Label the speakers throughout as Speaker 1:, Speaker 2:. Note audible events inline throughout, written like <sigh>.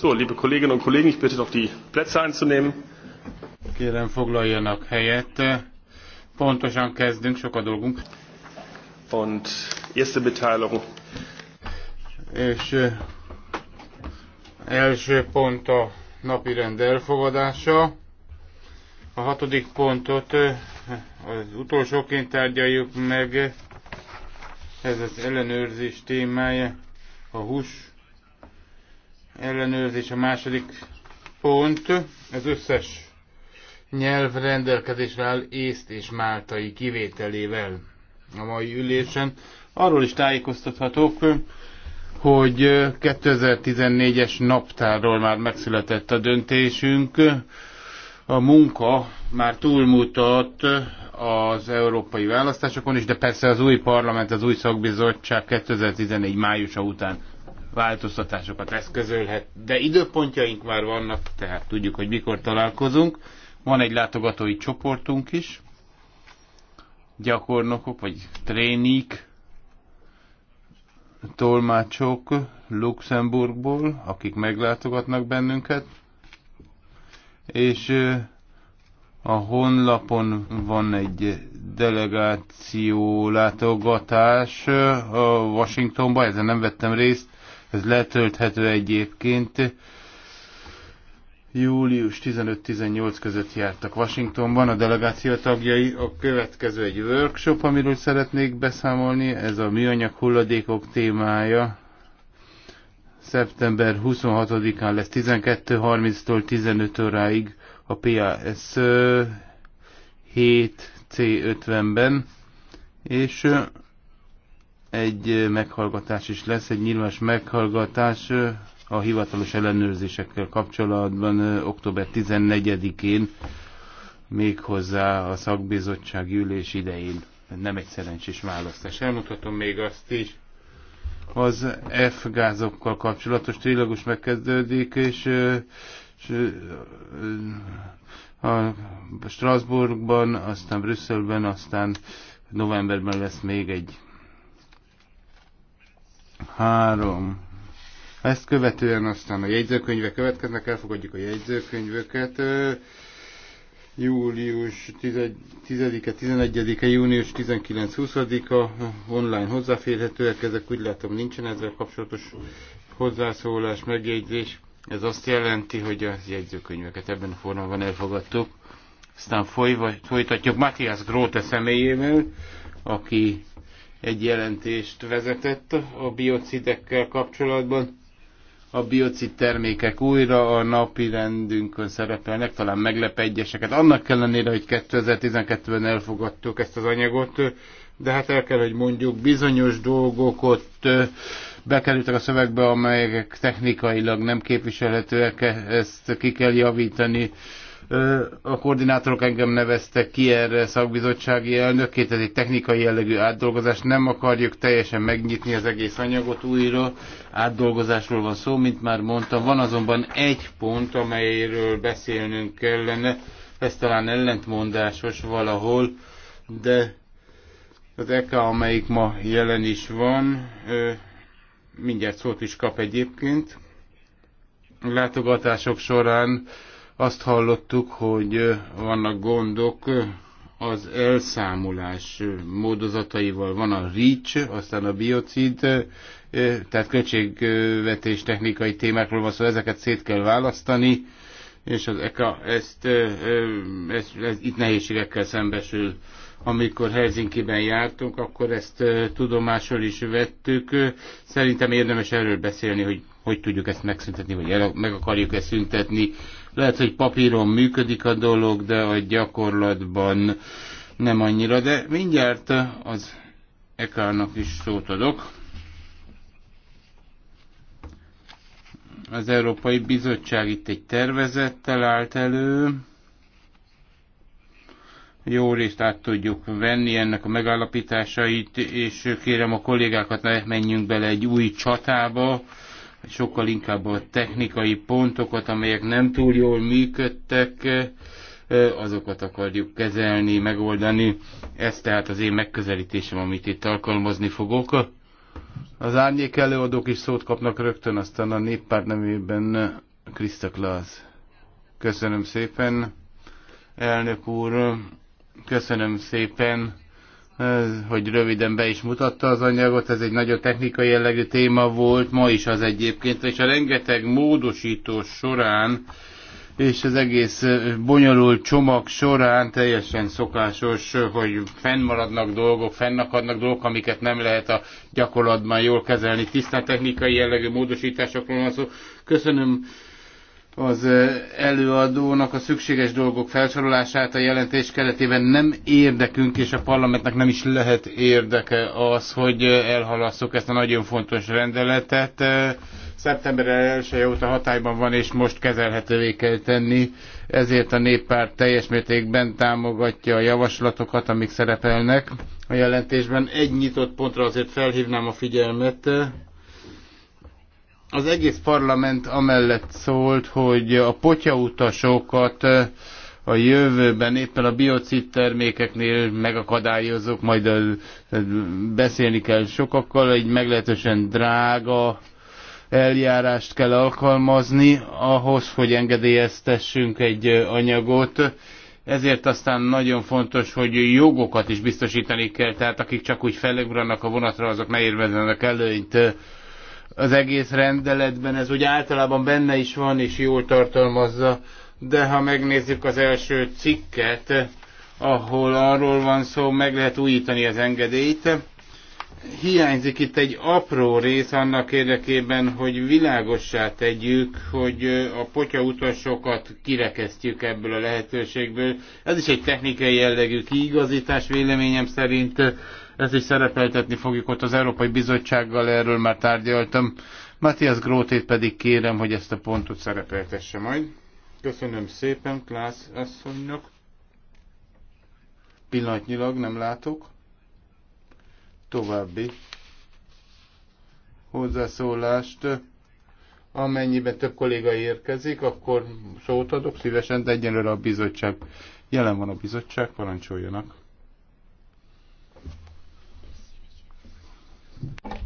Speaker 1: So, liebe Kolleginnen und Kollegen, ich bitte doch die Plätze einzunehmen. Kérem foglaljanak helyet. Pontosan kezdünk, sok a dolgunk. Und erste Beteiligung. És első pont a napi rend elfogadása. A hatodik pontot az utolsóként tárgyaljuk meg. Ez az ellenőrzés témája. A hús ellenőrzés a második pont. Az összes nyelv rendelkezésre áll észt és máltai kivételével a mai ülésen. Arról is tájékoztathatok, hogy 2014-es naptárról már megszületett a döntésünk. A munka már túlmutat az európai választásokon is, de persze az új parlament, az új szakbizottság 2014 májusa után változtatásokat eszközölhet, de időpontjaink már vannak, tehát tudjuk, hogy mikor találkozunk. Van egy látogatói csoportunk is, gyakornokok vagy trénik, tolmácsok Luxemburgból, akik meglátogatnak bennünket, és a honlapon van egy delegáció látogatás Washingtonba, ezen nem vettem részt, ez letölthető egyébként. Július 15-18 között jártak Washingtonban a delegáció tagjai. A következő egy workshop, amiről szeretnék beszámolni. Ez a műanyag hulladékok témája szeptember 26-án lesz 12.30-tól 15 óráig a PAS 7C50-ben, és egy meghallgatás is lesz, egy nyilvános meghallgatás a hivatalos ellenőrzésekkel kapcsolatban október 14-én, méghozzá a szakbizottság ülés idején. Nem egy szerencsés választás. Elmutatom még azt is, az F-gázokkal kapcsolatos trilógus megkezdődik, és, és a Strasbourgban, aztán Brüsszelben, aztán novemberben lesz még egy Három. Ezt követően aztán a jegyzőkönyvek következnek, elfogadjuk a jegyzőkönyveket. Július 10-e, 11-e, június 19-20-a online hozzáférhetőek, ezek úgy látom nincsen ezzel kapcsolatos hozzászólás, megjegyzés. Ez azt jelenti, hogy a jegyzőkönyveket ebben a formában elfogadtuk. Aztán folyva, folytatjuk Matthias Grote személyével, aki egy jelentést vezetett a biocidekkel kapcsolatban. A biocid termékek újra a napi rendünkön szerepelnek, talán meglep egyeseket. Annak ellenére, hogy 2012-ben elfogadtuk ezt az anyagot, de hát el kell, hogy mondjuk bizonyos dolgok ott bekerültek a szövegbe, amelyek technikailag nem képviselhetőek, e, ezt ki kell javítani a koordinátorok engem neveztek ki erre szakbizottsági elnökként, ez egy technikai jellegű átdolgozás, nem akarjuk teljesen megnyitni az egész anyagot újra, átdolgozásról van szó, mint már mondtam. Van azonban egy pont, amelyről beszélnünk kellene, ez talán ellentmondásos valahol, de az EKA, amelyik ma jelen is van, mindjárt szót is kap egyébként. Látogatások során azt hallottuk, hogy vannak gondok az elszámolás módozataival. Van a REACH, aztán a biocid, tehát költségvetés technikai témákról van szó, szóval ezeket szét kell választani, és az ECA ezt, ezt, ezt itt nehézségekkel szembesül amikor Helsinki-ben jártunk, akkor ezt tudomásról is vettük. Szerintem érdemes erről beszélni, hogy hogy tudjuk ezt megszüntetni, vagy el, meg akarjuk ezt szüntetni. Lehet, hogy papíron működik a dolog, de a gyakorlatban nem annyira. De mindjárt az Ekárnak is szót adok. Az Európai Bizottság itt egy tervezettel állt elő. Jó részt át tudjuk venni ennek a megállapításait, és kérem a kollégákat, ne menjünk bele egy új csatába sokkal inkább a technikai pontokat, amelyek nem túl jól működtek, azokat akarjuk kezelni, megoldani. Ez tehát az én megközelítésem, amit itt alkalmazni fogok. Az árnyék előadók is szót kapnak rögtön, aztán a néppárt nevében Krista Klaas. Köszönöm szépen, elnök úr, köszönöm szépen hogy röviden be is mutatta az anyagot, ez egy nagyon technikai jellegű téma volt, ma is az egyébként, és a rengeteg módosító során, és az egész bonyolult csomag során teljesen szokásos, hogy fennmaradnak dolgok, fennakadnak dolgok, amiket nem lehet a gyakorlatban jól kezelni. Tisztán technikai jellegű módosításokról van szó. Köszönöm az előadónak a szükséges dolgok felsorolását a jelentés keretében nem érdekünk, és a parlamentnek nem is lehet érdeke az, hogy elhalasszuk ezt a nagyon fontos rendeletet. Szeptember 1 óta hatályban van, és most kezelhetővé kell tenni, ezért a néppárt teljes mértékben támogatja a javaslatokat, amik szerepelnek a jelentésben. Egy nyitott pontra azért felhívnám a figyelmet, az egész parlament amellett szólt, hogy a potyautasokat eh, a jövőben éppen a biocid termékeknél megakadályozok, majd eh, eh, beszélni kell sokakkal, egy meglehetősen drága eljárást kell alkalmazni ahhoz, hogy engedélyeztessünk egy anyagot. Ezért aztán nagyon fontos, hogy jogokat is biztosítani kell, tehát akik csak úgy felugranak a vonatra, azok ne érvezzenek előnyt az egész rendeletben, ez úgy általában benne is van, és jól tartalmazza, de ha megnézzük az első cikket, ahol arról van szó, meg lehet újítani az engedélyt, hiányzik itt egy apró rész annak érdekében, hogy világossá tegyük, hogy a potya utasokat kirekesztjük ebből a lehetőségből. Ez is egy technikai jellegű kiigazítás véleményem szerint, ezt is szerepeltetni fogjuk ott az Európai Bizottsággal, erről már tárgyaltam. Matthias Grótét pedig kérem, hogy ezt a pontot szerepeltesse majd. Köszönöm szépen Klász asszonynak. Pillanatnyilag nem látok. További hozzászólást. Amennyiben több kolléga érkezik, akkor szót adok szívesen, de egyenlőre a bizottság. Jelen van a bizottság, parancsoljanak.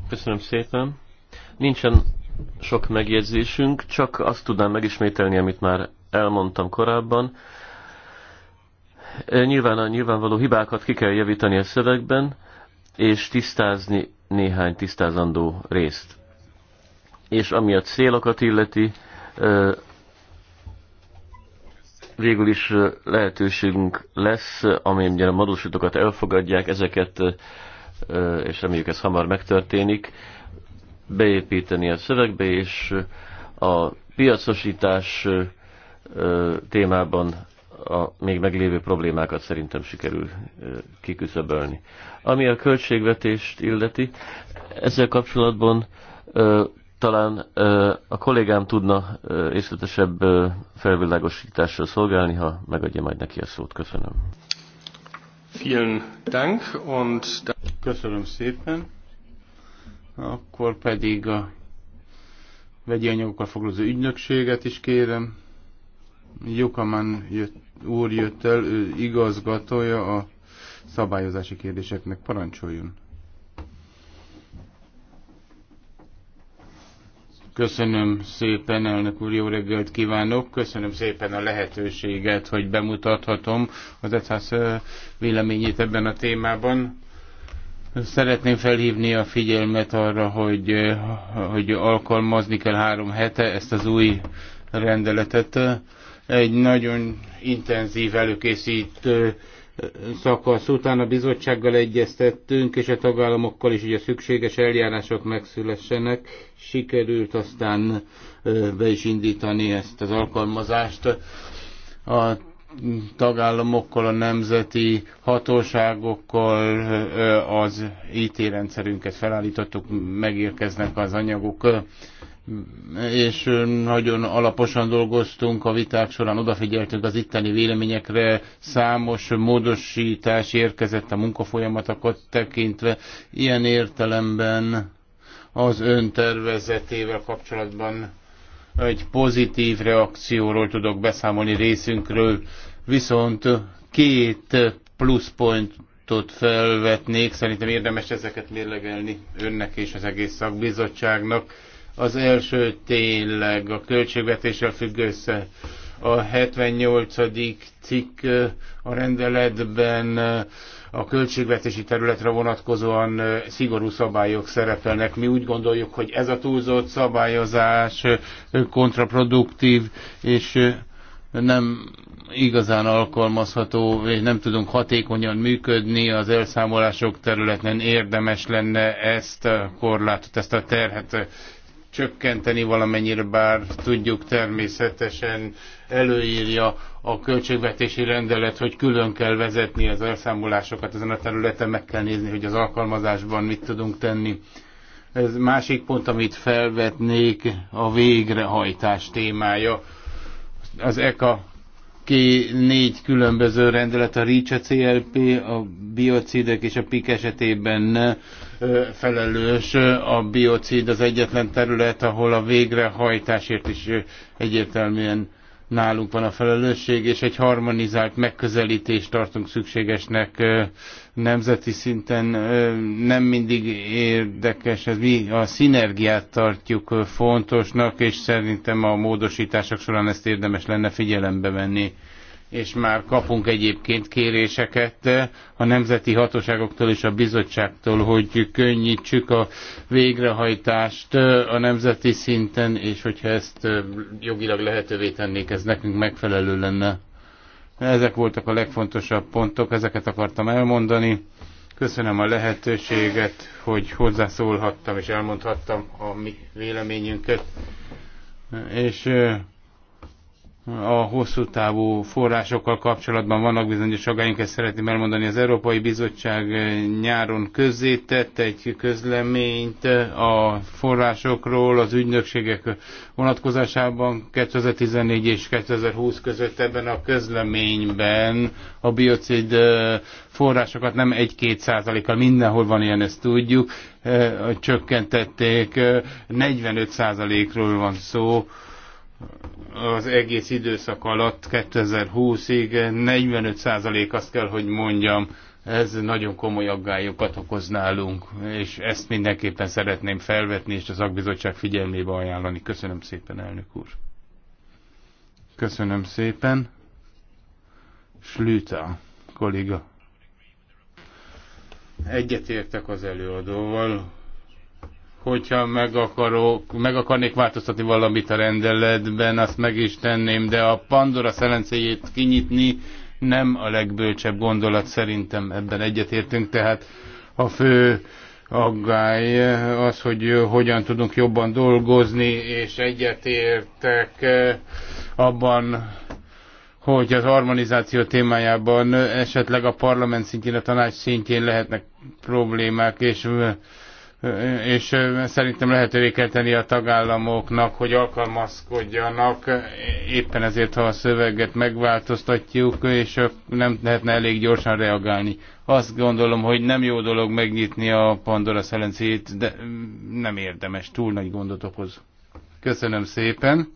Speaker 2: Köszönöm szépen. Nincsen sok megjegyzésünk, csak azt tudnám megismételni, amit már elmondtam korábban. E, nyilván a nyilvánvaló hibákat ki kell javítani a szövegben, és tisztázni néhány tisztázandó részt. És ami a célokat illeti, e, végül is e, lehetőségünk lesz, amilyen a madósítokat elfogadják, ezeket és reméljük ez hamar megtörténik, beépíteni a szövegbe, és a piacosítás témában a még meglévő problémákat szerintem sikerül kiküszöbölni. Ami a költségvetést illeti, ezzel kapcsolatban talán a kollégám tudna részletesebb felvilágosításra szolgálni, ha megadja majd neki a szót. Köszönöm.
Speaker 1: Vielen Dank und Köszönöm szépen. Akkor pedig a vegyi anyagokkal foglalkozó ügynökséget is kérem. Jukaman jött, úr jött el, ő igazgatója a szabályozási kérdéseknek. Parancsoljon! Köszönöm szépen, elnök úr, jó reggelt kívánok. Köszönöm szépen a lehetőséget, hogy bemutathatom az ECHASZ véleményét ebben a témában. Szeretném felhívni a figyelmet arra, hogy, hogy alkalmazni kell három hete ezt az új rendeletet. Egy nagyon intenzív előkészítő szakasz után a bizottsággal egyeztettünk, és a tagállamokkal is, hogy a szükséges eljárások megszülessenek. Sikerült aztán be is indítani ezt az alkalmazást. A tagállamokkal, a nemzeti hatóságokkal az IT rendszerünket felállítottuk, megérkeznek az anyagok és nagyon alaposan dolgoztunk a viták során, odafigyeltünk az itteni véleményekre, számos módosítás érkezett a munkafolyamatokat tekintve. Ilyen értelemben az tervezetével kapcsolatban egy pozitív reakcióról tudok beszámolni részünkről, viszont két pluszpontot felvetnék, szerintem érdemes ezeket mérlegelni önnek és az egész szakbizottságnak az első tényleg a költségvetéssel függ össze. A 78. cikk eh, a rendeletben eh, a költségvetési területre vonatkozóan eh, szigorú szabályok szerepelnek. Mi úgy gondoljuk, hogy ez a túlzott szabályozás kontraproduktív, és nem igazán alkalmazható, és nem tudunk hatékonyan működni az elszámolások területen érdemes lenne ezt a korlátot, ezt a terhet csökkenteni valamennyire, bár tudjuk természetesen előírja a költségvetési rendelet, hogy külön kell vezetni az elszámolásokat ezen a területen, meg kell nézni, hogy az alkalmazásban mit tudunk tenni. Ez másik pont, amit felvetnék, a végrehajtás témája. Az ECA ki négy különböző rendelet, a REACH, a CLP, a biocidek és a PIK esetében felelős. A biocid az egyetlen terület, ahol a végrehajtásért is egyértelműen nálunk van a felelősség, és egy harmonizált megközelítést tartunk szükségesnek nemzeti szinten. Nem mindig érdekes, ez mi a szinergiát tartjuk fontosnak, és szerintem a módosítások során ezt érdemes lenne figyelembe venni és már kapunk egyébként kéréseket a nemzeti hatóságoktól és a bizottságtól, hogy könnyítsük a végrehajtást a nemzeti szinten, és hogyha ezt jogilag lehetővé tennék, ez nekünk megfelelő lenne. Ezek voltak a legfontosabb pontok, ezeket akartam elmondani. Köszönöm a lehetőséget, hogy hozzászólhattam és elmondhattam a mi véleményünket. És a hosszú távú forrásokkal kapcsolatban vannak bizonyos agáink, ezt szeretném elmondani. Az Európai Bizottság nyáron közzétett egy közleményt a forrásokról az ügynökségek vonatkozásában 2014 és 2020 között ebben a közleményben a biocid forrásokat nem 1-2 százalékkal, mindenhol van ilyen, ezt tudjuk, csökkentették, 45 százalékról van szó, az egész időszak alatt 2020-ig 45% azt kell, hogy mondjam, ez nagyon komoly aggályokat okoz nálunk, és ezt mindenképpen szeretném felvetni, és az szakbizottság figyelmébe ajánlani. Köszönöm szépen, elnök úr. Köszönöm szépen. Slüta, kolléga. Egyetértek az előadóval, hogyha meg, akarok, meg akarnék változtatni valamit a rendeletben, azt meg is tenném, de a Pandora szelencéjét kinyitni nem a legbölcsebb gondolat szerintem, ebben egyetértünk, tehát a fő aggály az, hogy hogyan tudunk jobban dolgozni, és egyetértek eh, abban, hogy az harmonizáció témájában esetleg a parlament szintjén, a tanács szintjén lehetnek problémák, és eh, és szerintem lehetővé kell tenni a tagállamoknak, hogy alkalmazkodjanak, éppen ezért, ha a szöveget megváltoztatjuk, és nem lehetne elég gyorsan reagálni. Azt gondolom, hogy nem jó dolog megnyitni a Pandora szelencét, de nem érdemes, túl nagy gondot okoz. Köszönöm szépen.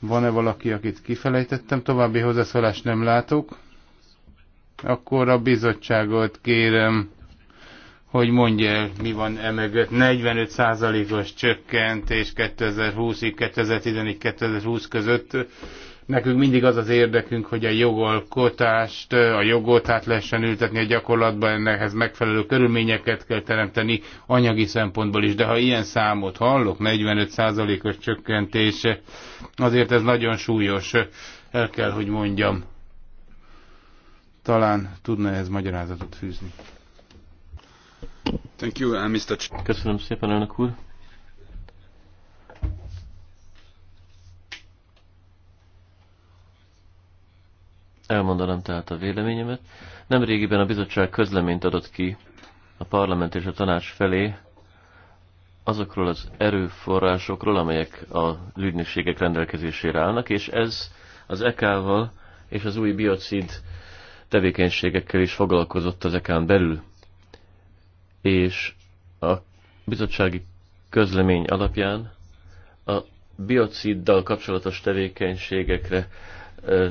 Speaker 1: Van-e valaki, akit kifelejtettem? További hozzászólást nem látok. Akkor a bizottságot kérem hogy mondja el, mi van emögött. 45%-os csökkentés 2020-ig, 2010-ig, 2020 között. Nekünk mindig az az érdekünk, hogy a jogalkotást, a jogot hát lehessen ültetni a gyakorlatban, ennekhez megfelelő körülményeket kell teremteni anyagi szempontból is. De ha ilyen számot hallok, 45%-os csökkentés, azért ez nagyon súlyos, el kell, hogy mondjam. Talán tudna ez
Speaker 2: magyarázatot fűzni. Thank you, uh, Mr. Köszönöm szépen, elnök úr. Elmondanám tehát a véleményemet. Nemrégiben a bizottság közleményt adott ki a parlament és a tanács felé azokról az erőforrásokról, amelyek a ügynökségek rendelkezésére állnak, és ez az EK-val és az új biocid tevékenységekkel is foglalkozott az EK-n belül és a bizottsági közlemény alapján a biociddal kapcsolatos tevékenységekre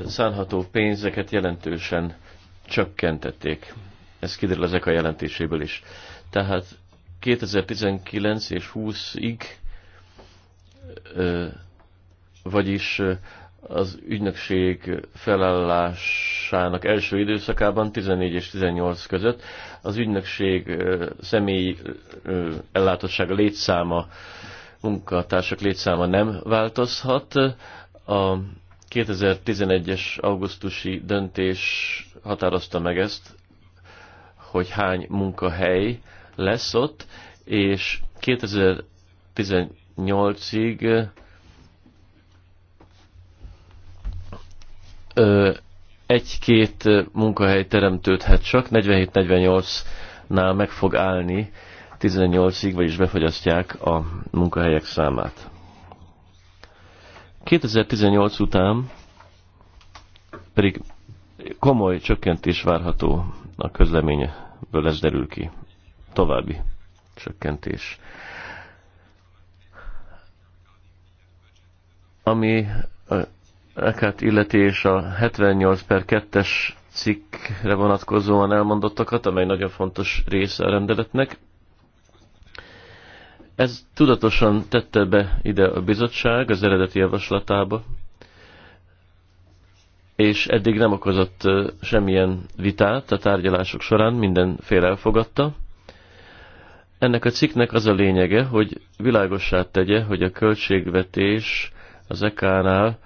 Speaker 2: szánható pénzeket jelentősen csökkentették. Ez kiderül ezek a jelentéséből is. Tehát 2019 és 20-ig, vagyis az ügynökség felállásának első időszakában, 14 és 18 között, az ügynökség személyi ellátottsága létszáma, munkatársak létszáma nem változhat. A 2011-es augusztusi döntés határozta meg ezt, hogy hány munkahely lesz ott, és 2018-ig egy-két munkahely teremtődhet csak, 47-48-nál meg fog állni 18-ig, vagyis befogyasztják a munkahelyek számát. 2018 után pedig komoly csökkentés várható a közleményből ez derül ki. További csökkentés. Ami eket illeti és a 78 per 2-es cikkre vonatkozóan elmondottakat, amely nagyon fontos része a rendeletnek. Ez tudatosan tette be ide a bizottság az eredeti javaslatába, és eddig nem okozott semmilyen vitát a tárgyalások során, fél elfogadta. Ennek a cikknek az a lényege, hogy világossá tegye, hogy a költségvetés az ekánál nál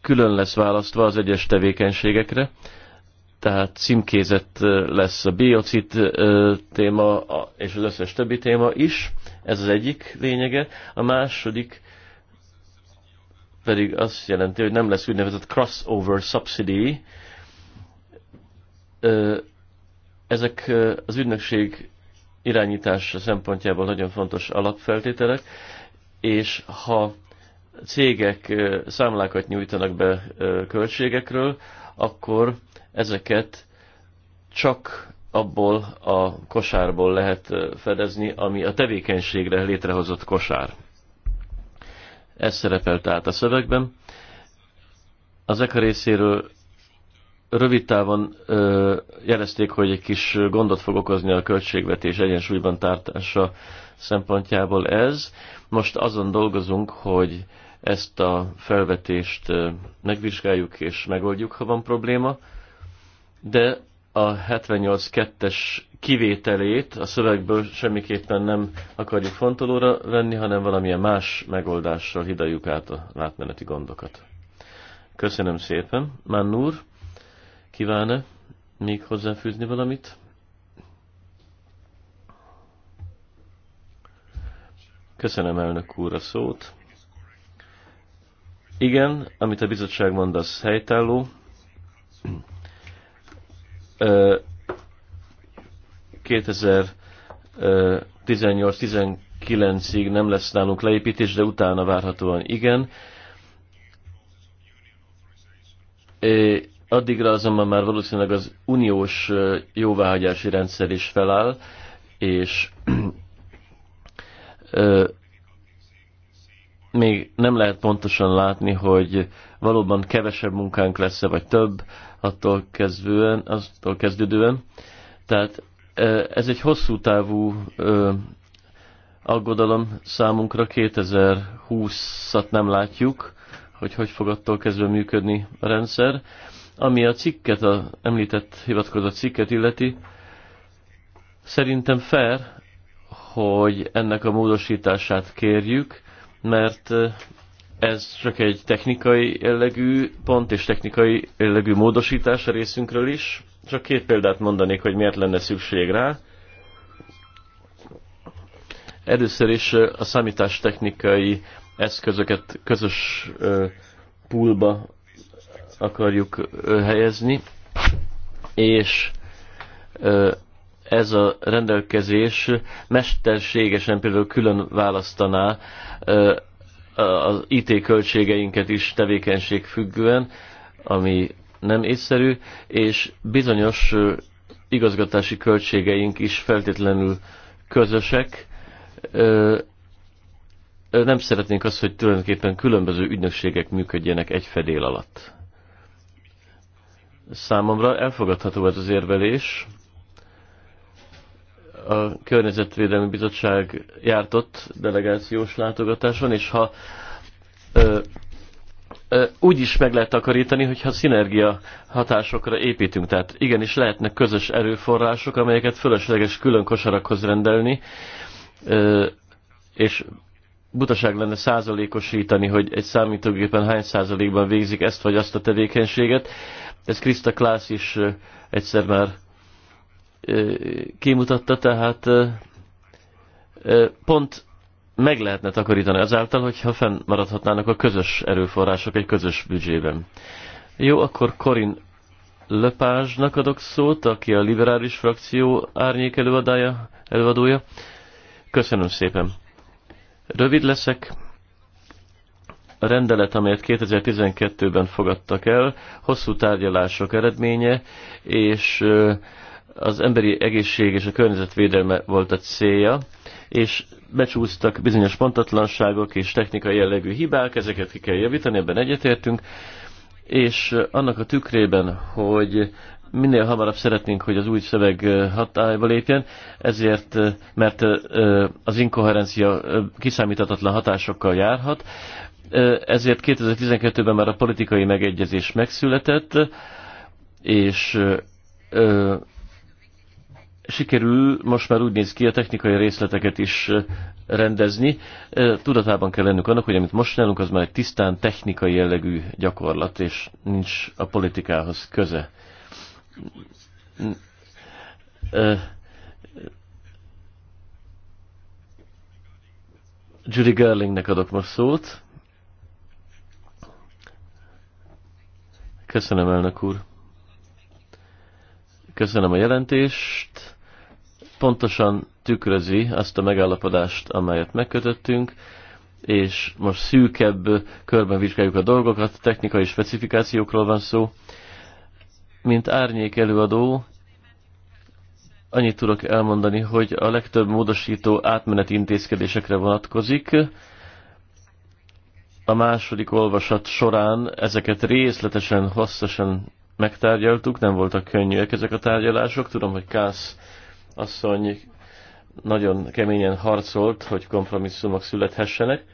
Speaker 2: külön lesz választva az egyes tevékenységekre, tehát címkézett lesz a biocit téma és az összes többi téma is, ez az egyik lényege. A második pedig azt jelenti, hogy nem lesz úgynevezett crossover subsidy. Ezek az ügynökség irányítása szempontjából nagyon fontos alapfeltételek, és ha cégek számlákat nyújtanak be költségekről, akkor ezeket csak abból a kosárból lehet fedezni, ami a tevékenységre létrehozott kosár. Ez szerepel tehát a szövegben. Az ECA részéről rövid távon ö, jelezték, hogy egy kis gondot fog okozni a költségvetés egyensúlyban tartása szempontjából ez. Most azon dolgozunk, hogy ezt a felvetést megvizsgáljuk és megoldjuk, ha van probléma, de a 78.2-es kivételét a szövegből semmiképpen nem akarjuk fontolóra venni, hanem valamilyen más megoldással hidaljuk át a látmeneti gondokat. Köszönöm szépen. Mannur, kíván-e még hozzáfűzni valamit? Köszönöm elnök úr a szót. Igen, amit a bizottság mond, az helytálló. Ö, 2018-19-ig nem lesz nálunk leépítés, de utána várhatóan igen. É, addigra azonban már valószínűleg az uniós jóváhagyási rendszer is feláll, és ö, még nem lehet pontosan látni, hogy valóban kevesebb munkánk lesz-e, vagy több, attól, kezdően, attól kezdődően. Tehát ez egy hosszú távú aggodalom számunkra, 2020-at nem látjuk, hogy hogy fog attól kezdve működni a rendszer. Ami a cikket, a említett hivatkozott cikket illeti, szerintem fair, hogy ennek a módosítását kérjük, mert ez csak egy technikai jellegű pont és technikai jellegű módosítás a részünkről is. Csak két példát mondanék, hogy miért lenne szükség rá. Először is a számítástechnikai eszközöket közös poolba akarjuk helyezni, és ez a rendelkezés mesterségesen például külön választaná az IT költségeinket is tevékenység függően, ami nem észszerű, és bizonyos igazgatási költségeink is feltétlenül közösek. Nem szeretnénk azt, hogy tulajdonképpen különböző ügynökségek működjenek egy fedél alatt. Számomra elfogadható ez az érvelés, a Környezetvédelmi Bizottság jártott delegációs látogatáson, és ha ö, ö, úgy is meg lehet takarítani, hogyha szinergia hatásokra építünk. Tehát igenis lehetnek közös erőforrások, amelyeket fölösleges külön kosarakhoz rendelni, ö, és butaság lenne százalékosítani, hogy egy számítógépen hány százalékban végzik ezt vagy azt a tevékenységet. Ez Krista Klász is egyszer már kimutatta, tehát pont meg lehetne takarítani azáltal, hogyha fennmaradhatnának a közös erőforrások egy közös büdzsében. Jó, akkor Korin Lepázsnak adok szót, aki a liberális frakció árnyék előadája, előadója. Köszönöm szépen. Rövid leszek. A rendelet, amelyet 2012-ben fogadtak el, hosszú tárgyalások eredménye, és az emberi egészség és a környezetvédelme volt a célja, és becsúsztak bizonyos pontatlanságok és technikai jellegű hibák, ezeket ki kell javítani, ebben egyetértünk, és annak a tükrében, hogy minél hamarabb szeretnénk, hogy az új szöveg hatályba lépjen, ezért, mert az inkoherencia kiszámíthatatlan hatásokkal járhat, ezért 2012-ben már a politikai megegyezés megszületett, és sikerül most már úgy néz ki a technikai részleteket is rendezni. Tudatában kell lennünk annak, hogy amit most csinálunk, az már egy tisztán technikai jellegű gyakorlat, és nincs a politikához köze. Judy Gerlingnek adok most szót. Köszönöm, elnök úr. Köszönöm a jelentést pontosan tükrözi azt a megállapodást, amelyet megkötöttünk, és most szűkebb körben vizsgáljuk a dolgokat, technikai specifikációkról van szó. Mint árnyék előadó, annyit tudok elmondani, hogy a legtöbb módosító átmeneti intézkedésekre vonatkozik. A második olvasat során ezeket részletesen, hosszasan megtárgyaltuk, nem voltak könnyűek ezek a tárgyalások. Tudom, hogy Kász asszony nagyon keményen harcolt, hogy kompromisszumok születhessenek,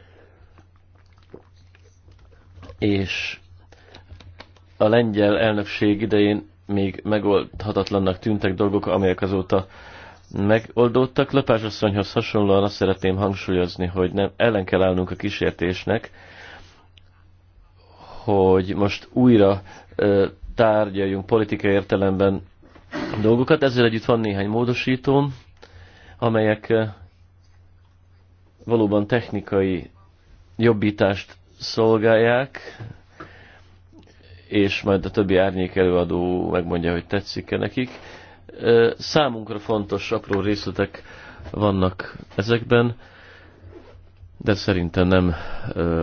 Speaker 2: és a lengyel elnökség idején még megoldhatatlannak tűntek dolgok, amelyek azóta megoldódtak. Löpás asszonyhoz hasonlóan azt szeretném hangsúlyozni, hogy nem ellen kell állnunk a kísértésnek, hogy most újra ö, tárgyaljunk politikai értelemben dolgokat. Ezzel együtt van néhány módosító, amelyek eh, valóban technikai jobbítást szolgálják, és majd a többi árnyék előadó megmondja, hogy tetszik-e nekik. Eh, számunkra fontos apró részletek vannak ezekben, de szerintem nem eh,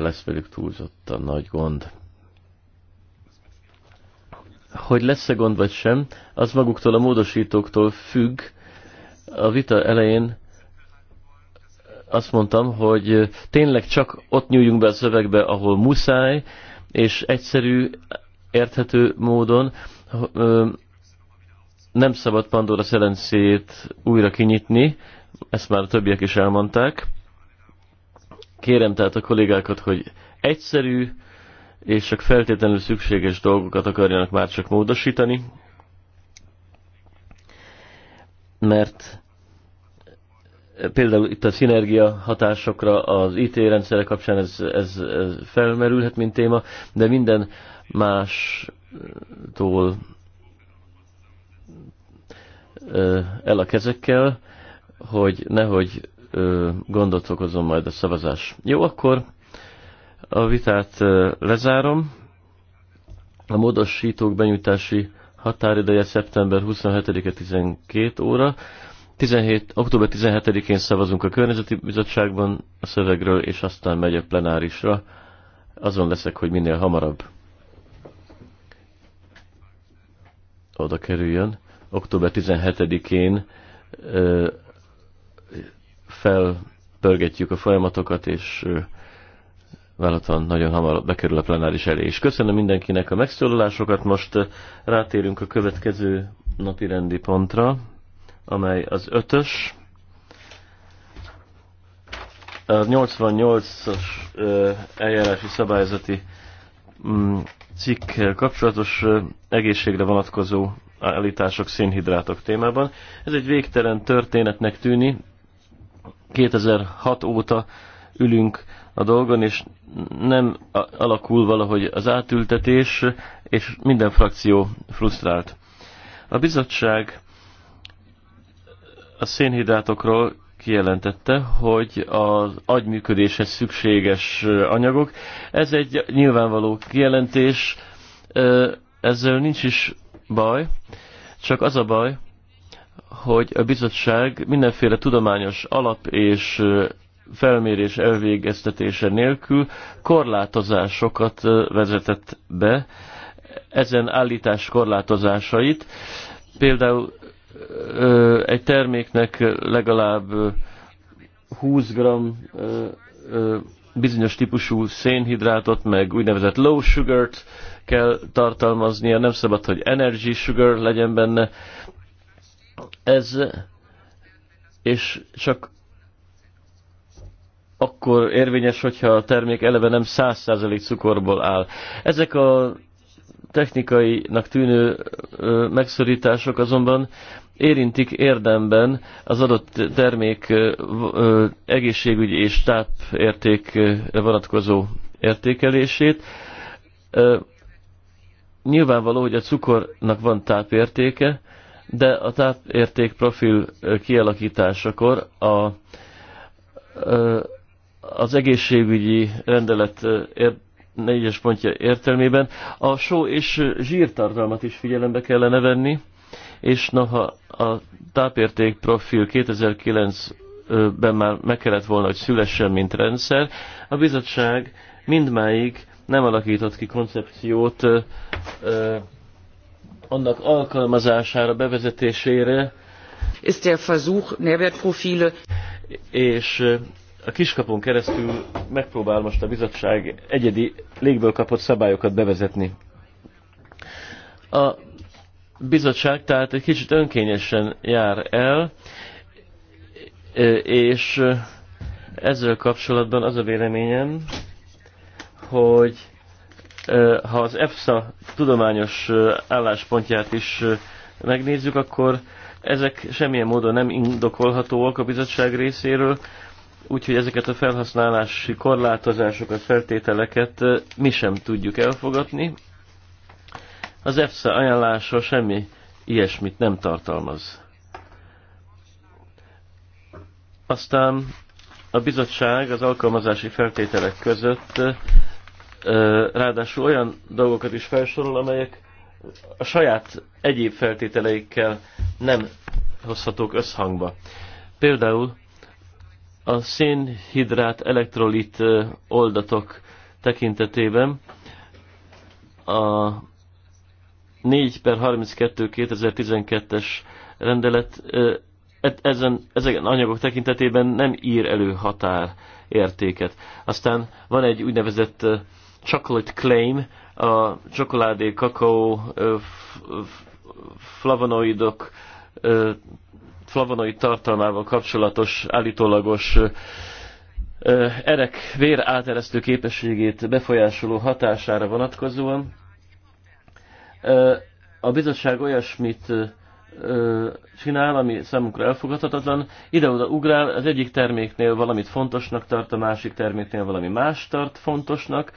Speaker 2: lesz velük túlzottan nagy gond. Hogy lesz-e gond vagy sem, az maguktól a módosítóktól függ. A vita elején azt mondtam, hogy tényleg csak ott nyúljunk be a szövegbe, ahol muszáj, és egyszerű, érthető módon nem szabad Pandora szelencét újra kinyitni, ezt már a többiek is elmondták. Kérem tehát a kollégákat, hogy egyszerű, és csak feltétlenül szükséges dolgokat akarjanak már csak módosítani, mert például itt a szinergia hatásokra az IT rendszerek kapcsán ez, ez, ez felmerülhet, mint téma, de minden mástól el a kezekkel, hogy nehogy gondot okozom majd a szavazás. Jó, akkor a vitát lezárom. A módosítók benyújtási határideje szeptember 27-e 12 óra. 17, október 17-én szavazunk a Környezeti Bizottságban a szövegről, és aztán megy a plenárisra. Azon leszek, hogy minél hamarabb oda kerüljön. Október 17-én felpörgetjük a folyamatokat, és ö, Vállalatlan nagyon hamar bekerül a plenáris elé is. Köszönöm mindenkinek a megszólalásokat. Most eh, rátérünk a következő napi rendi pontra, amely az ötös. A 88-as eh, eljárási szabályzati mm, cikk kapcsolatos eh, egészségre vonatkozó állítások szénhidrátok témában. Ez egy végtelen történetnek tűni. 2006 óta ülünk a dolgon, és nem alakul valahogy az átültetés, és minden frakció frusztrált. A bizottság a szénhidrátokról kijelentette, hogy az agyműködéshez szükséges anyagok. Ez egy nyilvánvaló kijelentés, ezzel nincs is baj, csak az a baj, hogy a bizottság mindenféle tudományos alap és felmérés elvégeztetése nélkül korlátozásokat vezetett be, ezen állítás korlátozásait. Például egy terméknek legalább 20 g bizonyos típusú szénhidrátot, meg úgynevezett low sugar-t kell tartalmaznia, nem szabad, hogy energy sugar legyen benne. Ez, és csak akkor érvényes, hogyha a termék eleve nem 100% cukorból áll. Ezek a technikainak tűnő megszorítások azonban érintik érdemben az adott termék egészségügyi és tápértékre vonatkozó értékelését. Nyilvánvaló, hogy a cukornak van tápértéke, de a tápérték profil kialakításakor a, az egészségügyi rendelet négyes pontja értelmében. A só és zsírtartalmat is figyelembe kellene venni, és noha a tápérték profil 2009-ben már meg kellett volna, hogy szülessen, mint rendszer, a bizottság mindmáig nem alakított ki koncepciót ö, ö, annak alkalmazására, bevezetésére. Ist der Versuch, Nährwertprofile. És a kiskapon keresztül megpróbál most a bizottság egyedi légből kapott szabályokat bevezetni. A bizottság tehát egy kicsit önkényesen jár el, e, és ezzel kapcsolatban az a véleményem, hogy e, ha az EFSA tudományos e, álláspontját is megnézzük, akkor ezek semmilyen módon nem indokolhatóak a bizottság részéről, Úgyhogy ezeket a felhasználási korlátozásokat, feltételeket mi sem tudjuk elfogadni. Az EFSA ajánlása semmi ilyesmit nem tartalmaz. Aztán a bizottság az alkalmazási feltételek között ráadásul olyan dolgokat is felsorol, amelyek a saját egyéb feltételeikkel nem hozhatók összhangba. Például a szénhidrát elektrolit oldatok tekintetében a 4 per 32 2012-es rendelet e- ezen, ezeken anyagok tekintetében nem ír elő határ értéket. Aztán van egy úgynevezett chocolate claim, a csokoládé, kakaó, flavonoidok flavonoid tartalmával kapcsolatos állítólagos erek vér áteresztő képességét befolyásoló hatására vonatkozóan. A bizottság olyasmit csinál, ami számunkra elfogadhatatlan, ide-oda ugrál, az egyik terméknél valamit fontosnak tart, a másik terméknél valami más tart fontosnak,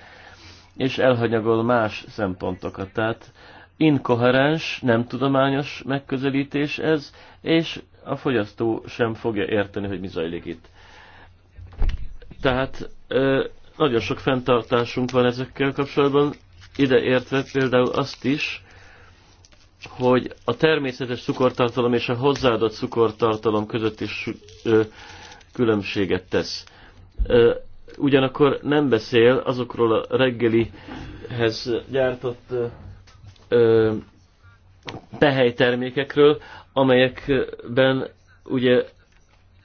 Speaker 2: és elhanyagol más szempontokat. Tehát inkoherens, nem tudományos megközelítés ez, és a fogyasztó sem fogja érteni, hogy mi zajlik itt. Tehát nagyon sok fenntartásunk van ezekkel kapcsolatban, ide értve például azt is, hogy a természetes cukortartalom és a hozzáadott cukortartalom között is ö, különbséget tesz. Ö, ugyanakkor nem beszél azokról a reggelihez gyártott ö, tehelytermékekről, amelyekben ugye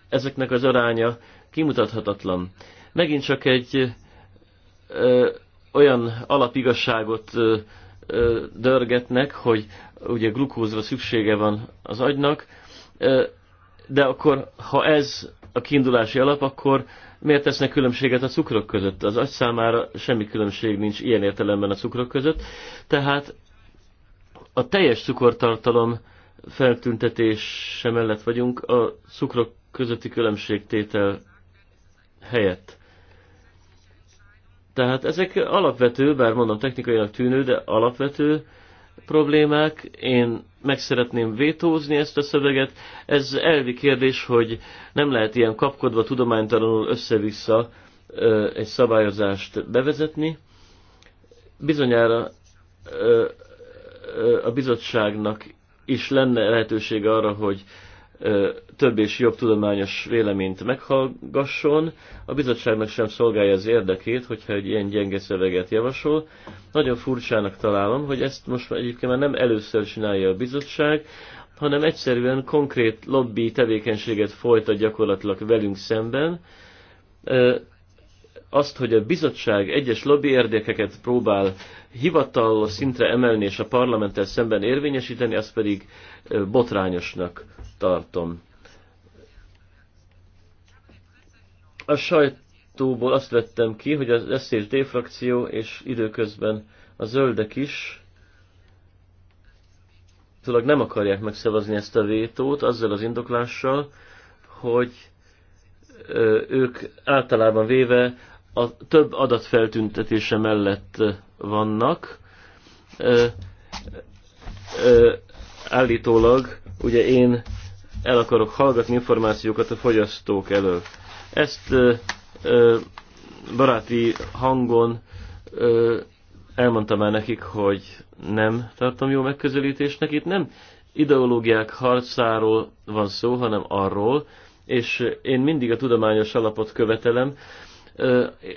Speaker 2: ezeknek az aránya kimutathatatlan. Megint csak egy ö, olyan alapigasságot ö, ö, dörgetnek, hogy ugye glukózra szüksége van az agynak, ö, de akkor ha ez a kiindulási alap, akkor miért tesznek különbséget a cukrok között? Az agy számára semmi különbség nincs ilyen értelemben a cukrok között, tehát a teljes cukortartalom feltüntetése mellett vagyunk a szukrok közötti különbségtétel helyett. Tehát ezek alapvető, bár mondom technikailag tűnő, de alapvető problémák. Én meg szeretném vétózni ezt a szöveget. Ez elvi kérdés, hogy nem lehet ilyen kapkodva tudománytalanul össze-vissza egy szabályozást bevezetni. Bizonyára a bizottságnak is lenne lehetőség arra, hogy több és jobb tudományos véleményt meghallgasson. A bizottságnak sem szolgálja az érdekét, hogyha egy ilyen gyenge szöveget javasol. Nagyon furcsának találom, hogy ezt most egyébként már nem először csinálja a bizottság, hanem egyszerűen konkrét lobby tevékenységet folytat gyakorlatilag velünk szemben azt, hogy a bizottság egyes lobby érdekeket próbál hivatalos szintre emelni és a parlamenttel szemben érvényesíteni, azt pedig botrányosnak tartom. A sajtóból azt vettem ki, hogy az SZSD frakció és időközben a zöldek is tulajdonképpen szóval nem akarják megszavazni ezt a vétót azzal az indoklással, hogy ők általában véve a több adatfeltüntetése mellett vannak. Ö, ö, állítólag ugye én el akarok hallgatni információkat a fogyasztók elől. Ezt ö, ö, baráti hangon ö, elmondtam már nekik, hogy nem tartom jó megközelítésnek. Itt nem ideológiák harcáról van szó, hanem arról, és én mindig a tudományos alapot követelem,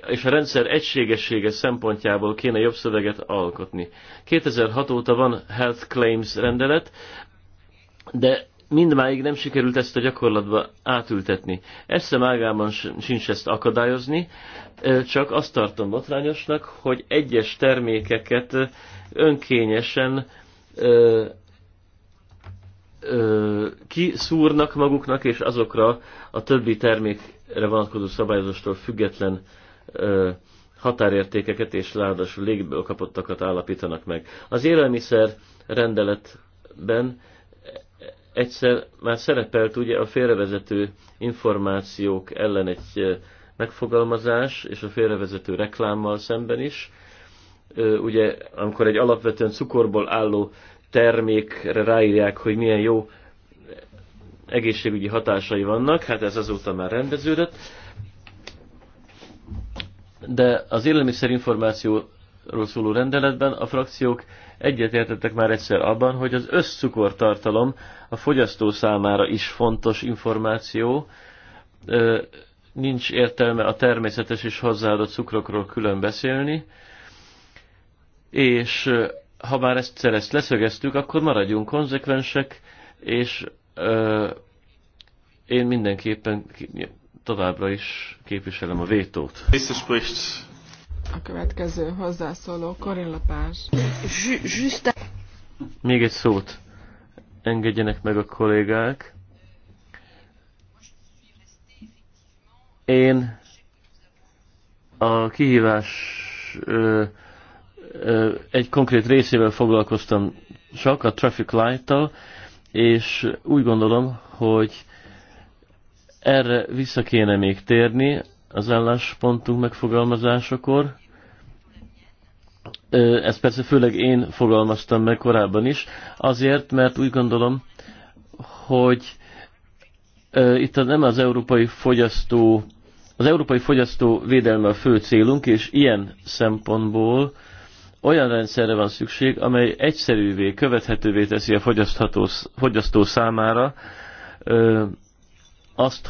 Speaker 2: és a rendszer egységessége szempontjából kéne jobb szöveget alkotni. 2006 óta van Health Claims rendelet, de mindmáig nem sikerült ezt a gyakorlatba átültetni. Eszem ágában sincs ezt akadályozni, csak azt tartom botrányosnak, hogy egyes termékeket önkényesen ö, kiszúrnak maguknak, és azokra a többi termékre vonatkozó szabályozástól független ö, határértékeket és ráadásul légből kapottakat állapítanak meg. Az élelmiszer rendeletben egyszer már szerepelt ugye a félrevezető információk ellen egy megfogalmazás, és a félrevezető reklámmal szemben is. Ugye, amikor egy alapvetően cukorból álló termékre ráírják, hogy milyen jó egészségügyi hatásai vannak, hát ez azóta már rendeződött. De az élelmiszerinformációról szóló rendeletben a frakciók egyetértettek már egyszer abban, hogy az összcukortartalom a fogyasztó számára is fontos információ, nincs értelme a természetes és hozzáadott cukrokról külön beszélni, és ha már ezt, ezt leszögeztük, akkor maradjunk konzekvensek, és ö, én mindenképpen továbbra is képviselem a vétót.
Speaker 3: A következő hozzászóló Karin Lapás.
Speaker 2: Még egy szót engedjenek meg a kollégák. Én a kihívás ö, egy konkrét részével foglalkoztam csak, a Traffic Light-tal, és úgy gondolom, hogy erre vissza kéne még térni az álláspontunk megfogalmazásakor. Ezt persze főleg én fogalmaztam meg korábban is, azért, mert úgy gondolom, hogy itt nem az európai fogyasztó, az európai fogyasztó védelme a fő célunk, és ilyen szempontból olyan rendszerre van szükség, amely egyszerűvé, követhetővé teszi a fogyasztó számára ö, azt,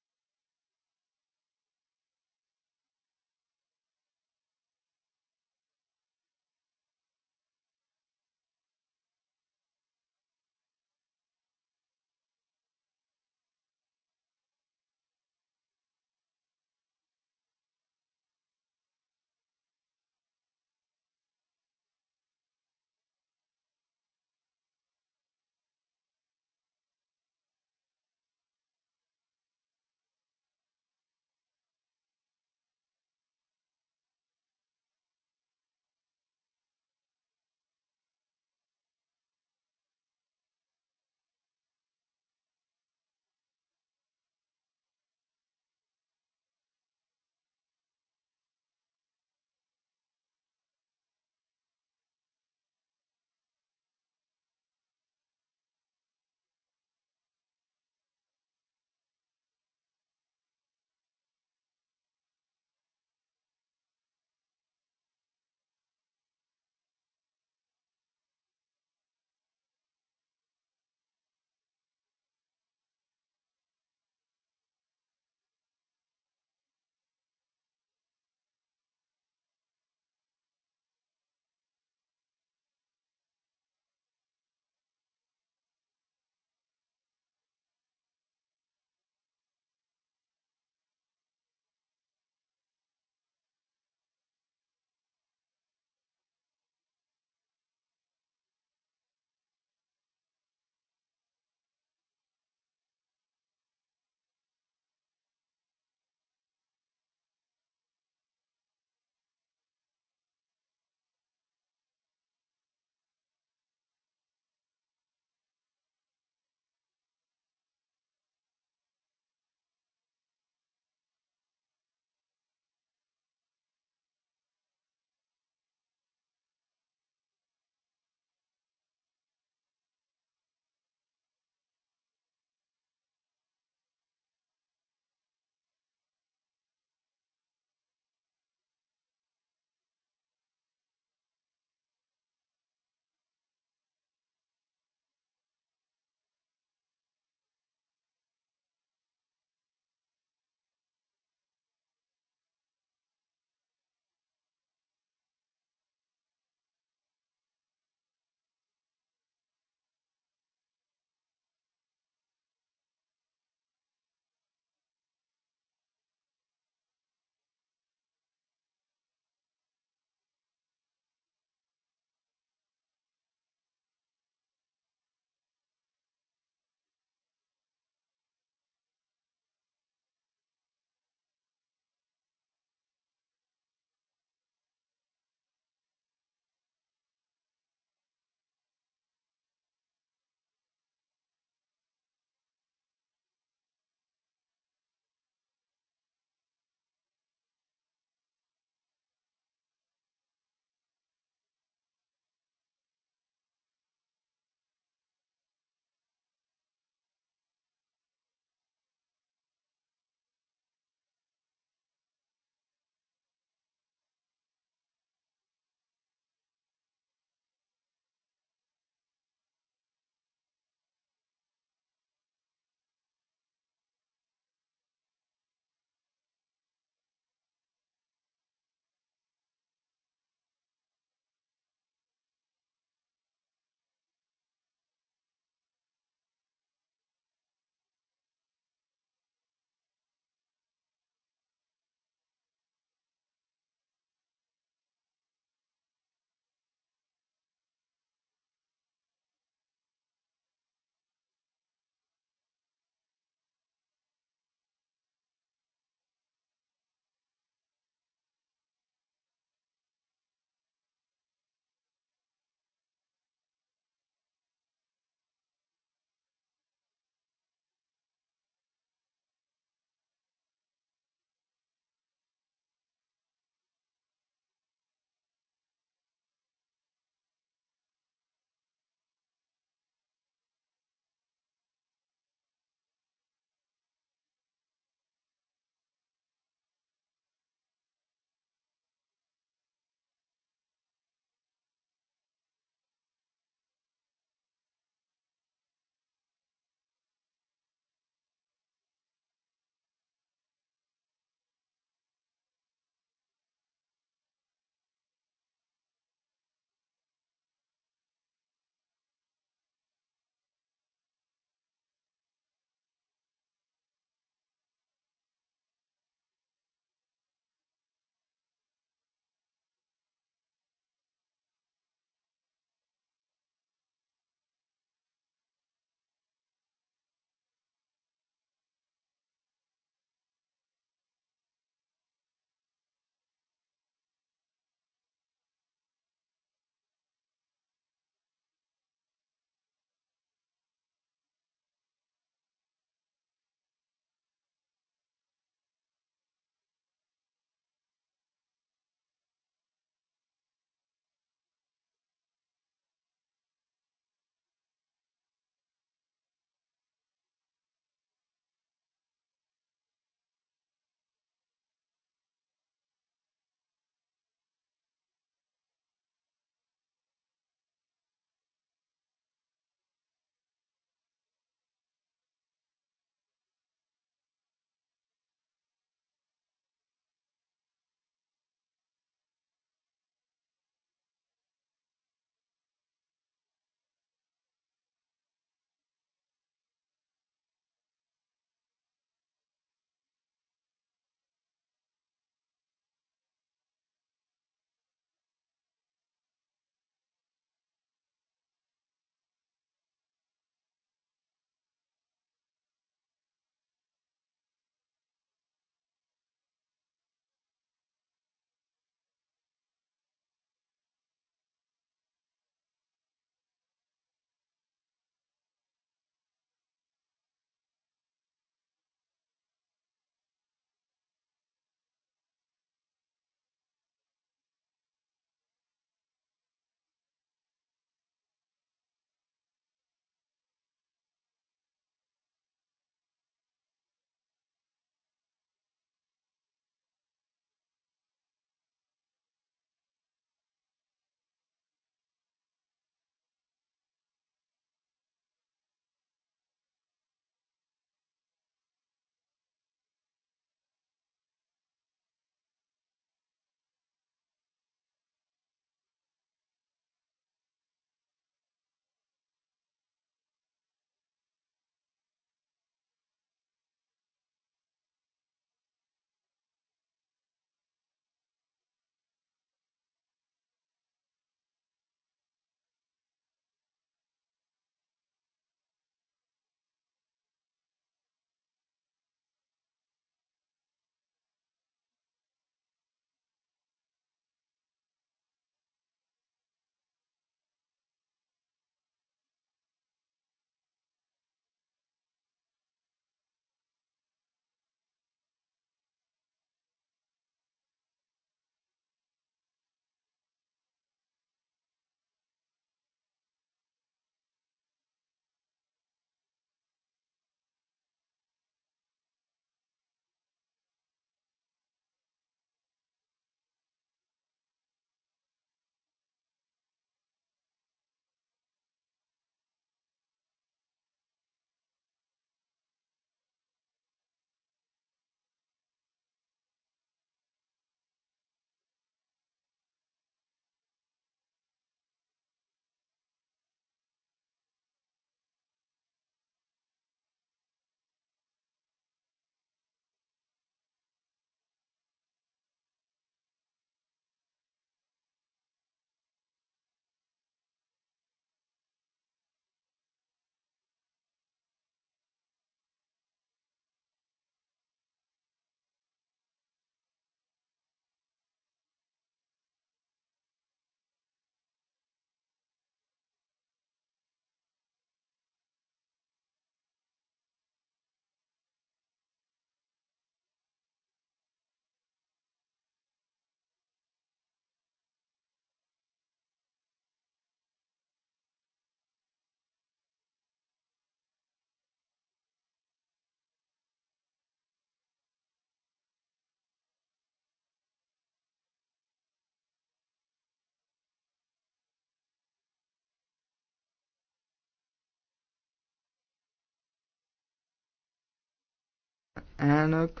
Speaker 2: elnök.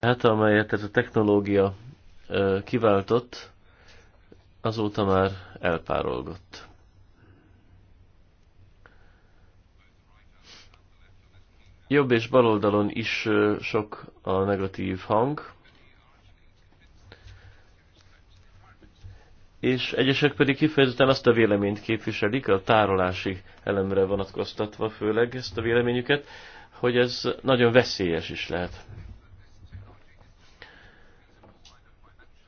Speaker 2: hát amelyet ez a technológia kiváltott, azóta már elpárolgott. Jobb és bal oldalon is sok a negatív hang, és egyesek pedig kifejezetten azt a véleményt képviselik, a tárolási elemre vonatkoztatva főleg ezt a véleményüket, hogy ez nagyon veszélyes is lehet.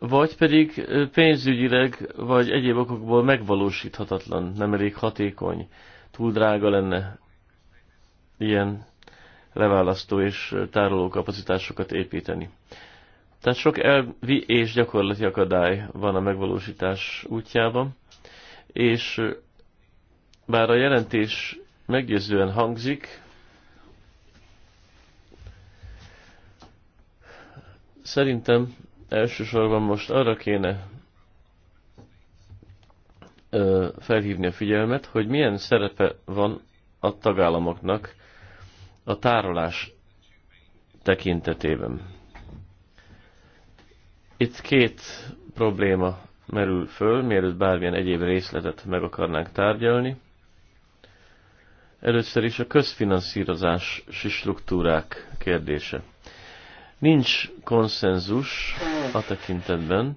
Speaker 2: vagy pedig pénzügyileg vagy egyéb okokból megvalósíthatatlan, nem elég hatékony, túl drága lenne ilyen leválasztó és tároló kapacitásokat építeni. Tehát sok elvi és gyakorlati akadály van a megvalósítás útjában, és bár a jelentés meggyőzően hangzik, szerintem Elsősorban most arra kéne ö, felhívni a figyelmet, hogy milyen szerepe van a tagállamoknak a tárolás tekintetében. Itt két probléma merül föl, mielőtt bármilyen egyéb részletet meg akarnánk tárgyalni. Először is a közfinanszírozási struktúrák kérdése. Nincs konszenzus a tekintetben,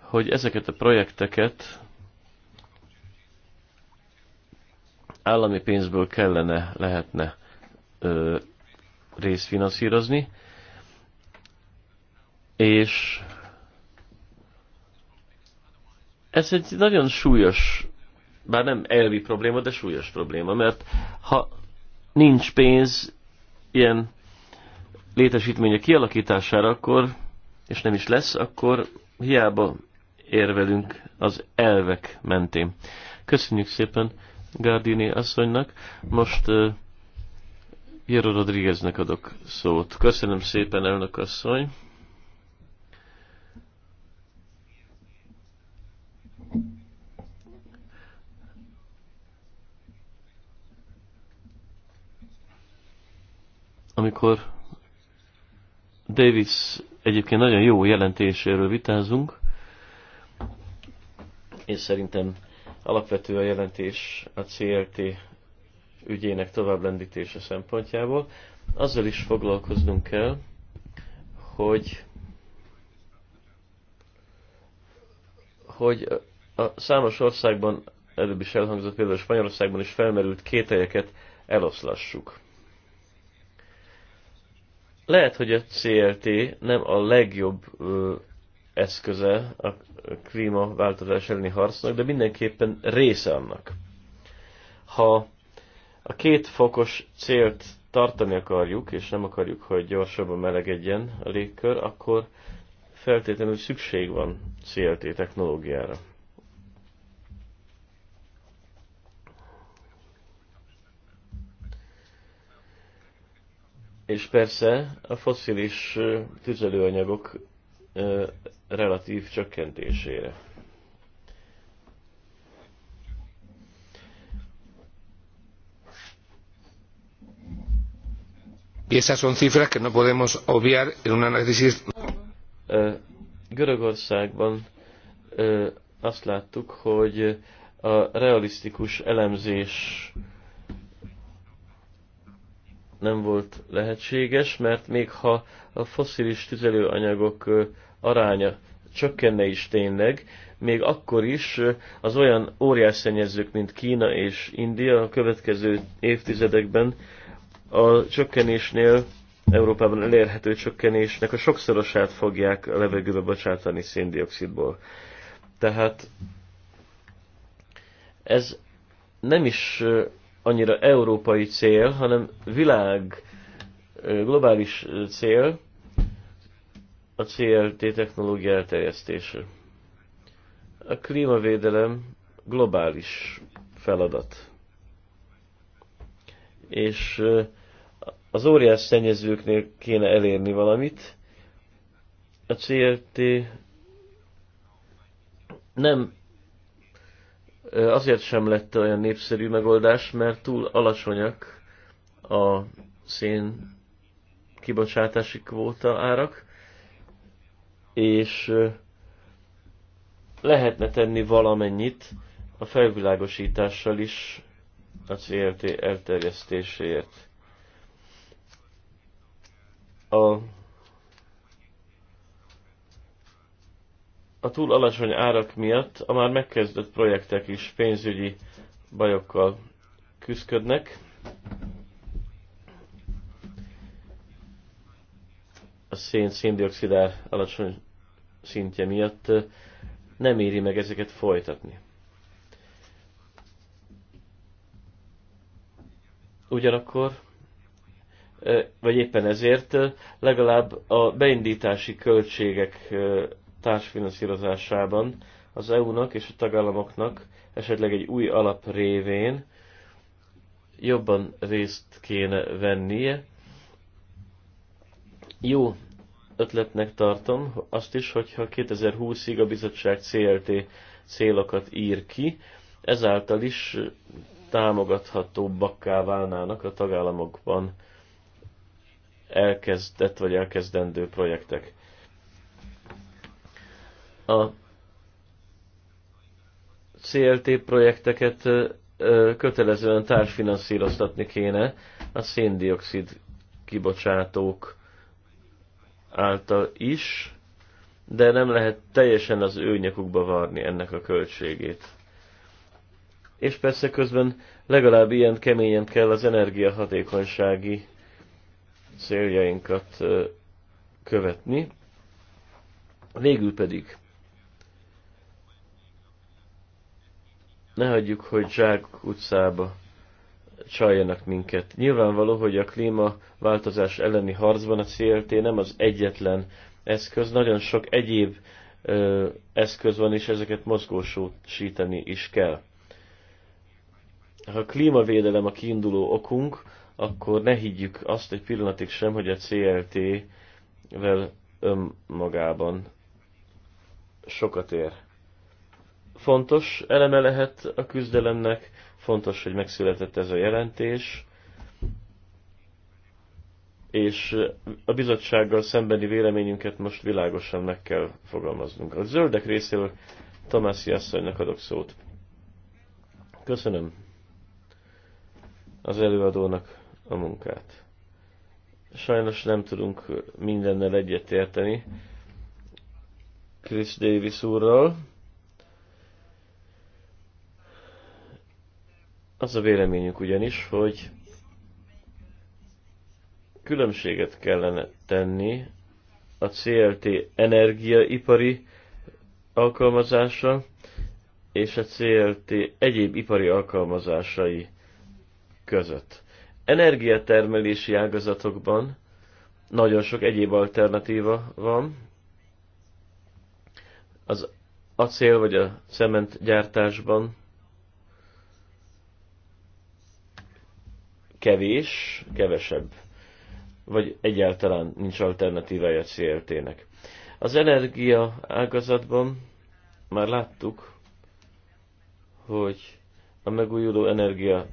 Speaker 2: hogy ezeket a projekteket állami pénzből kellene, lehetne ö, részfinanszírozni, és ez egy nagyon súlyos, bár nem elvi probléma, de súlyos probléma, mert ha nincs pénz ilyen létesítménye kialakítására akkor, és nem is lesz, akkor hiába érvelünk az elvek mentén. Köszönjük szépen Gardini asszonynak. Most uh, Jero Rodrigueznek adok szót. Köszönöm szépen, elnök asszony. Amikor Davis egyébként nagyon jó jelentéséről vitázunk, és szerintem alapvető a jelentés a CLT ügyének továbblendítése szempontjából. Azzal is foglalkoznunk kell, hogy hogy a számos országban, előbb is elhangzott, például Spanyolországban is felmerült kételyeket eloszlassuk. Lehet, hogy a CLT nem a legjobb ö, eszköze a klímaváltozás elleni harcnak, de mindenképpen része annak. Ha a két fokos célt tartani akarjuk, és nem akarjuk, hogy gyorsabban melegedjen a légkör, akkor feltétlenül szükség van CLT technológiára. És persze a foszilis tüzelőanyagok relatív csökkentésére. Y esas son cifras que no podemos obviar en un análisis. Görögországban azt láttuk, hogy a realisztikus elemzés nem volt lehetséges, mert még ha a foszilis tüzelőanyagok aránya csökkenne is tényleg, még akkor is az olyan óriás szennyezők, mint Kína és India a következő évtizedekben a csökkenésnél Európában elérhető csökkenésnek a sokszorosát fogják a levegőbe bocsátani széndiokszidból. Tehát ez nem is annyira európai cél, hanem világ, globális cél a CLT technológia elterjesztése. A klímavédelem globális feladat. És az óriás szennyezőknél kéne elérni valamit. A CLT nem Azért sem lett olyan népszerű megoldás, mert túl alacsonyak a szén kibocsátási kvóta árak, és lehetne tenni valamennyit a felvilágosítással is a CLT elterjesztéséért. A a túl alacsony árak miatt a már megkezdett projektek is pénzügyi bajokkal küzdködnek. A szén széndiokszidár alacsony szintje miatt nem éri meg ezeket folytatni. Ugyanakkor, vagy éppen ezért legalább a beindítási költségek társfinanszírozásában az EU-nak és a tagállamoknak esetleg egy új alap révén jobban részt kéne vennie. Jó ötletnek tartom azt is, hogyha 2020-ig a bizottság CLT célokat ír ki, ezáltal is támogathatóbbakká válnának a tagállamokban elkezdett vagy elkezdendő projektek a CLT projekteket kötelezően társfinanszíroztatni kéne a széndiokszid kibocsátók által is, de nem lehet teljesen az ő nyakukba varni ennek a költségét. És persze közben legalább ilyen keményen kell az energiahatékonysági céljainkat követni. Végül pedig Ne hagyjuk, hogy zsák utcába csaljanak minket. Nyilvánvaló, hogy a klímaváltozás elleni harcban a CLT nem az egyetlen eszköz, nagyon sok egyéb ö, eszköz van, és ezeket mozgósítani is kell. Ha a klímavédelem a kiinduló okunk, akkor ne higgyük azt egy pillanatig sem, hogy a CLT-vel önmagában sokat ér fontos eleme lehet a küzdelemnek, fontos, hogy megszületett ez a jelentés, és a bizottsággal szembeni véleményünket most világosan meg kell fogalmaznunk. A zöldek részéről Tamászi asszonynak adok szót. Köszönöm az előadónak a munkát. Sajnos nem tudunk mindennel egyetérteni Chris Davis úrral, Az a véleményünk ugyanis, hogy különbséget kellene tenni a CLT energiaipari alkalmazása és a CLT egyéb ipari alkalmazásai között. Energiatermelési ágazatokban nagyon sok egyéb alternatíva van. Az acél vagy a cementgyártásban kevés, kevesebb, vagy egyáltalán nincs alternatívája a CLT-nek. Az energia ágazatban már láttuk, hogy a megújuló energia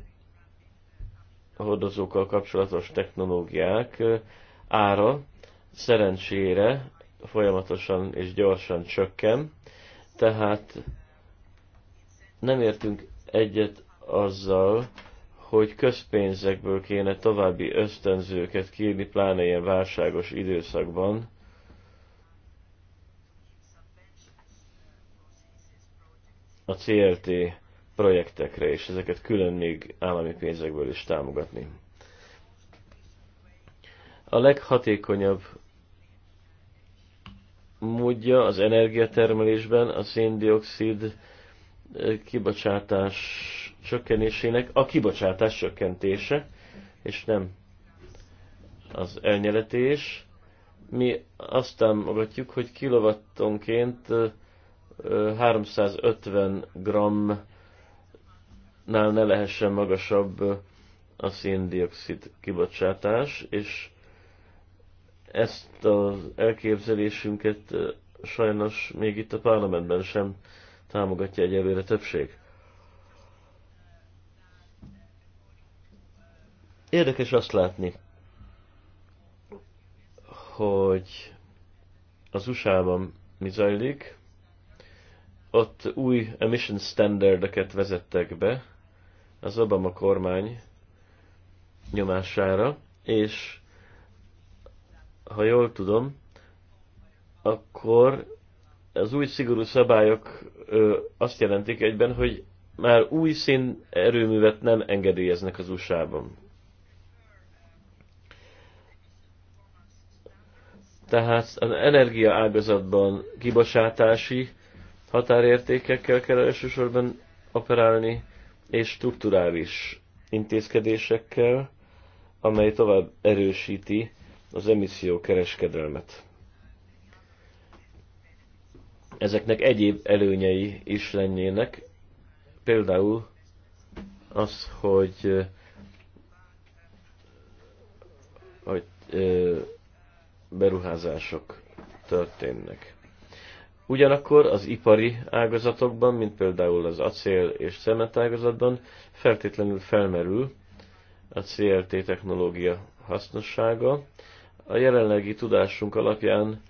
Speaker 2: hordozókkal kapcsolatos technológiák ára szerencsére folyamatosan és gyorsan csökken, tehát nem értünk egyet azzal, hogy közpénzekből kéne további ösztönzőket kérni pláne ilyen válságos időszakban, a CRT projektekre, és ezeket külön még állami pénzekből is támogatni. A leghatékonyabb módja az energiatermelésben a széndiokszid kibocsátás csökkenésének a kibocsátás csökkentése, és nem az elnyeletés. Mi azt támogatjuk, hogy kilovattonként 350 g-nál ne lehessen magasabb a széndiokszid kibocsátás, és ezt az elképzelésünket sajnos még itt a parlamentben sem támogatja egyelőre többség. Érdekes azt látni, hogy az USA-ban mi zajlik, ott új emission standardeket vezettek be az Obama kormány nyomására, és ha jól tudom, akkor az új szigorú szabályok ö, azt jelentik egyben, hogy már új szín erőművet nem engedélyeznek az USA-ban. Tehát az energia ágazatban kibocsátási határértékekkel kell elsősorban operálni, és strukturális intézkedésekkel, amely tovább erősíti az emisszió kereskedelmet. Ezeknek egyéb előnyei is lennének, például az, hogy, hogy beruházások történnek. Ugyanakkor az ipari ágazatokban, mint például az acél és cement ágazatban feltétlenül felmerül a CLT technológia hasznossága. A jelenlegi tudásunk alapján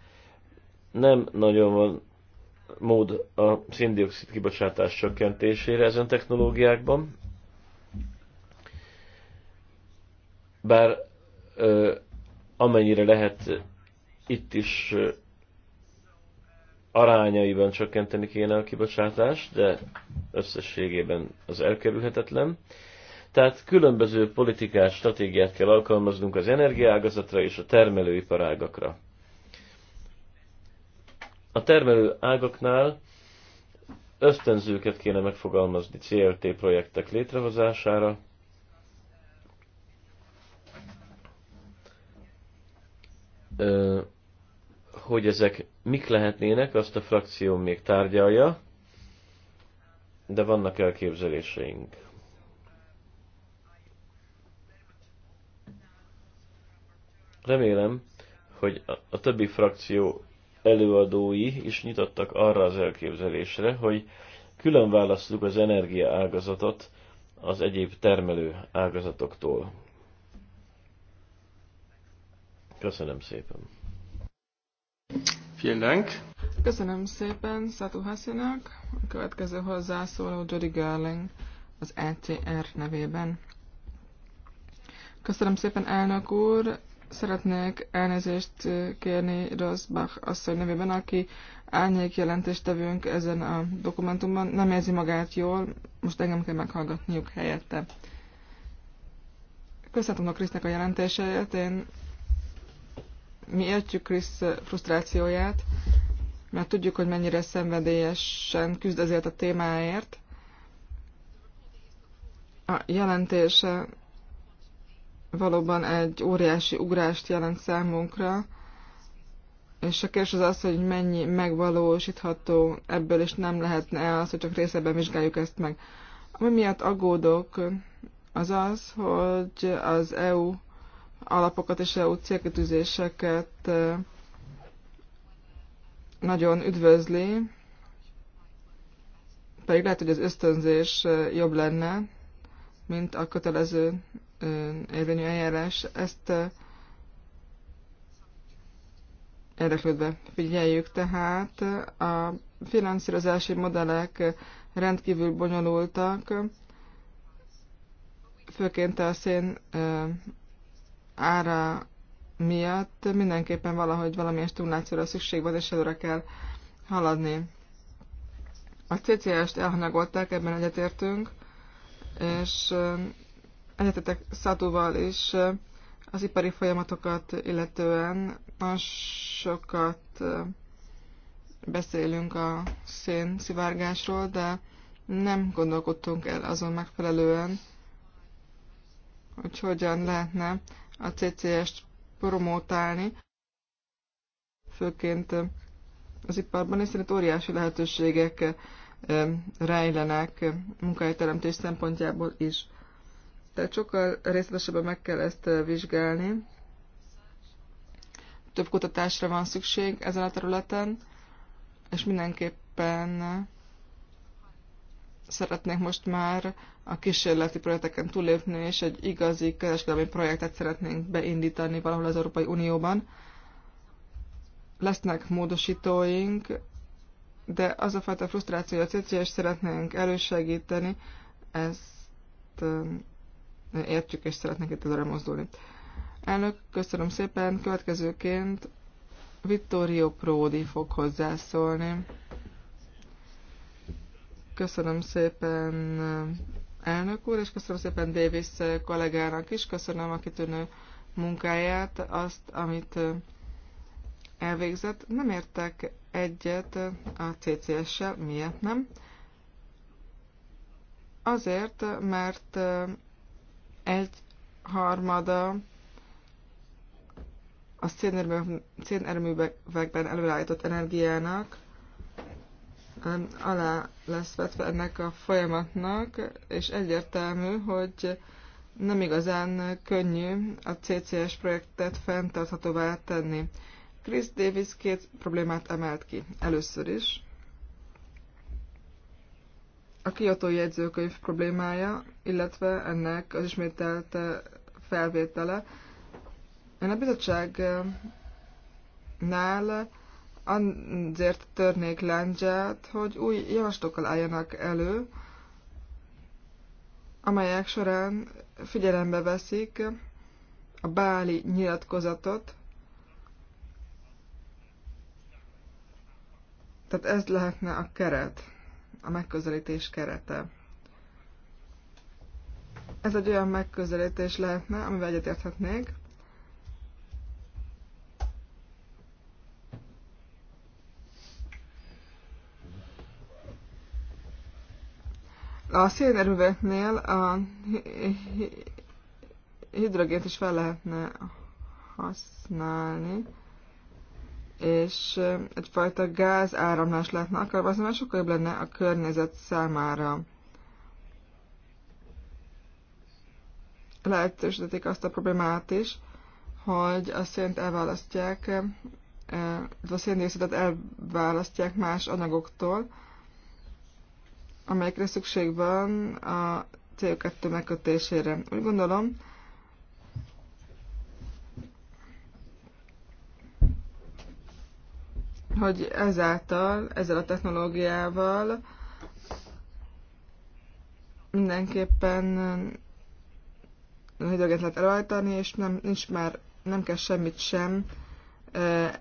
Speaker 2: nem nagyon van mód a széndiokszid kibocsátás csökkentésére ezen technológiákban, bár ö, amennyire lehet itt is arányaiban csökkenteni kéne a kibocsátást, de összességében az elkerülhetetlen. Tehát különböző politikát, stratégiát kell alkalmaznunk az energiaágazatra és a termelőiparágakra. A termelő ágaknál ösztönzőket kéne megfogalmazni CLT projektek létrehozására, hogy ezek mik lehetnének, azt a frakció még tárgyalja, de vannak elképzeléseink. Remélem, hogy a többi frakció előadói is nyitottak arra az elképzelésre, hogy külön választjuk az energiaágazatot az egyéb termelő ágazatoktól. Köszönöm szépen. Vielen Dank.
Speaker 3: Köszönöm szépen Szatú Hasinak. A következő hozzászóló Jody Garling az ECR nevében. Köszönöm szépen, elnök úr. Szeretnék elnézést kérni Rosbach asszony nevében, aki árnyék jelentéstevőnk ezen a dokumentumban. Nem érzi magát jól, most engem kell meghallgatniuk helyette. Köszönöm a Krisznek a jelentéseit. Én mi értjük Krisz frusztrációját, mert tudjuk, hogy mennyire szenvedélyesen küzd ezért a témáért. A jelentése valóban egy óriási ugrást jelent számunkra, és a kérdés az az, hogy mennyi megvalósítható ebből, és nem lehetne az, hogy csak részeben vizsgáljuk ezt meg. Ami miatt aggódok, az az, hogy az EU alapokat és EU célkitűzéseket nagyon üdvözli, pedig lehet, hogy az ösztönzés jobb lenne, mint a kötelező érvényű eljárás. Ezt érdeklődve figyeljük, tehát a finanszírozási modellek rendkívül bonyolultak, főként a szén ára miatt mindenképpen valahogy valamilyen stimulációra szükség van, és előre kell haladni. A CCS-t elhanyagolták, ebben egyetértünk, és eh, egyetetek Szatúval is eh, az ipari folyamatokat illetően nagyon sokat eh, beszélünk a szén szivárgásról, de nem gondolkodtunk el azon megfelelően, hogy hogyan lehetne a CCS-t promotálni, főként az iparban, hiszen itt óriási lehetőségek rejlenek munkahelyteremtés szempontjából is. Tehát sokkal részletesebben meg kell ezt vizsgálni. Több kutatásra van szükség ezen a területen, és mindenképpen szeretnék most már a kísérleti projekteken túllépni, és egy igazi kereskedelmi projektet szeretnénk beindítani valahol az Európai Unióban. Lesznek módosítóink, de az a fajta frusztráció, a és szeretnénk elősegíteni, ezt um, értjük, és szeretnénk itt előre mozdulni. Elnök, köszönöm szépen. Következőként Vittorio Prodi fog hozzászólni. Köszönöm szépen elnök úr, és köszönöm szépen Davis kollégának is, köszönöm a kitűnő munkáját, azt, amit elvégzett. Nem értek egyet a CCS-sel, miért nem? Azért, mert egy harmada a szénerőművekben előállított energiának alá lesz vetve ennek a folyamatnak, és egyértelmű, hogy nem igazán könnyű a CCS projektet fenntarthatóvá tenni. Chris Davis két problémát emelt ki. Először is a Kyoto jegyzőkönyv problémája, illetve ennek az ismételt felvétele. Én a bizottságnál azért törnék láncsát, hogy új javaslatokkal álljanak elő, amelyek során figyelembe veszik a báli nyilatkozatot, tehát ez lehetne a keret, a megközelítés kerete. Ez egy olyan megközelítés lehetne, amivel egyetérthetnék, A szénerőveknél a hidrogént is fel lehetne használni, és egyfajta gáz áramlás lehetne az mert sokkal jobb lenne a környezet számára. Lehetősítették azt a problémát is, hogy a szént elválasztják, a széndiokszidot elválasztják más anyagoktól, amelyekre szükség van a CO2 megkötésére. Úgy gondolom, hogy ezáltal, ezzel a technológiával mindenképpen hidrogént lehet elváltani, és nem, nincs már, nem kell semmit sem eh,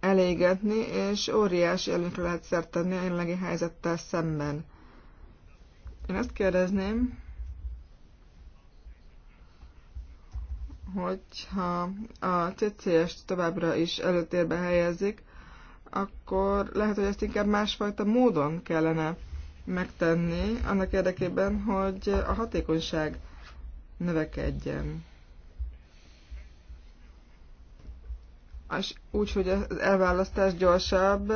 Speaker 3: elégetni, és óriási előnyre lehet szert tenni a jelenlegi helyzettel szemben. Én azt kérdezném, hogyha a CCS-t továbbra is előtérbe helyezik, akkor lehet, hogy ezt inkább másfajta módon kellene megtenni, annak érdekében, hogy a hatékonyság növekedjen. és úgy, hogy az elválasztás gyorsabb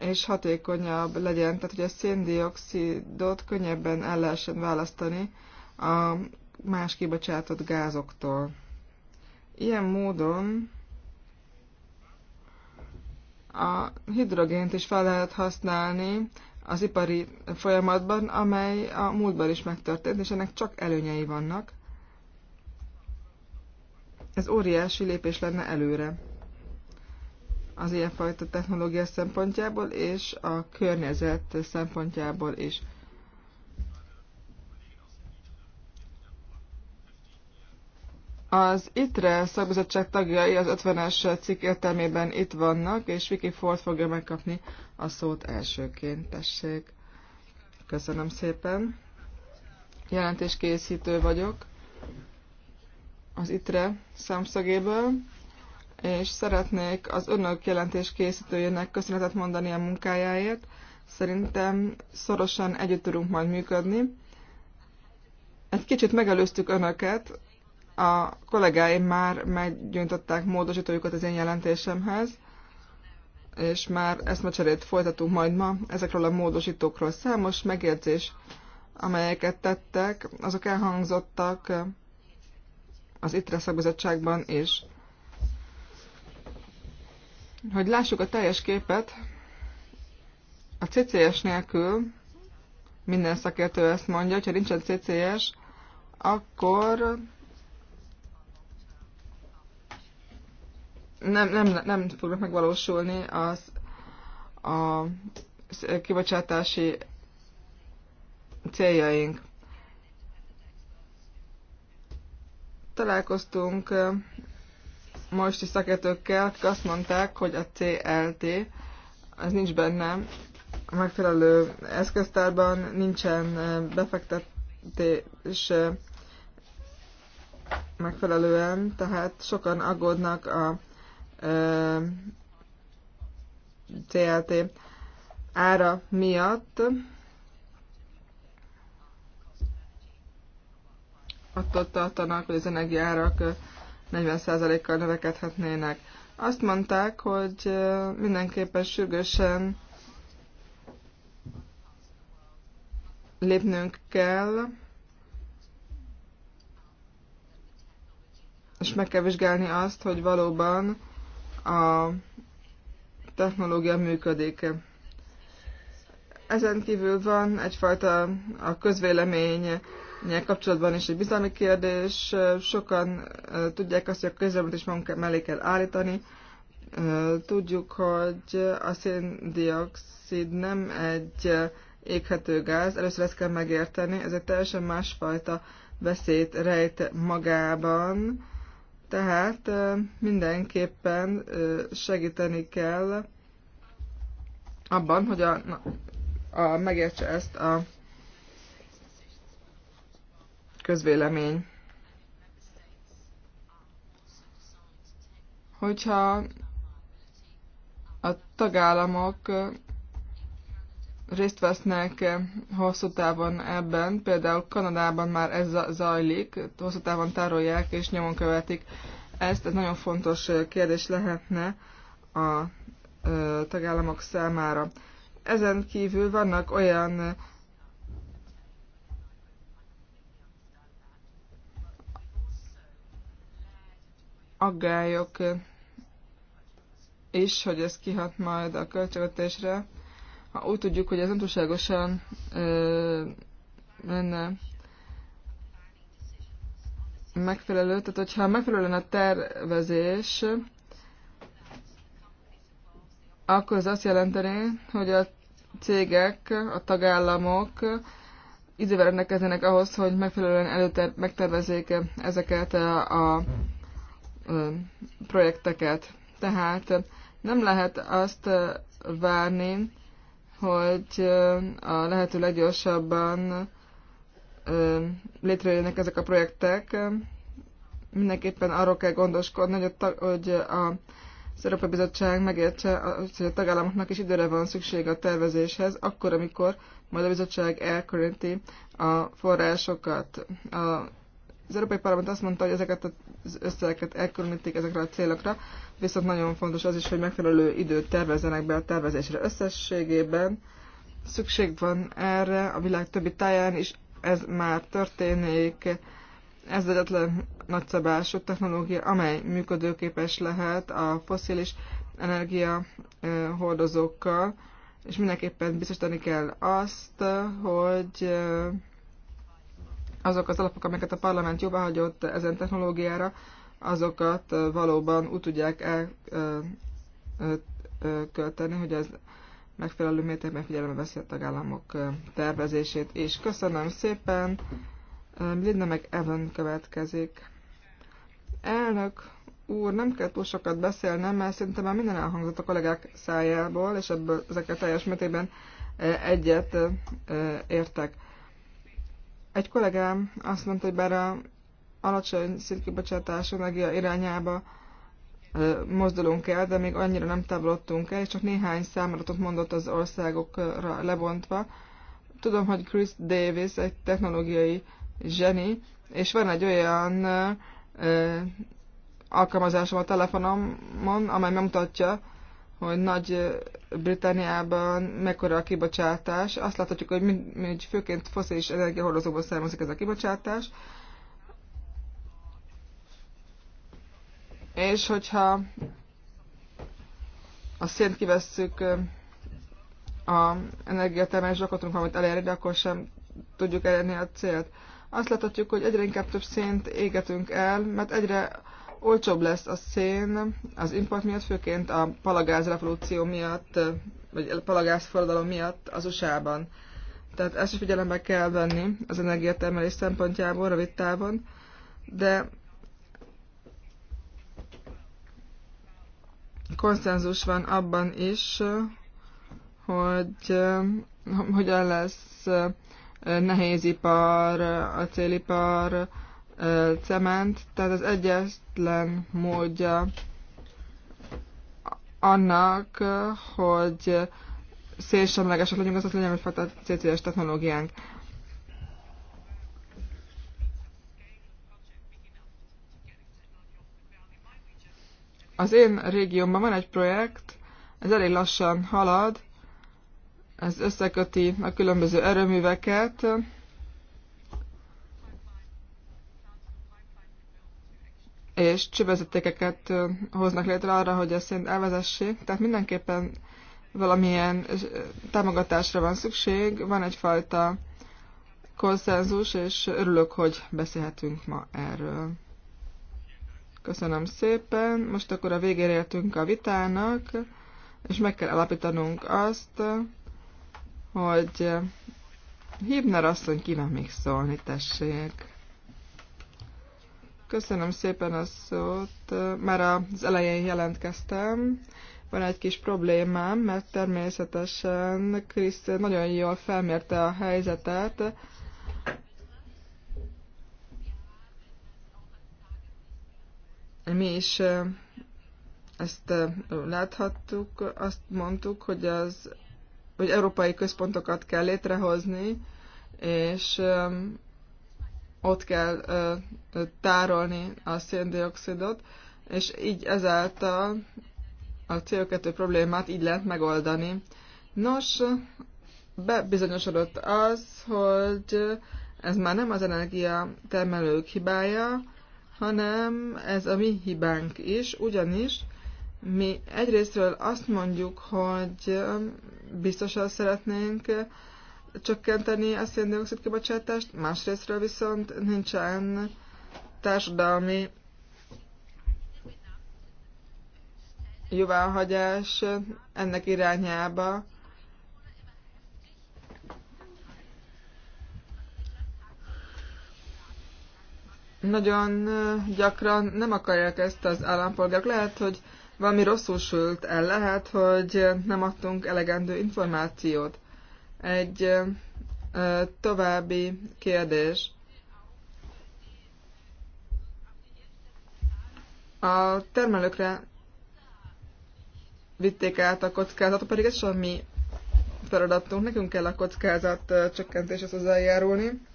Speaker 3: és hatékonyabb legyen, tehát hogy a széndiokszidot könnyebben el lehessen választani a más kibocsátott gázoktól. Ilyen módon a hidrogént is fel lehet használni az ipari folyamatban, amely a múltban is megtörtént, és ennek csak előnyei vannak. Ez óriási lépés lenne előre az ilyenfajta technológia szempontjából és a környezet szempontjából is. Az ITRE szakbizottság tagjai az 50-es cikk értelmében itt vannak, és Vicky Ford fogja megkapni a szót elsőként. Tessék. Köszönöm szépen. Jelentéskészítő vagyok az ITRE szemszögéből, és szeretnék az önök jelentés készítőjének köszönetet mondani a munkájáért. Szerintem szorosan együtt tudunk majd működni. Egy kicsit megelőztük önöket, a kollégáim már meggyöntötték módosítójukat az én jelentésemhez, és már ezt cserét folytatunk majd ma ezekről a módosítókról. Számos megjegyzés, amelyeket tettek, azok elhangzottak az ITRE szakbizottságban is. Hogy lássuk a teljes képet, a CCS nélkül minden szakértő ezt mondja, hogyha nincsen CCS, akkor nem, nem, nem fognak megvalósulni az a kibocsátási céljaink. Találkoztunk most is szakértőkkel, akik azt mondták, hogy a CLT, ez nincs benne a megfelelő eszköztárban, nincsen befektetés megfelelően, tehát sokan aggódnak a CLT ára miatt. attól tartanak, hogy az energiárak 40%-kal növekedhetnének. Azt mondták, hogy mindenképpen sürgősen lépnünk kell, és meg kell vizsgálni azt, hogy valóban a technológia működik. Ezen kívül van egyfajta a közvélemény kapcsolatban is egy bizalmi kérdés. Sokan tudják azt, hogy a közleményt is magunk mellé kell állítani. Tudjuk, hogy a széndiokszid nem egy éghető gáz. Először ezt kell megérteni, ez egy teljesen másfajta veszélyt rejt magában. Tehát mindenképpen segíteni kell abban, hogy a, a megértse ezt a közvélemény. Hogyha a tagállamok részt vesznek hosszú távon ebben, például Kanadában már ez zajlik, hosszú távon tárolják és nyomon követik ezt, ez nagyon fontos kérdés lehetne a tagállamok számára. Ezen kívül vannak olyan aggályok és hogy ez kihat majd a költségvetésre. Ha úgy tudjuk, hogy ez nem túlságosan lenne megfelelő, tehát hogyha megfelelő lenne a tervezés, akkor ez azt jelenteni, hogy a cégek, a tagállamok idővel rendelkeznek ahhoz, hogy megfelelően előter megtervezzék ezeket a projekteket. Tehát nem lehet azt várni, hogy a lehető leggyorsabban létrejönnek ezek a projektek. Mindenképpen arról kell gondoskodni, hogy a, hogy a az Európai Bizottság megértse, hogy a tagállamoknak is időre van szüksége a tervezéshez, akkor, amikor majd a bizottság elkülöníti a forrásokat. A az Európai Parlament azt mondta, hogy ezeket az összegeket elkülönítik ezekre a célokra, viszont nagyon fontos az is, hogy megfelelő időt tervezzenek be a tervezésre összességében. Szükség van erre a világ többi táján is, ez már történik. Ez egyetlen nagyszabású technológia, amely működőképes lehet a foszilis energia hordozókkal, és mindenképpen biztosítani kell azt, hogy azok az alapok, amiket a parlament jobban hagyott ezen technológiára, azokat valóban úgy tudják elkölteni, hogy ez megfelelő mértékben figyelembe veszi a tagállamok tervezését. És köszönöm szépen, Linda meg Evan következik. Elnök úr, nem kell túl sokat beszélnem, mert szerintem már minden elhangzott a kollégák szájából, és ebből ezekkel teljes mértékben egyet értek. Egy kollégám azt mondta, hogy bár a alacsony szintkibocsátású energia irányába mozdulunk el, de még annyira nem távolodtunk el, és csak néhány számadatot mondott az országokra lebontva. Tudom, hogy Chris Davis egy technológiai zseni, és van egy olyan alkalmazásom a telefonomon, amely megmutatja, hogy nagy Britániában mekkora a kibocsátás. Azt láthatjuk, hogy mind, mind főként foszilis energiahordozóból származik ez a kibocsátás. És hogyha a szint kivesszük a energiatermelés gyakorlatunk, amit elérni, de akkor sem tudjuk elérni a célt. Azt láthatjuk, hogy egyre inkább több szint égetünk el, mert egyre olcsóbb lesz a szén az import miatt, főként a palagáz revolúció miatt, vagy a palagáz forradalom miatt az USA-ban. Tehát ezt is figyelembe kell venni az energiatermelés szempontjából rövid távon, de konszenzus van abban is, hogy hogyan lesz eh, nehézipar, acélipar, cement, tehát az egyetlen módja annak, hogy szélsemlegesek legyünk, az az legyen, hogy fajta CCS technológiánk. Az én régiómban van egy projekt, ez elég lassan halad, ez összeköti a különböző erőműveket, és csövezetékeket hoznak létre arra, hogy a szint elvezessék. Tehát mindenképpen valamilyen támogatásra van szükség, van egyfajta konszenzus, és örülök, hogy beszélhetünk ma erről. Köszönöm szépen. Most akkor a végére értünk a vitának, és meg kell alapítanunk azt, hogy Hibner asszony kíván még szólni, tessék. Köszönöm szépen a szót. Már az elején jelentkeztem. Van egy kis problémám, mert természetesen Krisz nagyon jól felmérte a helyzetet. Mi is ezt láthattuk, azt mondtuk, hogy az hogy európai központokat kell létrehozni, és ott kell ö, tárolni a széndiokszidot, és így ezáltal a CO2 problémát így lehet megoldani. Nos, bebizonyosodott az, hogy ez már nem az energia termelők hibája, hanem ez a mi hibánk is, ugyanis mi egyrésztről azt mondjuk, hogy biztosan szeretnénk csökkenteni a széndiokszid kibocsátást, másrésztről viszont nincsen társadalmi jóváhagyás ennek irányába. Nagyon gyakran nem akarják ezt az állampolgárok. Lehet, hogy valami rosszul sült el, lehet, hogy nem adtunk elegendő információt. Egy további kérdés. A termelőkre vitték át a kockázatot, pedig ez sem mi feladatunk, nekünk kell a kockázat csökkentéshez hozzájárulni.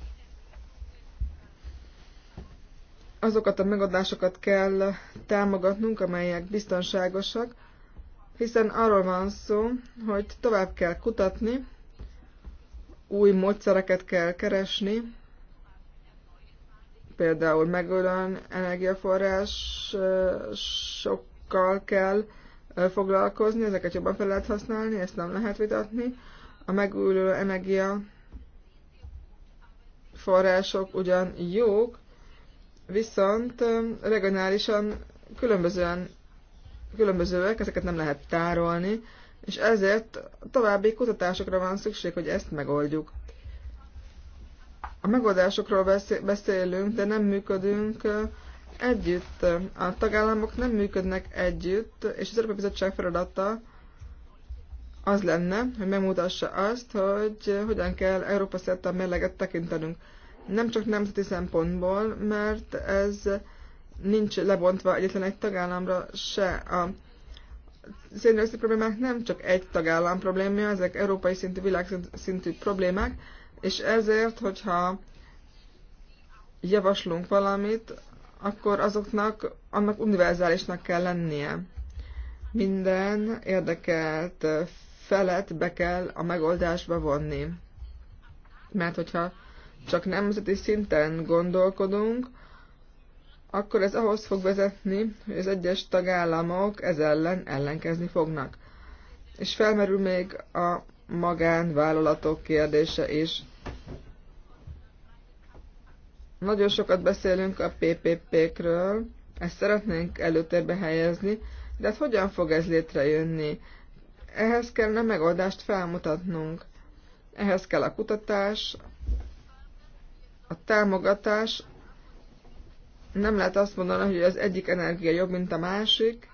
Speaker 3: Azokat a megadásokat kell támogatnunk, amelyek biztonságosak, hiszen arról van szó, hogy tovább kell kutatni, új módszereket kell keresni, például megölön energiaforrásokkal kell foglalkozni, ezeket jobban fel lehet használni, ezt nem lehet vitatni. A megújuló energia források ugyan jók, viszont regionálisan különbözően, különbözőek, ezeket nem lehet tárolni, és ezért további kutatásokra van szükség, hogy ezt megoldjuk. A megoldásokról beszélünk, de nem működünk eh, együtt. A tagállamok nem működnek együtt, és az Európai Bizottság feladata az lenne, hogy megmutassa azt, hogy hogyan kell Európa szerte a mérleget tekintenünk. Nem csak nemzeti szempontból, mert ez nincs lebontva egyetlen egy tagállamra se. A széndiokszid problémák nem csak egy tagállam problémája, ezek európai szintű, világszintű problémák, és ezért, hogyha javaslunk valamit, akkor azoknak, annak univerzálisnak kell lennie. Minden érdekelt felet be kell a megoldásba vonni. Mert hogyha csak nemzeti szinten gondolkodunk, akkor ez ahhoz fog vezetni, hogy az egyes tagállamok ez ellen ellenkezni fognak. És felmerül még a magánvállalatok kérdése is. Nagyon sokat beszélünk a PPP-kről, ezt szeretnénk előtérbe helyezni, de hát hogyan fog ez létrejönni? Ehhez kellene megoldást felmutatnunk. Ehhez kell a kutatás, a támogatás, nem lehet azt mondani, hogy az egyik energia jobb, mint a másik.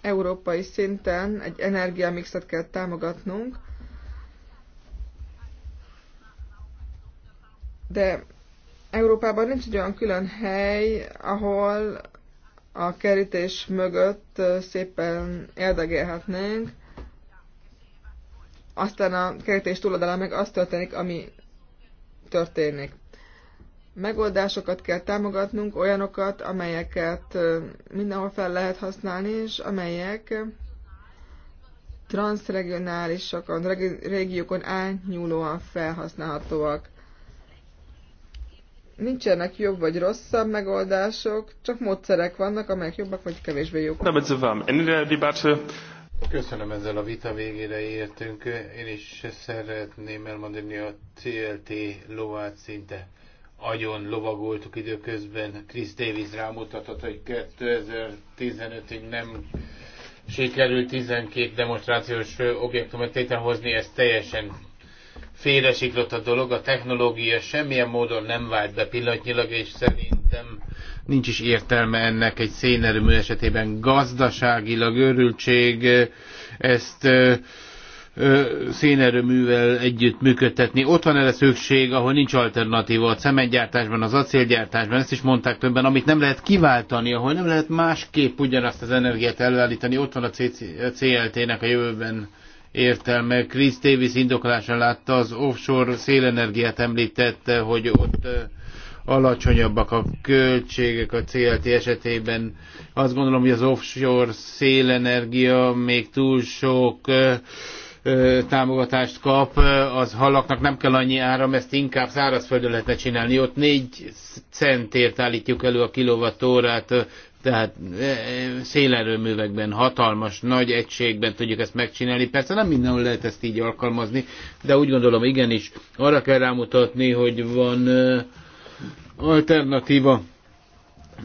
Speaker 3: Európai szinten egy energiamixet kell támogatnunk, de Európában nincs egy olyan külön hely, ahol a kerítés mögött szépen érdegélhetnénk, aztán a kerítés túloldalán meg az történik, ami történik. Megoldásokat kell támogatnunk, olyanokat, amelyeket mindenhol fel lehet használni, és amelyek transregionálisokon, régiókon átnyúlóan felhasználhatóak. Nincsenek jobb vagy rosszabb megoldások, csak módszerek vannak, amelyek jobbak vagy kevésbé jók.
Speaker 1: Köszönöm, ezzel a vita végére értünk. Én is szeretném elmondani a CLT lovát szinte agyon lovagoltuk időközben. Chris Davis rámutatott, hogy 2015-ig nem sikerült 12 demonstrációs objektumot létrehozni, ez teljesen félresiklott a dolog, a technológia semmilyen módon nem vált be pillanatnyilag, és szerintem nincs is értelme ennek egy szénerőmű esetében gazdaságilag örültség, ezt szénerőművel együtt működtetni. Ott van erre szükség, ahol nincs alternatíva a cementgyártásban, az acélgyártásban, ezt is mondták többen, amit nem lehet kiváltani, ahol nem lehet másképp ugyanazt az energiát előállítani, ott van a CLT-nek a jövőben értelme. Chris Davis indoklásán látta, az offshore szélenergiát említette, hogy ott alacsonyabbak a költségek a CLT esetében. Azt gondolom, hogy az offshore szélenergia még túl sok támogatást kap, az halaknak nem kell annyi áram, ezt inkább szárazföldön lehetne csinálni. Ott négy centért állítjuk elő a kilovattórát, tehát szélerőművekben, hatalmas, nagy egységben tudjuk ezt megcsinálni. Persze nem mindenhol lehet ezt így alkalmazni, de úgy gondolom igenis arra kell rámutatni, hogy van alternatíva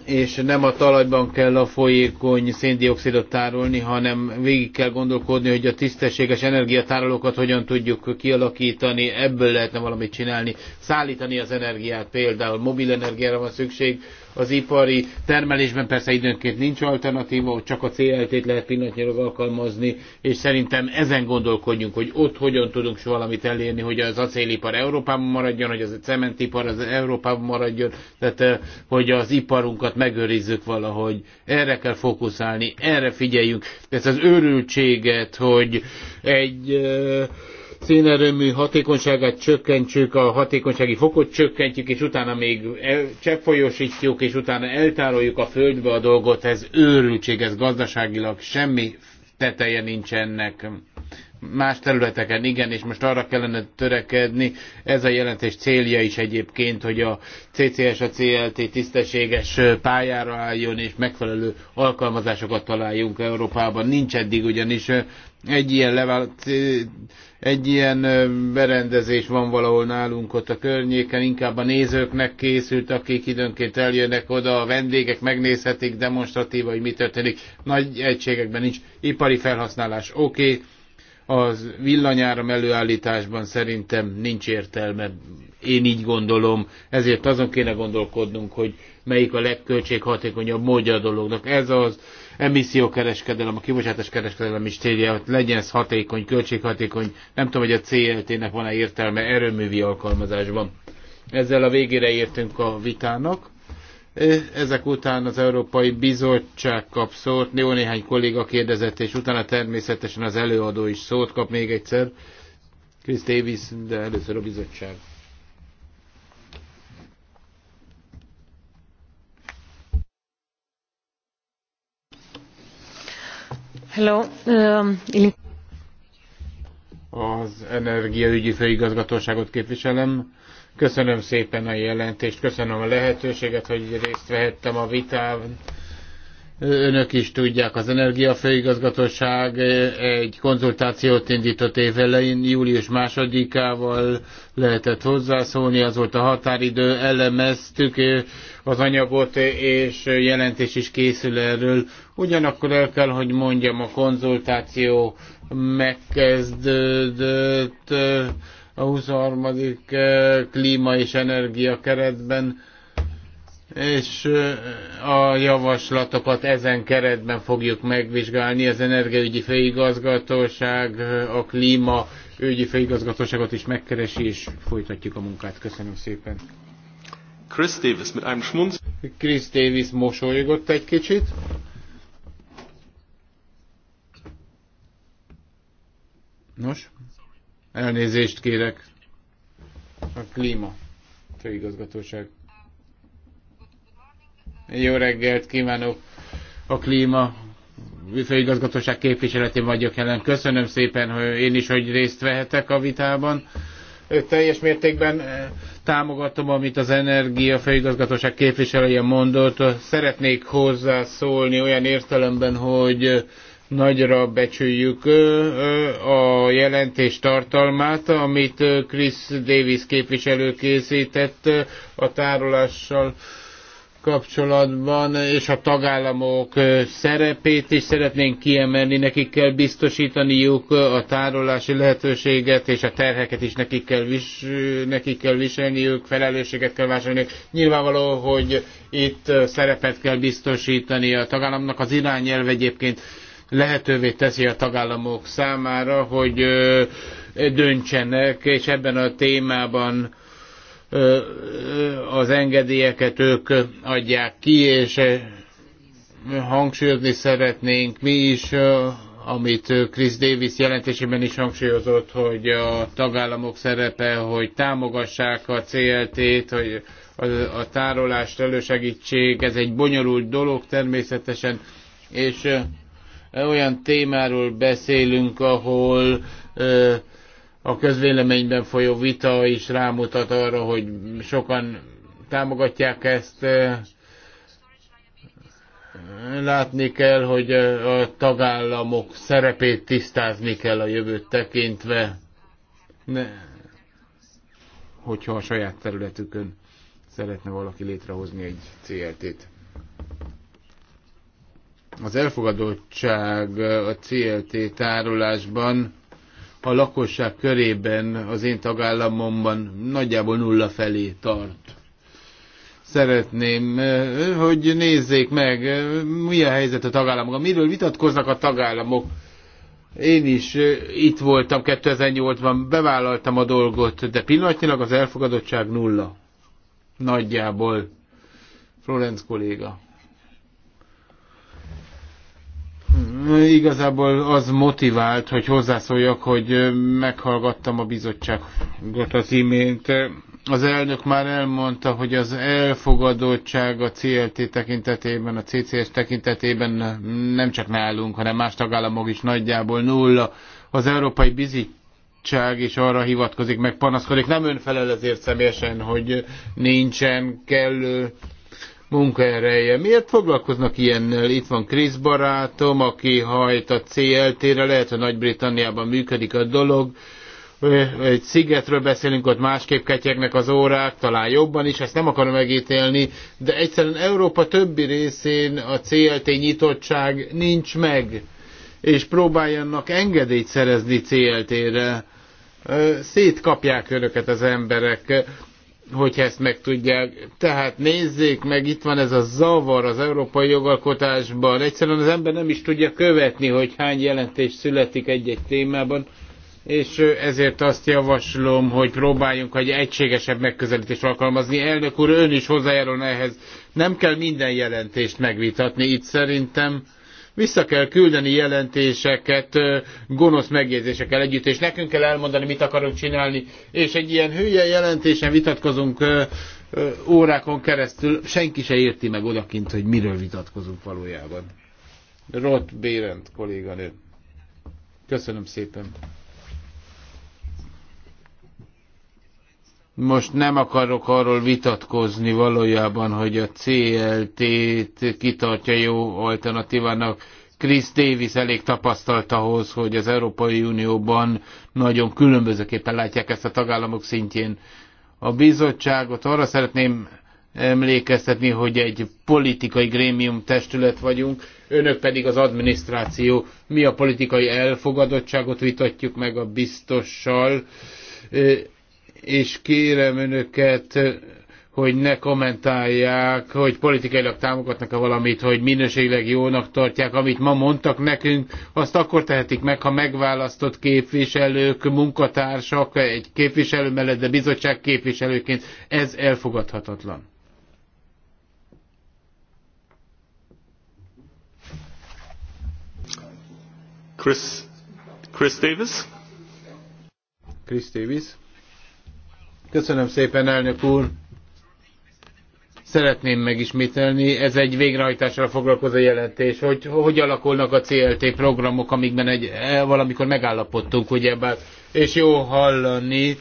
Speaker 1: és nem a talajban kell a folyékony széndiokszidot tárolni, hanem végig kell gondolkodni, hogy a tisztességes energiatárolókat hogyan tudjuk kialakítani, ebből lehetne valamit csinálni. Szállítani az energiát például, mobil energiára van szükség, az ipari termelésben persze időnként nincs alternatíva, csak a CLT-t lehet pillanatnyilag alkalmazni, és szerintem ezen gondolkodjunk, hogy ott hogyan tudunk valamit elérni, hogy az acélipar Európában maradjon, hogy az a cementipar az Európában maradjon, tehát eh, hogy az iparunkat megőrizzük valahogy. Erre kell fókuszálni, erre figyeljünk. Ez az őrültséget, hogy egy eh, szénerőmű hatékonyságát csökkentsük, a hatékonysági fokot csökkentjük, és utána még el, cseppfolyósítjuk, és utána eltároljuk a földbe a dolgot, ez őrültség, ez gazdaságilag semmi teteje nincs ennek. Más területeken igen, és most arra kellene törekedni, ez a jelentés célja is egyébként, hogy a CCS, a CLT tisztességes pályára álljon, és megfelelő alkalmazásokat találjunk Európában. Nincs eddig ugyanis egy ilyen levált egy ilyen berendezés van valahol nálunk ott a környéken, inkább a nézőknek készült, akik időnként eljönnek oda, a vendégek megnézhetik demonstratíva, hogy mi történik. Nagy egységekben nincs ipari felhasználás, oké. Okay az villanyáram előállításban szerintem nincs értelme. Én így gondolom, ezért azon kéne gondolkodnunk, hogy melyik a legköltséghatékonyabb módja a dolognak. Ez az emissziókereskedelem, a kibocsátás kereskedelem is célja, hogy legyen ez hatékony, költséghatékony. Nem tudom, hogy a CLT-nek van-e értelme erőművi alkalmazásban. Ezzel a végére értünk a vitának. Ezek után az Európai Bizottság kap szót, jó néhány kolléga kérdezett, és utána természetesen az előadó is szót kap még egyszer. Krisz Davis, de először a bizottság.
Speaker 2: Um,
Speaker 1: az energiaügyi főigazgatóságot képviselem. Köszönöm szépen a jelentést, köszönöm a lehetőséget, hogy részt vehettem a vitában Önök is tudják, az Energiafőigazgatóság egy konzultációt indított évelején, július másodikával lehetett hozzászólni, az volt a határidő, elemeztük az anyagot, és jelentés is készül erről. Ugyanakkor el kell, hogy mondjam, a konzultáció megkezdődött a 23. Eh, klíma és energia keretben, és a javaslatokat ezen keretben fogjuk megvizsgálni. Az energiaügyi főigazgatóság, a klíma ügyi főigazgatóságot is megkeresi, és folytatjuk a munkát. Köszönöm szépen. Chris Davis mit einem Schmunz. Chris Davis mosolygott egy kicsit. Nos, elnézést kérek. A klíma főigazgatóság. Jó reggelt kívánok! A klíma főigazgatóság képviseletén vagyok jelen. Köszönöm szépen hogy én is, hogy részt vehetek a vitában. Teljes mértékben eh, támogatom, amit az Energia Főigazgatóság képviselője mondott. Szeretnék hozzászólni olyan értelemben, hogy eh, nagyra becsüljük eh, a jelentés tartalmát, amit Chris Davis képviselő készített a tárolással kapcsolatban, és a tagállamok szerepét is szeretnénk kiemelni, nekik kell biztosítaniuk a tárolási lehetőséget, és a terheket is nekik kell, vis, nekik kell viselniük, felelősséget kell vásárolni. Nyilvánvaló, hogy itt szerepet kell biztosítani a tagállamnak. Az irányelv egyébként lehetővé teszi a tagállamok számára, hogy döntsenek, és ebben a témában az engedélyeket ők adják ki, és hangsúlyozni szeretnénk mi is, amit Chris Davis jelentésében is hangsúlyozott, hogy a tagállamok szerepe, hogy támogassák a CLT-t, hogy a tárolást elősegítsék, ez egy bonyolult dolog természetesen, és olyan témáról beszélünk, ahol a közvéleményben folyó vita is rámutat arra, hogy sokan támogatják ezt. Látni kell, hogy a tagállamok szerepét tisztázni kell a jövőt tekintve, ne, hogyha a saját területükön szeretne valaki létrehozni egy CLT-t. Az elfogadottság a CLT tárolásban a lakosság körében, az én tagállamomban nagyjából nulla felé tart. Szeretném, eh, hogy nézzék meg, eh, mi a helyzet a tagállamokban, miről vitatkoznak a tagállamok. Én is eh, itt voltam 2008-ban, bevállaltam a dolgot, de pillanatnyilag az elfogadottság nulla. Nagyjából. Florenc kolléga. igazából az motivált, hogy hozzászóljak, hogy meghallgattam a bizottságot az imént. Az elnök már elmondta, hogy az elfogadottság a CLT tekintetében, a CCS tekintetében nem csak nálunk, hanem más tagállamok is nagyjából nulla. Az Európai Bizottság is arra hivatkozik, meg panaszkodik. Nem önfelel ezért személyesen, hogy nincsen kellő munkaereje. Miért foglalkoznak ilyennel? Itt van Krisz barátom, aki hajt a CLT-re, lehet, hogy Nagy-Britanniában működik a dolog. Egy szigetről beszélünk, ott másképp ketyegnek az órák, talán jobban is, ezt nem akarom megítélni, de egyszerűen Európa többi részén a CLT nyitottság nincs meg, és próbáljanak engedélyt szerezni CLT-re szétkapják önöket az emberek hogyha ezt meg tudják. Tehát nézzék meg, itt van ez a zavar az európai jogalkotásban. Egyszerűen az ember nem is tudja követni, hogy hány jelentés születik egy-egy témában, és ezért azt javaslom, hogy próbáljunk egy egységesebb megközelítést alkalmazni. Elnök úr, ön is hozzájárul ehhez. Nem kell minden jelentést megvitatni itt szerintem vissza kell küldeni jelentéseket gonosz megjegyzésekkel együtt, és nekünk kell elmondani, mit akarunk csinálni, és egy ilyen hülye jelentésen vitatkozunk órákon keresztül, senki se érti meg odakint, hogy miről vitatkozunk valójában. Roth Bérent kolléganő. Köszönöm szépen. Most nem akarok arról vitatkozni valójában, hogy a CLT-t kitartja jó alternatívának. Chris Davis elég tapasztalt ahhoz, hogy az Európai Unióban nagyon különbözőképpen látják ezt a tagállamok szintjén. A bizottságot arra szeretném emlékeztetni, hogy egy politikai grémium testület vagyunk, önök pedig az adminisztráció. Mi a politikai elfogadottságot vitatjuk meg a biztossal és kérem önöket, hogy ne kommentálják, hogy politikailag támogatnak-e valamit, hogy minőségileg jónak tartják, amit ma mondtak nekünk, azt akkor tehetik meg, ha megválasztott képviselők, munkatársak, egy képviselő mellett, de bizottság képviselőként. Ez elfogadhatatlan. Chris, Chris Davis? Chris Davis. Köszönöm szépen, elnök úr! Szeretném megismételni, ez egy végrehajtásra foglalkozó jelentés, hogy hogy alakulnak a CLT programok, amikben egy, e, valamikor megállapodtunk, bár, és jó hallani,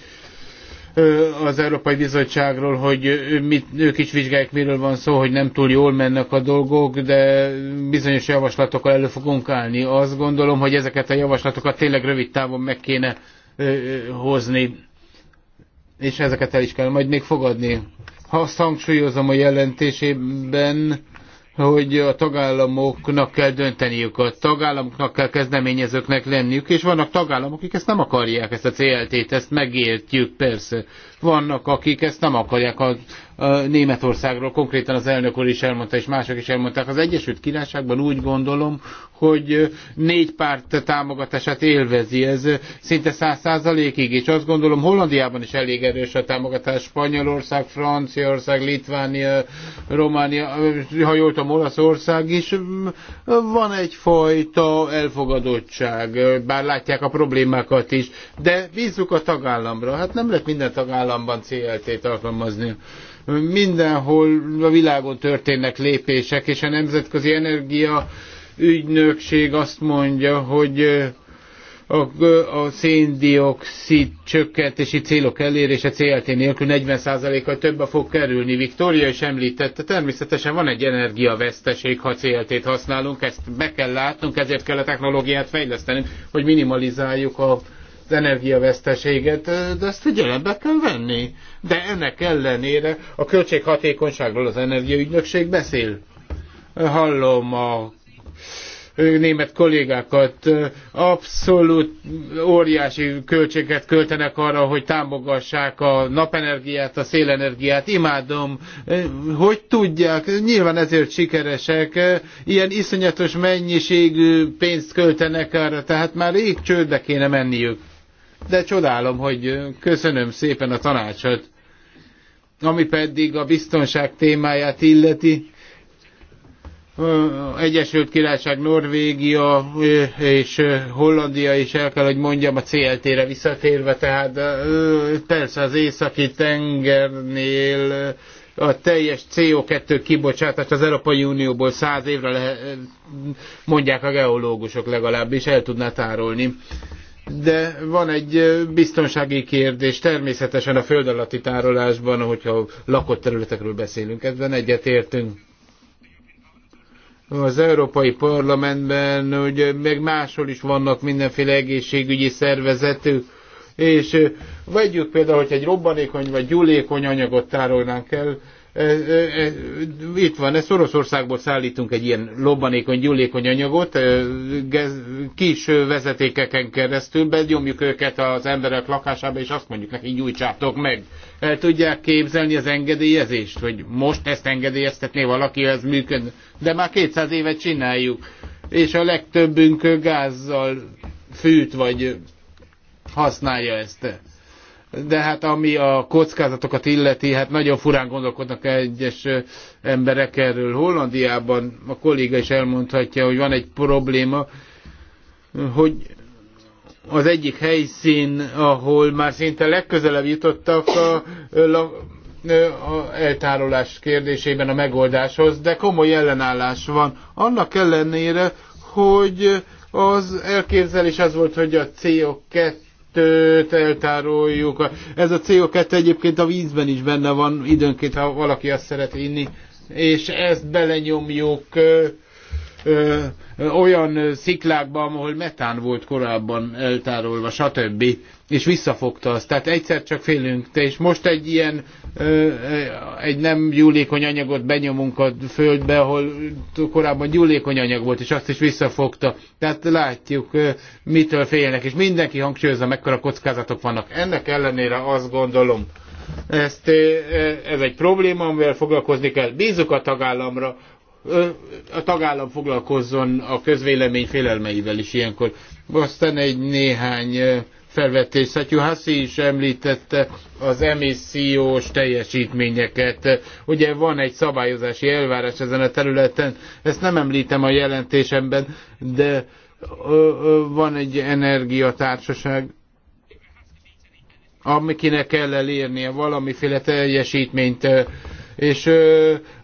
Speaker 1: az Európai Bizottságról, hogy mit, ők is vizsgálják, miről van szó, hogy nem túl jól mennek a dolgok, de bizonyos javaslatokkal elő fogunk állni. Azt gondolom, hogy ezeket a javaslatokat tényleg rövid távon meg kéne hozni és ezeket el is kell majd még fogadni. Azt hangsúlyozom a jelentésében, hogy a tagállamoknak kell dönteniük, a tagállamoknak kell kezdeményezőknek lenniük, és vannak tagállamok, akik ezt nem akarják, ezt a CLT-t, ezt megértjük, persze. Vannak, akik ezt nem akarják, a Németországról, konkrétan az elnök úr is elmondta, és mások is elmondták. Az Egyesült Királyságban úgy gondolom, hogy négy párt támogatását élvezi ez szinte száz százalékig, és azt gondolom Hollandiában is elég erős a támogatás, Spanyolország, Franciaország, Litvánia, Románia, ha jól tudom, Olaszország is. Van egyfajta elfogadottság, bár látják a problémákat is, de bízzuk a tagállamra. Hát nem lehet minden tagállamban CLT-t alkalmazni. Mindenhol a világon történnek lépések, és a Nemzetközi Energia ügynökség azt mondja, hogy a, a széndiokszid csökkentési célok elérése CLT nélkül 40%-kal többbe fog kerülni. Viktória is említette, természetesen van egy energiaveszteség, ha CLT-t használunk, ezt be kell látnunk, ezért kell a technológiát fejlesztenünk, hogy minimalizáljuk a az energiaveszteséget, de ezt figyelembe kell venni. De ennek ellenére a költséghatékonyságról az energiaügynökség beszél. Hallom a német kollégákat abszolút óriási költséget költenek arra, hogy támogassák a napenergiát, a szélenergiát. Imádom, hogy tudják, nyilván ezért sikeresek, ilyen iszonyatos mennyiségű pénzt költenek erre, tehát már rég csődbe kéne menniük de csodálom, hogy köszönöm szépen a tanácsot. Ami pedig a biztonság témáját illeti, Egyesült Királyság, Norvégia és Hollandia is el kell, hogy mondjam, a CLT-re visszatérve, tehát persze az északi tengernél a teljes CO2 kibocsátás az Európai Unióból száz évre lehet, mondják a geológusok legalábbis, el tudná tárolni de van egy biztonsági kérdés, természetesen a föld alatti tárolásban, hogyha lakott területekről beszélünk, ebben egyetértünk. Az Európai Parlamentben, hogy meg máshol is vannak mindenféle egészségügyi szervezetük, és vegyük például, hogy egy robbanékony vagy gyúlékony anyagot tárolnánk el, itt van, ezt Oroszországból szállítunk egy ilyen lobbanékony, gyullékony anyagot, kis vezetékeken keresztül, begyomjuk őket az emberek lakásába, és azt mondjuk nekik, gyújtsátok meg. El tudják képzelni az engedélyezést, hogy most ezt engedélyeztetné valaki, ez működne. De már 200 évet csináljuk, és a legtöbbünk gázzal fűt, vagy használja ezt de hát ami a kockázatokat illeti, hát nagyon furán gondolkodnak egyes emberek erről. Hollandiában a kolléga is elmondhatja, hogy van egy probléma, hogy az egyik helyszín, ahol már szinte legközelebb jutottak a, a, a eltárolás kérdésében a megoldáshoz, de komoly ellenállás van. Annak ellenére, hogy az elképzelés az volt, hogy a CO2 CO2-t eltároljuk. Ez a CO2 egyébként a vízben is benne van, időnként, ha valaki azt szeret inni, és ezt belenyomjuk ö, olyan sziklákban, ahol metán volt korábban eltárolva, stb. És visszafogta azt. Tehát egyszer csak félünk. Te és most egy ilyen, ö, egy nem gyúlékony anyagot benyomunk a földbe, ahol korábban gyúlékony anyag volt, és azt is visszafogta. Tehát látjuk, ö, mitől félnek. És mindenki hangsúlyozza, mekkora kockázatok vannak. Ennek ellenére azt gondolom, ezt, ez egy probléma, amivel foglalkozni kell. Bízzuk a tagállamra, a tagállam foglalkozzon a közvélemény félelmeivel is ilyenkor. Aztán egy néhány felvetés. Szatyuhaszi is említette az emissziós teljesítményeket. Ugye van egy szabályozási elvárás ezen a területen, ezt nem említem a jelentésemben, de van egy energiatársaság, amikinek kell elérnie valamiféle teljesítményt és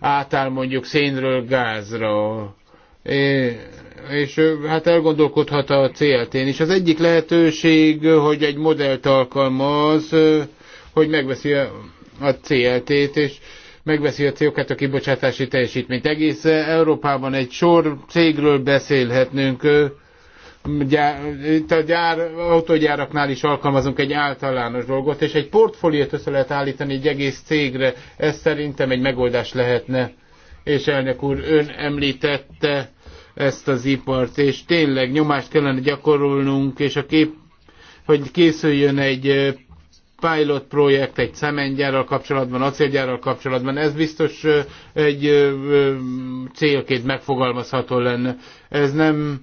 Speaker 1: átáll mondjuk szénről gázra, és hát elgondolkodhat a CLT-n is. Az egyik lehetőség, hogy egy modellt alkalmaz, hogy megveszi a CLT-t, és megveszi a CO2 kibocsátási teljesítményt. Egész Európában egy sor cégről beszélhetnünk, itt a gyár, autogyáraknál is alkalmazunk egy általános dolgot, és egy portfóliót össze lehet állítani egy egész cégre. Ez szerintem egy megoldás lehetne. És elnök úr, ön említette ezt az ipart, és tényleg nyomást kellene gyakorolnunk, és a kép, hogy készüljön egy pilot projekt egy cementgyárral kapcsolatban, acélgyárral kapcsolatban, ez biztos egy célként megfogalmazható lenne. Ez nem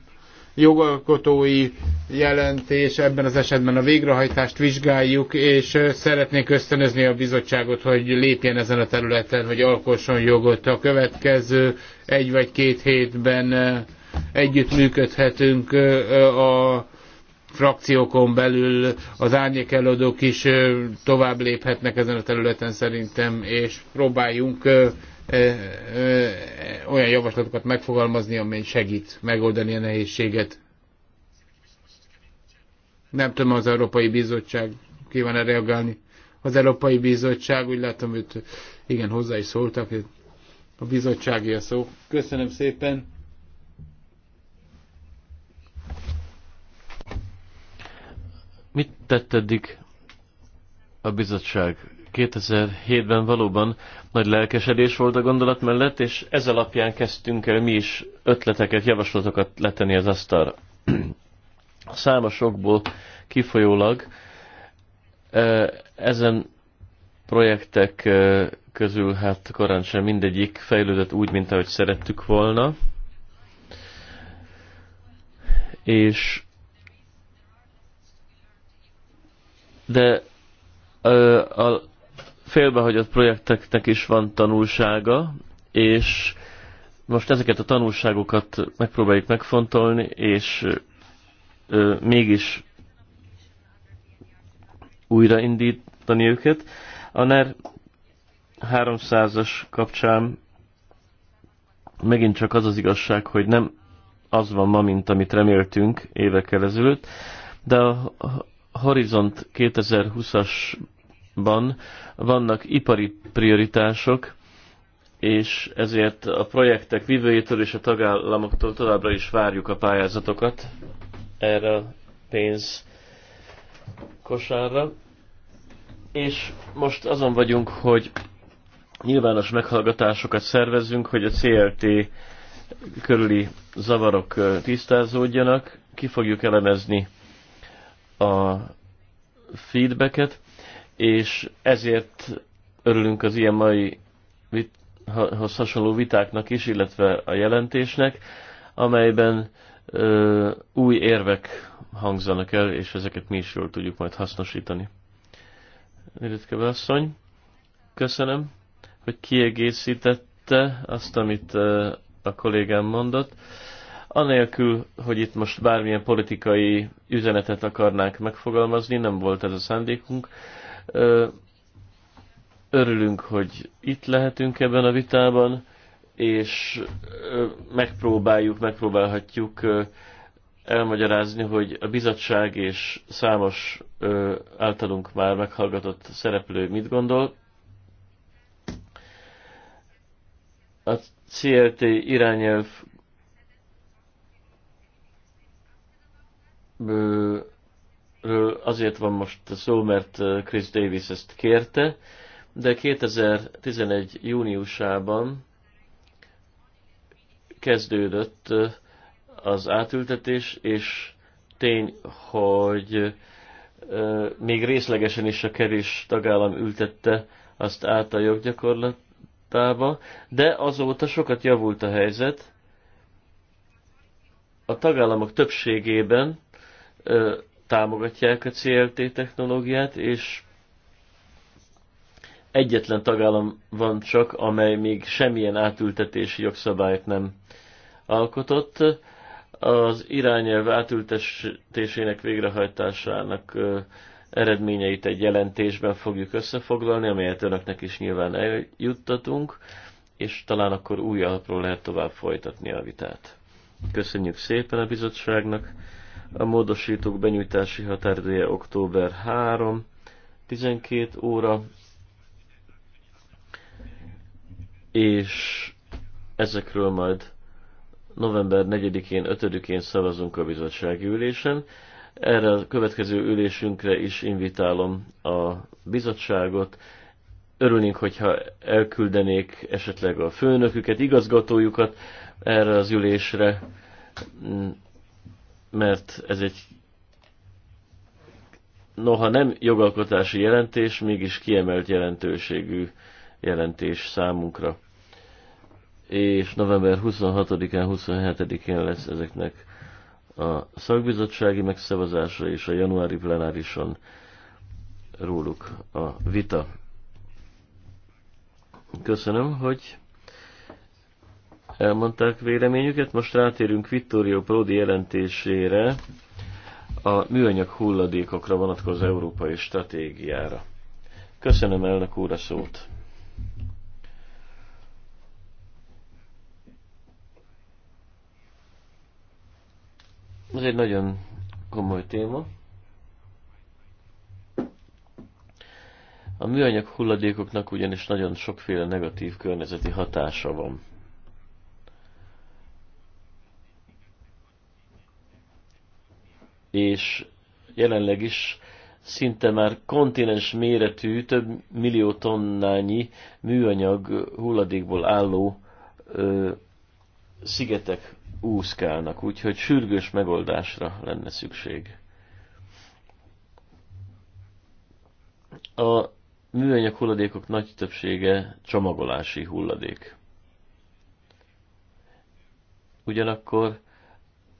Speaker 1: jogalkotói jelentés, ebben az esetben a végrehajtást vizsgáljuk, és szeretnék ösztönözni a bizottságot, hogy lépjen ezen a területen, hogy alkosson jogot. A következő egy vagy két hétben működhetünk a frakciókon belül az árnyékelődők is tovább léphetnek ezen a területen szerintem, és próbáljunk olyan javaslatokat megfogalmazni, amely segít megoldani a nehézséget. Nem tudom, az Európai Bizottság kíván-e reagálni. Az Európai Bizottság, úgy látom, hogy igen, hozzá is szóltak, a bizottsági a szó. Köszönöm szépen.
Speaker 2: Mit tett eddig a bizottság? 2007-ben valóban nagy lelkesedés volt a gondolat mellett, és ez alapján kezdtünk el mi is ötleteket, javaslatokat letenni az asztalra. <clears throat> Számosokból kifolyólag ezen projektek közül hát korán sem mindegyik fejlődött úgy, mint ahogy szerettük volna. És de a félbehagyott projekteknek is van tanulsága, és most ezeket a tanulságokat megpróbáljuk megfontolni, és ö, mégis újraindítani őket. A NER 300-as kapcsán megint csak az az igazság, hogy nem az van ma, mint amit reméltünk évekkel ezelőtt, de a Horizont 2020-as ban vannak ipari prioritások, és ezért a projektek vívőjétől és a tagállamoktól továbbra is várjuk a pályázatokat erre a pénz kosárra. És most azon vagyunk, hogy nyilvános meghallgatásokat szervezünk, hogy a CLT körüli zavarok tisztázódjanak, ki fogjuk elemezni a feedbacket, és ezért örülünk az ilyen mai vithoz hasonló vitáknak is, illetve a jelentésnek, amelyben ö, új érvek hangzanak el, és ezeket mi is jól tudjuk majd hasznosítani. Ritkebe asszony, köszönöm, hogy kiegészítette azt, amit ö, a kollégám mondott. Anélkül, hogy itt most bármilyen politikai üzenetet akarnánk megfogalmazni, nem volt ez a szándékunk, Örülünk, hogy itt lehetünk ebben a vitában, és megpróbáljuk, megpróbálhatjuk elmagyarázni, hogy a bizottság és számos általunk már meghallgatott szereplő mit gondol. A CLT irányelv azért van most szó, mert Chris Davis ezt kérte, de 2011. júniusában kezdődött az átültetés, és tény, hogy még részlegesen is a kevés tagállam ültette azt át a joggyakorlatába, de azóta sokat javult a helyzet. A tagállamok többségében támogatják a CLT technológiát, és egyetlen tagállam van csak, amely még semmilyen átültetési jogszabályt nem alkotott. Az irányelv átültetésének végrehajtásának eredményeit egy jelentésben fogjuk összefoglalni, amelyet önöknek is nyilván eljuttatunk, és talán akkor új alapról lehet tovább folytatni a vitát. Köszönjük szépen a bizottságnak! A módosítók benyújtási határideje október 3, 12 óra, és ezekről majd november 4-én, 5-én szavazunk a bizottsági ülésen. Erre a következő ülésünkre is invitálom a bizottságot. Örülnénk, hogyha elküldenék esetleg a főnöküket, igazgatójukat erre az ülésre, mert ez egy noha nem jogalkotási jelentés, mégis kiemelt jelentőségű jelentés számunkra. És november 26-án, 27-én lesz ezeknek a szakbizottsági megszavazása és a januári plenárison róluk a vita. Köszönöm, hogy elmondták véleményüket. Most rátérünk Vittorio Prodi jelentésére a műanyag hulladékokra vonatkozó európai stratégiára. Köszönöm elnök úr a szót. Ez egy nagyon komoly téma. A műanyag hulladékoknak ugyanis nagyon sokféle negatív környezeti hatása van. és jelenleg is szinte már kontinens méretű, több millió tonnányi műanyag hulladékból álló ö, szigetek úszkálnak, úgyhogy sürgős megoldásra lenne szükség. A műanyag hulladékok nagy többsége csomagolási hulladék. Ugyanakkor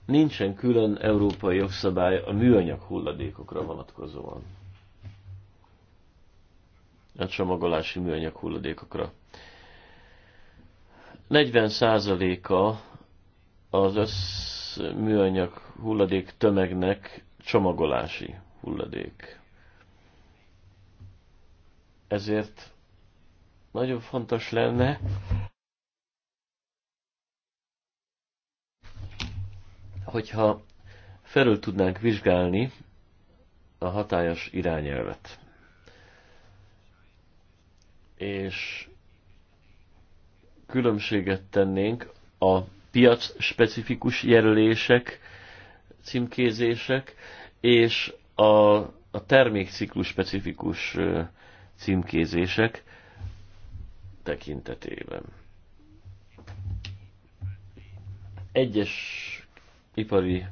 Speaker 2: nincsen külön európai jogszabály a műanyag hulladékokra vonatkozóan. A csomagolási műanyag hulladékokra. 40%-a az össz műanyag hulladék tömegnek csomagolási hulladék. Ezért nagyon fontos lenne, hogyha felül tudnánk vizsgálni a hatályos irányelvet. És különbséget tennénk a piac specifikus jelölések, címkézések, és a, a termékciklus specifikus címkézések tekintetében. Egyes ipari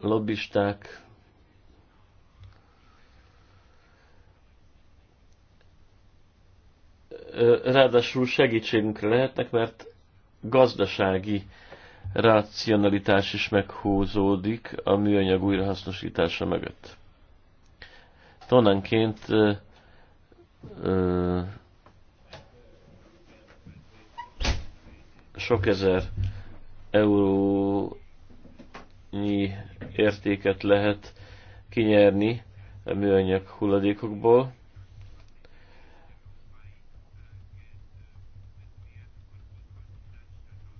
Speaker 2: lobbisták, ráadásul segítségünkre lehetnek, mert gazdasági racionalitás is meghúzódik a műanyag újrahasznosítása mögött. Tonanként sok ezer euró értéket lehet kinyerni a műanyag hulladékokból.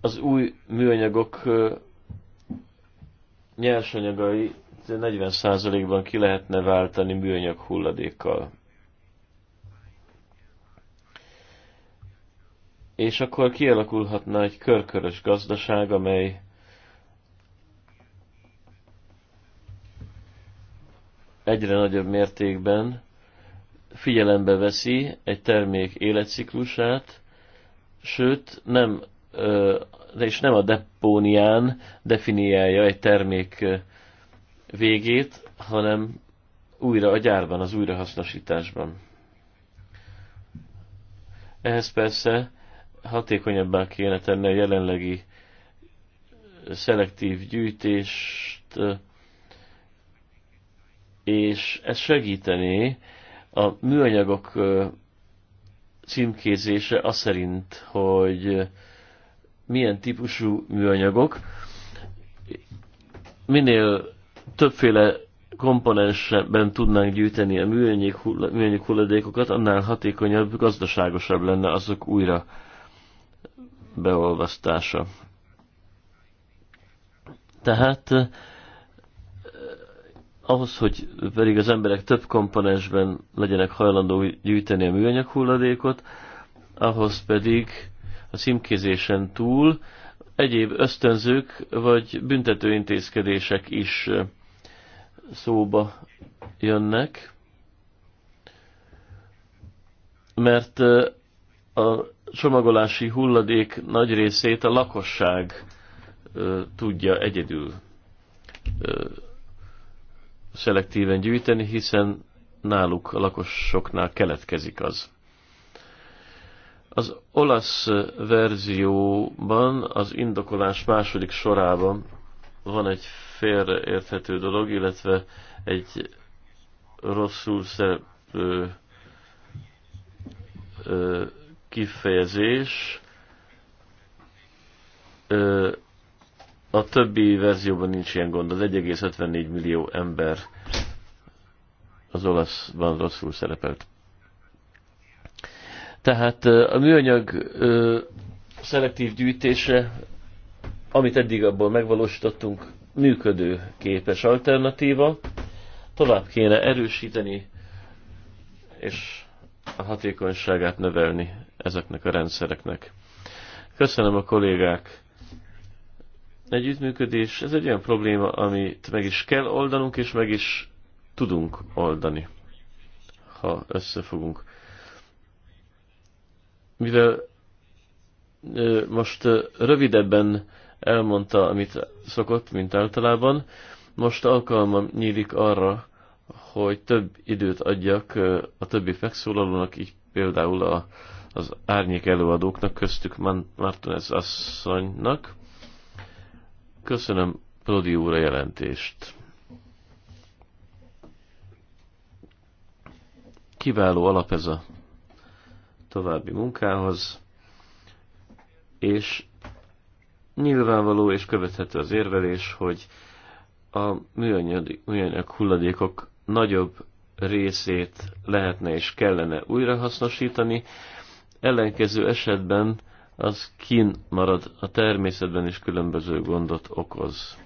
Speaker 2: Az új műanyagok nyersanyagai 40%-ban ki lehetne váltani műanyag hulladékkal. És akkor kialakulhatna egy körkörös gazdaság, amely egyre nagyobb mértékben figyelembe veszi egy termék életciklusát, sőt nem, és nem a depónián definiálja egy termék végét, hanem újra a gyárban, az újrahasznosításban. Ehhez persze hatékonyabbá kéne tenni a jelenlegi szelektív gyűjtést, és ez segítené a műanyagok címkézése az szerint, hogy milyen típusú műanyagok, minél többféle komponensben tudnánk gyűjteni a műanyag hulladékokat, annál hatékonyabb, gazdaságosabb lenne azok újra beolvasztása. Tehát ahhoz, hogy pedig az emberek több komponensben legyenek hajlandó gyűjteni a műanyag hulladékot, ahhoz pedig a címkézésen túl egyéb ösztönzők vagy büntető intézkedések is szóba jönnek, mert a csomagolási hulladék nagy részét a lakosság tudja egyedül szelektíven gyűjteni, hiszen náluk a lakosoknál keletkezik az. Az olasz verzióban, az indokolás második sorában van egy félreérthető dolog, illetve egy rosszul szereplő kifejezés. Ö, a többi verzióban nincs ilyen gond, az 1,54 millió ember az olaszban rosszul szerepelt. Tehát a műanyag ö, szelektív gyűjtése, amit eddig abból megvalósítottunk, működő képes alternatíva. Tovább kéne erősíteni és a hatékonyságát növelni ezeknek a rendszereknek. Köszönöm a kollégák együttműködés, ez egy olyan probléma, amit meg is kell oldanunk, és meg is tudunk oldani, ha összefogunk. Mivel most rövidebben elmondta, amit szokott, mint általában, most alkalmam nyílik arra, hogy több időt adjak a többi megszólalónak, így például a, az árnyék előadóknak, köztük Martinez asszonynak, Köszönöm Prodi úr a jelentést. Kiváló alap ez a további munkához, és nyilvánvaló és követhető az érvelés, hogy a műanyag, hulladékok nagyobb részét lehetne és kellene újrahasznosítani, ellenkező esetben az kín marad, a természetben is különböző gondot okoz.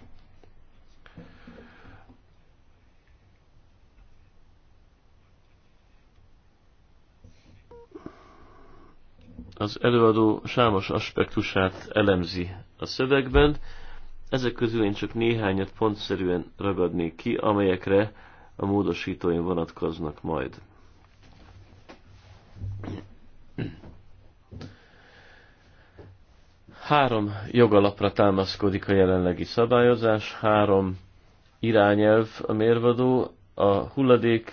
Speaker 2: Az előadó sámos aspektusát elemzi a szövegben, ezek közül én csak néhányat pontszerűen ragadnék ki, amelyekre a módosítóim vonatkoznak majd. Három jogalapra támaszkodik a jelenlegi szabályozás, három irányelv a mérvadó, a hulladék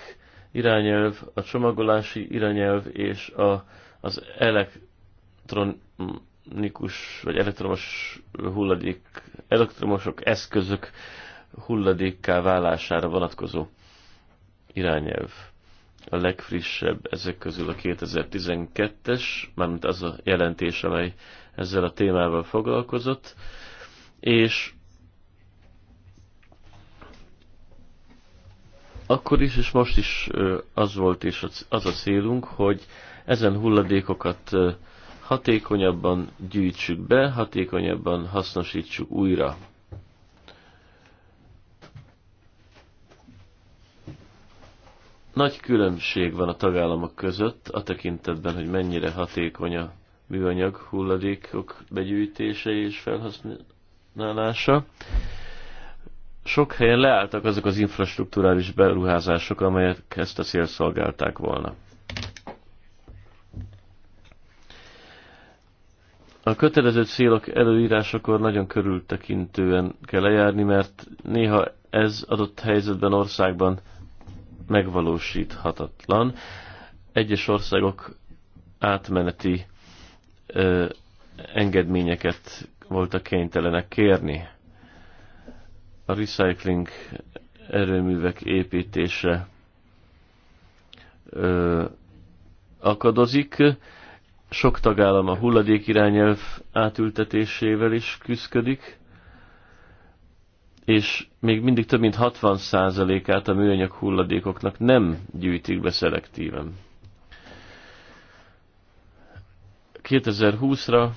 Speaker 2: irányelv, a csomagolási irányelv és a, az elektronikus vagy elektromos hulladék, elektromosok eszközök hulladékká válására vonatkozó irányelv. A legfrissebb ezek közül a 2012-es, mármint az a jelentés, amely ezzel a témával foglalkozott, és akkor is és most is az volt és az a célunk, hogy ezen hulladékokat hatékonyabban gyűjtsük be, hatékonyabban hasznosítsuk újra. Nagy különbség van a tagállamok között a tekintetben, hogy mennyire hatékony a műanyag hulladékok begyűjtése és felhasználása. Sok helyen leálltak azok az infrastruktúrális beruházások, amelyek ezt a célt szolgálták volna. A kötelező célok előírásakor nagyon körültekintően kell lejárni, mert néha ez adott helyzetben országban megvalósíthatatlan. Egyes országok átmeneti ö, engedményeket voltak kénytelenek kérni. A recycling erőművek építése ö, akadozik. Sok tagállam a hulladék irányelv átültetésével is küzdik, és még mindig több mint 60%-át a műanyag hulladékoknak nem gyűjtik be szelektíven. 2020-ra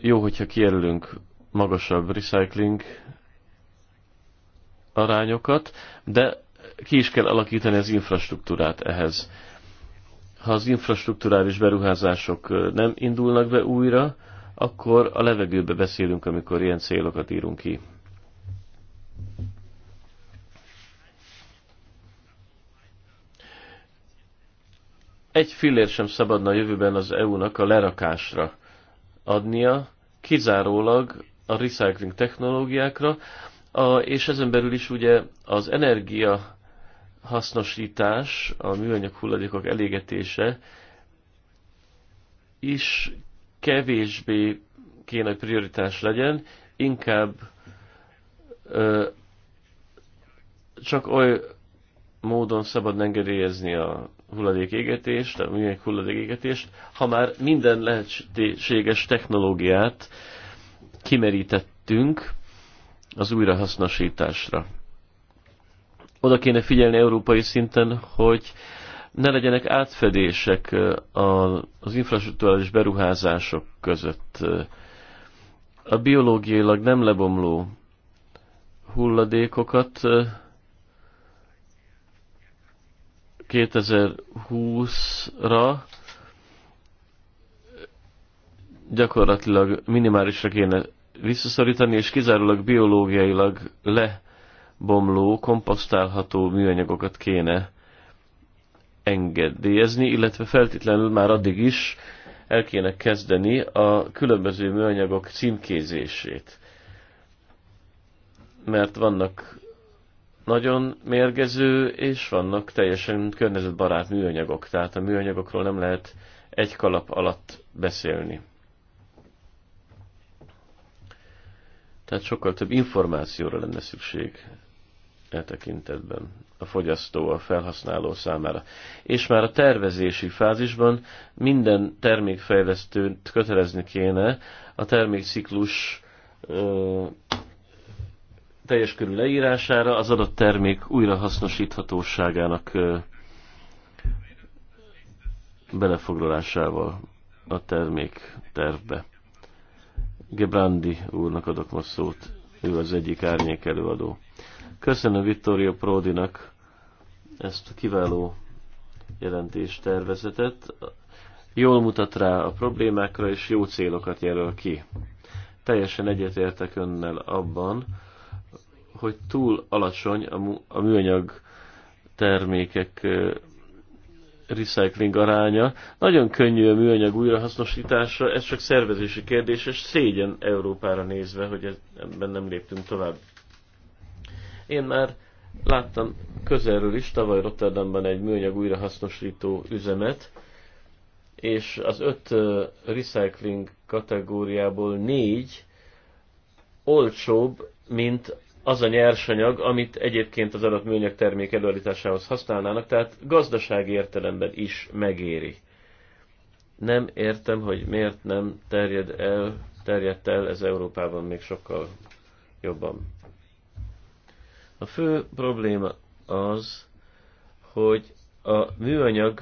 Speaker 2: jó, hogyha kijelölünk magasabb recycling arányokat, de ki is kell alakítani az infrastruktúrát ehhez. Ha az infrastruktúrális beruházások nem indulnak be újra, akkor a levegőbe beszélünk, amikor ilyen célokat írunk ki. Egy fillér sem szabadna a jövőben az EU-nak a lerakásra adnia, kizárólag a recycling technológiákra, a, és ezen belül is ugye az energia hasznosítás, a műanyag hulladékok elégetése is kevésbé kéne prioritás legyen, inkább ö, csak oly módon szabad engedélyezni a hulladékégetést, a műanyag hulladékégetést, ha már minden lehetséges technológiát kimerítettünk az újrahasznosításra. Oda kéne figyelni európai szinten, hogy ne legyenek átfedések az infrastruktúrális beruházások között. A biológiailag nem lebomló hulladékokat 2020-ra gyakorlatilag minimálisra kéne visszaszorítani, és kizárólag biológiailag lebomló, komposztálható műanyagokat kéne engedélyezni, illetve feltétlenül már addig is el kéne kezdeni a különböző műanyagok címkézését. Mert vannak nagyon mérgező, és vannak teljesen környezetbarát műanyagok, tehát a műanyagokról nem lehet egy kalap alatt beszélni. Tehát sokkal több információra lenne szükség e tekintetben a fogyasztó, a felhasználó számára. És már a tervezési fázisban minden termékfejlesztőt kötelezni kéne a termékciklus ö, teljes körű leírására, az adott termék újrahasznosíthatóságának belefoglalásával a termék tervbe. Gebrandi úrnak adok most szót, ő az egyik árnyék előadó. Köszönöm Vittorio Prodinak ezt a kiváló jelentés tervezetet. Jól mutat rá a problémákra, és jó célokat jelöl ki. Teljesen egyetértek önnel abban, hogy túl alacsony a, a műanyag termékek recycling aránya. Nagyon könnyű a műanyag újrahasznosítása, ez csak szervezési kérdés, és szégyen Európára nézve, hogy ebben nem léptünk tovább. Én már láttam közelről is tavaly Rotterdamban egy műanyag újrahasznosító üzemet, és az öt recycling kategóriából négy olcsóbb, mint az a nyersanyag, amit egyébként az adott műanyag termék előállításához használnának, tehát gazdasági értelemben is megéri. Nem értem, hogy miért nem terjed el, terjedt el ez Európában még sokkal jobban. A fő probléma az, hogy a műanyag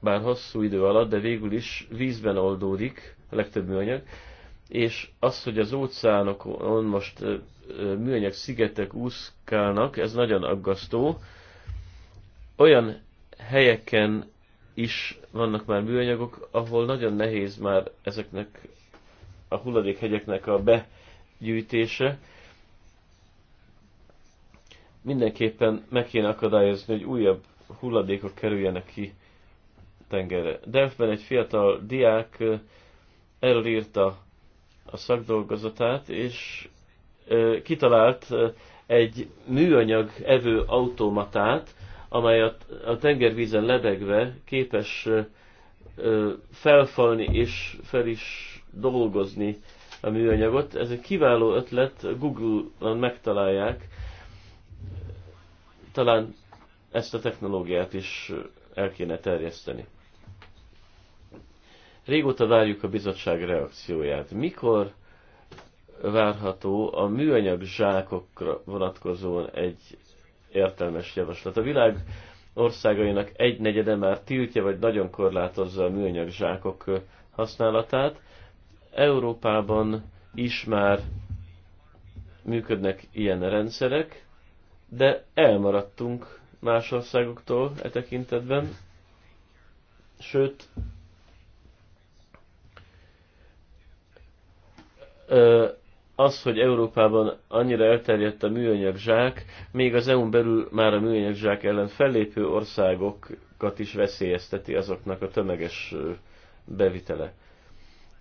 Speaker 2: bár hosszú idő alatt, de végül is vízben oldódik, a legtöbb műanyag, és az, hogy az óceánokon most műanyag szigetek úszkálnak, ez nagyon aggasztó. Olyan helyeken is vannak már műanyagok, ahol nagyon nehéz már ezeknek a hulladékhegyeknek a begyűjtése. Mindenképpen meg kéne akadályozni, hogy újabb hulladékok kerüljenek ki tengerre. Delfben egy fiatal diák elírta a szakdolgozatát, és kitalált egy műanyag evő automatát, amely a tengervízen lebegve képes felfalni és fel is dolgozni a műanyagot. Ez egy kiváló ötlet, Google-on megtalálják. Talán ezt a technológiát is el kéne terjeszteni. Régóta várjuk a bizottság reakcióját. Mikor várható a műanyag zsákokra vonatkozóan egy értelmes javaslat. A világ országainak egy negyede már tiltja vagy nagyon korlátozza a műanyag zsákok használatát. Európában is már működnek ilyen rendszerek, de elmaradtunk más országoktól e tekintetben, sőt, az, hogy Európában annyira elterjedt a műanyag zsák, még az EU-n belül már a műanyag zsák ellen fellépő országokat is veszélyezteti azoknak a tömeges bevitele.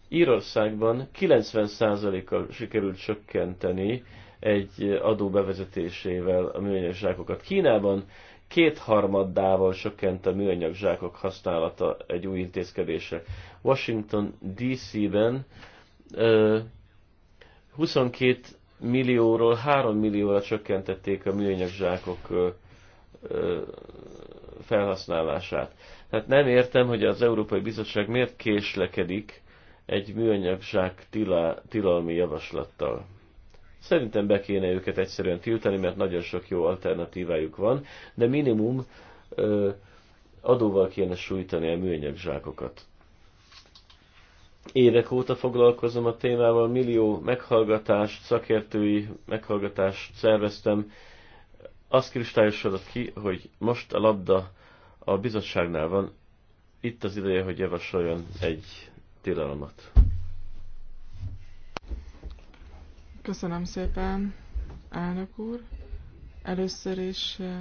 Speaker 2: Írországban 90%-kal sikerült csökkenteni egy adó bevezetésével a műanyag zsákokat. Kínában kétharmaddával csökkent a műanyag zsákok használata egy új intézkedése. Washington DC-ben 22 millióról 3 millióra csökkentették a műanyag zsákok felhasználását. Tehát nem értem, hogy az Európai Bizottság miért késlekedik egy műanyag zsák tilalmi javaslattal. Szerintem be kéne őket egyszerűen tiltani, mert nagyon sok jó alternatívájuk van, de minimum adóval kéne sújtani a műanyag zsákokat évek óta foglalkozom a témával, millió meghallgatást, szakértői meghallgatást szerveztem. Azt kristályosodott ki, hogy most a labda a bizottságnál van, itt az ideje, hogy javasoljon egy tilalmat.
Speaker 3: Köszönöm szépen, elnök úr. Először is eh,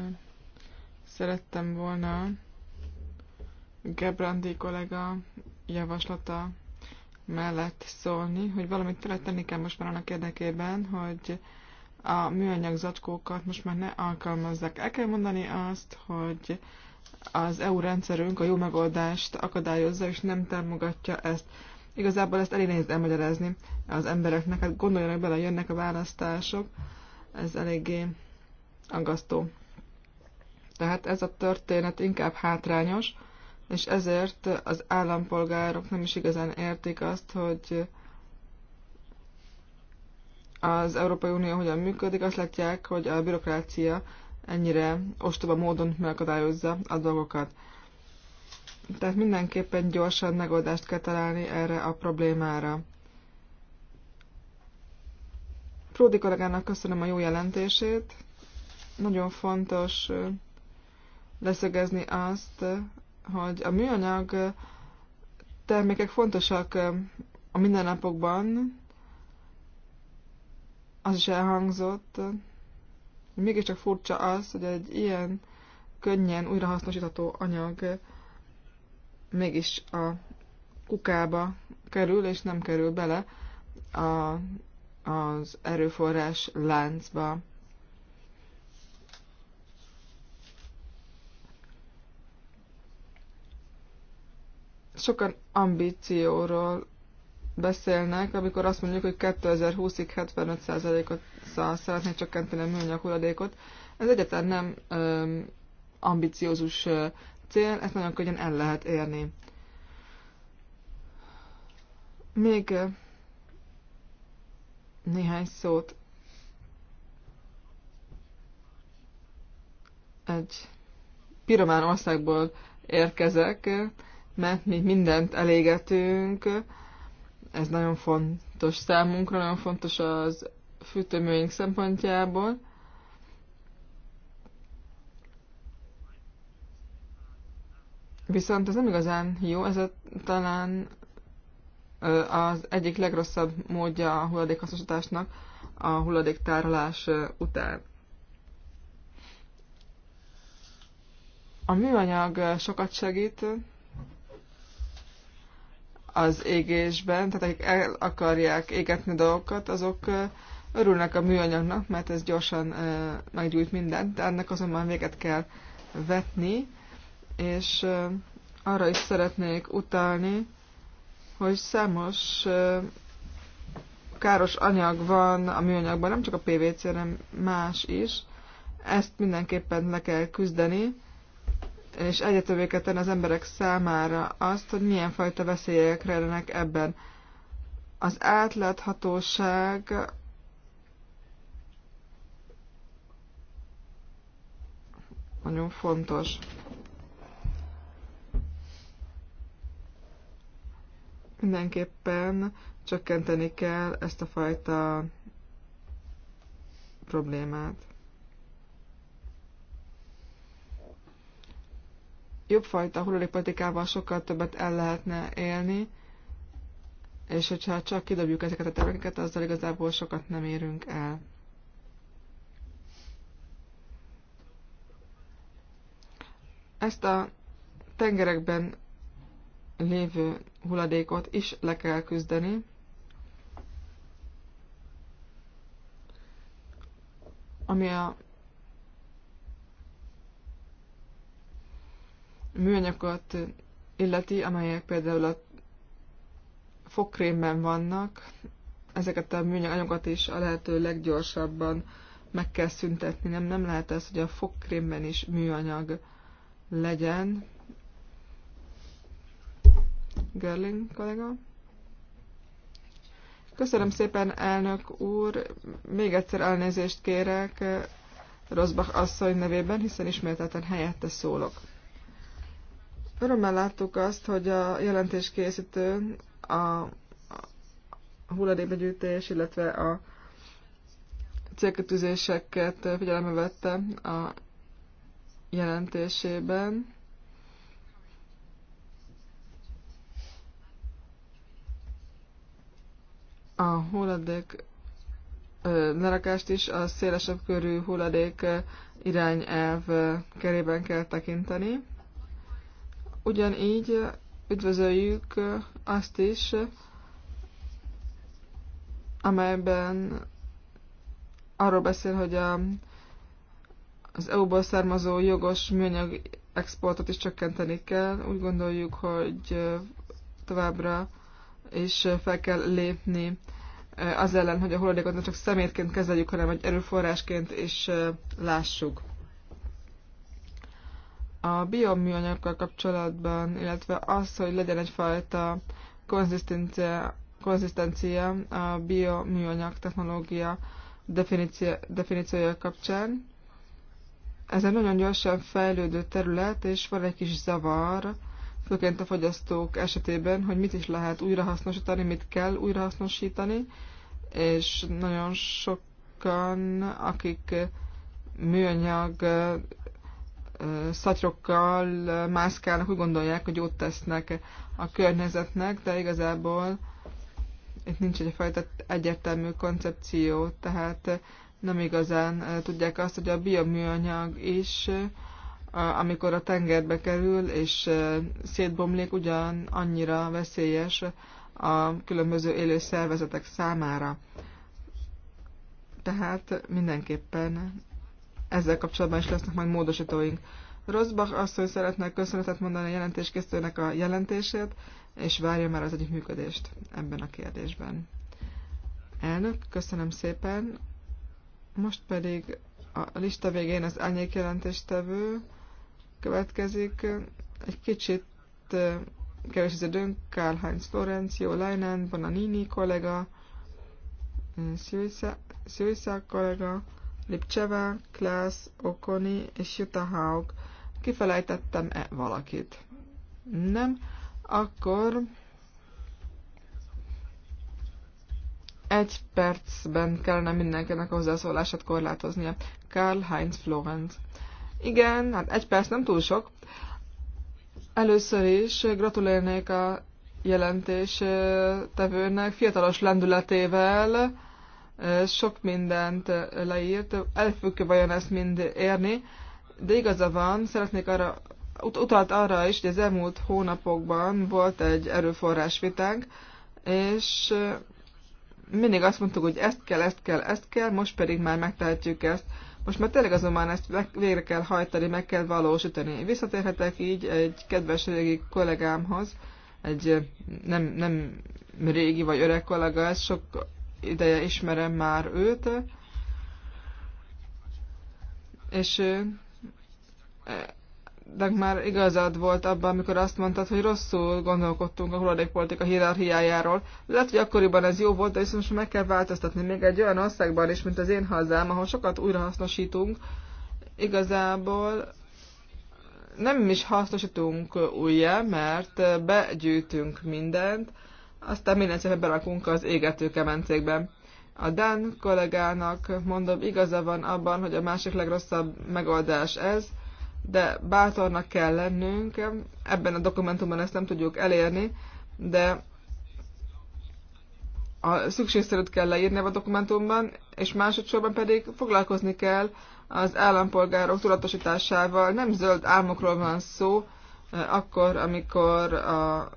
Speaker 3: szerettem volna Gebrandi kollega javaslata mellett szólni, hogy valamit tenni kell most már annak érdekében, hogy a műanyag zacskókat most már ne alkalmazzák. El kell mondani azt, hogy az EU rendszerünk a jó megoldást akadályozza és nem támogatja ezt. Igazából ezt elég nehéz elmagyarázni az embereknek. Hát gondoljanak bele, jönnek a választások, ez eléggé aggasztó. Tehát ez a történet inkább hátrányos, és ezért az állampolgárok nem is igazán értik azt, hogy az Európai Unió hogyan működik, azt látják, hogy a bürokrácia ennyire ostoba módon megakadályozza a dolgokat. Tehát mindenképpen gyorsan megoldást kell találni erre a problémára. Pródi kollégának köszönöm a jó jelentését. Nagyon fontos leszögezni azt, hogy a műanyag termékek fontosak a mindennapokban, az is elhangzott, hogy mégiscsak furcsa az, hogy egy ilyen könnyen újrahasznosítható anyag mégis a kukába kerül, és nem kerül bele a, az erőforrás láncba. sokan ambícióról beszélnek, amikor azt mondjuk, hogy 2020-ig 75%-ot szeretnék csökkenteni a műanyag hulladékot. Ez egyáltalán nem öm, ambiciózus cél, ezt nagyon könnyen el lehet érni. Még néhány szót egy piromán országból érkezek, mert mi mindent elégetünk. Ez nagyon fontos számunkra, nagyon fontos az fűtőműink szempontjából. Viszont ez nem igazán jó, ez a, talán az egyik legrosszabb módja a hulladékhasznosításnak a hulladéktárolás után. A műanyag sokat segít, az égésben, tehát akik el akarják égetni dolgokat, azok örülnek a műanyagnak, mert ez gyorsan meggyújt mindent, de ennek azonban véget kell vetni, és arra is szeretnék utalni, hogy számos káros anyag van a műanyagban, nem csak a PVC, hanem más is. Ezt mindenképpen le kell küzdeni, és egyetövé tenni az emberek számára azt, hogy milyen fajta veszélyek rejlenek ebben. Az átláthatóság nagyon fontos. Mindenképpen csökkenteni kell ezt a fajta problémát. jobbfajta hulladékpolitikával sokkal többet el lehetne élni, és hogyha csak kidobjuk ezeket a terveket, azzal igazából sokat nem érünk el. Ezt a tengerekben lévő hulladékot is le kell küzdeni. Ami a műanyagot illeti, amelyek például a fogkrémben vannak, ezeket a műanyagokat is a lehető leggyorsabban meg kell szüntetni. Nem, nem lehet ez, hogy a fogkrémben is műanyag legyen. Görling kollega. Köszönöm szépen, elnök úr. Még egyszer elnézést kérek Rosbach asszony nevében, hiszen ismételten helyette szólok. Örömmel láttuk azt, hogy a jelentéskészítő a hulladékbegyűjtés, illetve a célkötőzéseket figyelembe vette a jelentésében. A hulladék lerakást is a szélesebb körű hulladék irányelv kerében kell tekinteni. Ugyanígy üdvözöljük azt is, amelyben arról beszél, hogy a, az EU-ból származó jogos műanyag exportot is csökkenteni kell. Úgy gondoljuk, hogy továbbra is fel kell lépni az ellen, hogy a hulladékot nem csak szemétként kezeljük, hanem egy erőforrásként is lássuk a bioműanyagokkal kapcsolatban, illetve az, hogy legyen egyfajta konzisztencia, konzisztencia a bioműanyag technológia definíciója kapcsán. Ez egy nagyon gyorsan fejlődő terület, és van egy kis zavar, főként a fogyasztók esetében, hogy mit is lehet újrahasznosítani, mit kell újrahasznosítani, és nagyon sokan, akik műanyag szatyrokkal mászkálnak, úgy gondolják, hogy ott tesznek a környezetnek, de igazából itt nincs egyfajta egyértelmű koncepció, tehát nem igazán eh, tudják azt, hogy a bioműanyag is, eh, amikor a tengerbe kerül és eh, szétbomlik, ugyan annyira veszélyes a különböző élő szervezetek számára. Tehát mindenképpen ezzel kapcsolatban is lesznek majd módosítóink. Rosbach asszony szeretne köszönetet mondani a jelentéskészítőnek a jelentését, és várja már az egyik működést ebben a kérdésben. Elnök, köszönöm szépen. Most pedig a lista végén az elnyék jelentéstevő következik. Egy kicsit kevés az időnk, Karl-Heinz Florencio, Leinen, Bonanini kollega, Szűjszá kollega, Lipcseve, Klesz, Okoni és Jutta Haug. Kifelejtettem-e valakit? Nem. Akkor egy percben kellene mindenkinek a hozzászólását korlátoznia. Karl Heinz Florenz. Igen, hát egy perc nem túl sok. Először is gratulálnék a jelentés tevőnek fiatalos lendületével, sok mindent leírt, el vajon ezt mind érni, de igaza van, szeretnék arra, ut- utalt arra is, hogy az elmúlt hónapokban volt egy erőforrás vitánk, és mindig azt mondtuk, hogy ezt kell, ezt kell, ezt kell, most pedig már megtehetjük ezt. Most már tényleg azonban ezt végre kell hajtani, meg kell valósítani. Visszatérhetek így egy kedves régi kollégámhoz, egy nem, nem régi vagy öreg kollega, ez sok ideje ismerem már őt, és e, de már igazad volt abban, amikor azt mondtad, hogy rosszul gondolkodtunk a hulladékpolitika hierarchiájáról. Lehet, hogy akkoriban ez jó volt, de viszont most meg kell változtatni. Még egy olyan országban is, mint az én hazám, ahol sokat újrahasznosítunk, igazából nem is hasznosítunk újjá, mert begyűjtünk mindent, aztán mindenképpen berakunk az égető kemencékbe. A Dán kollégának mondom, igaza van abban, hogy a másik legrosszabb megoldás ez, de bátornak kell lennünk, ebben a dokumentumban ezt nem tudjuk elérni, de a szükségszerűt kell leírni a dokumentumban, és másodszorban pedig foglalkozni kell az állampolgárok tudatosításával. Nem zöld álmokról van szó, eh, akkor, amikor a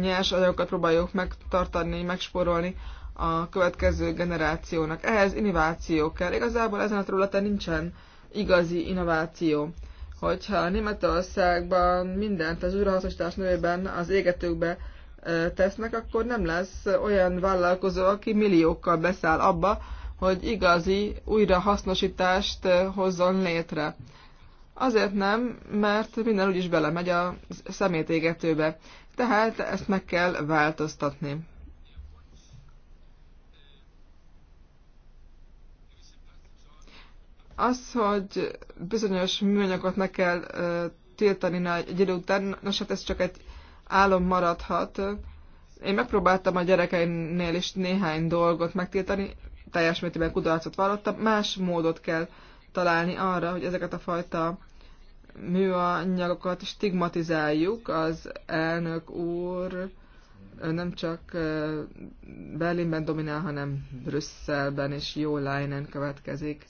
Speaker 3: nyers anyagokat próbáljuk megtartani, megspórolni a következő generációnak. Ehhez innováció kell. Igazából ezen a területen nincsen igazi innováció. Hogyha Németországban mindent az újrahasznosítás nevében az égetőkbe tesznek, akkor nem lesz olyan vállalkozó, aki milliókkal beszáll abba, hogy igazi újrahasznosítást hozzon létre. Azért nem, mert minden úgyis belemegy a szemétégetőbe tehát ezt meg kell változtatni. Az, hogy bizonyos műanyagot ne kell tiltani egy idő után, nos hát ez csak egy álom maradhat. Én megpróbáltam a gyerekeimnél is néhány dolgot megtiltani, teljes mértében kudarcot vallottam, más módot kell találni arra, hogy ezeket a fajta műanyagokat stigmatizáljuk. Az elnök úr nem csak Berlinben dominál, hanem Brüsszelben és jó Leinen következik.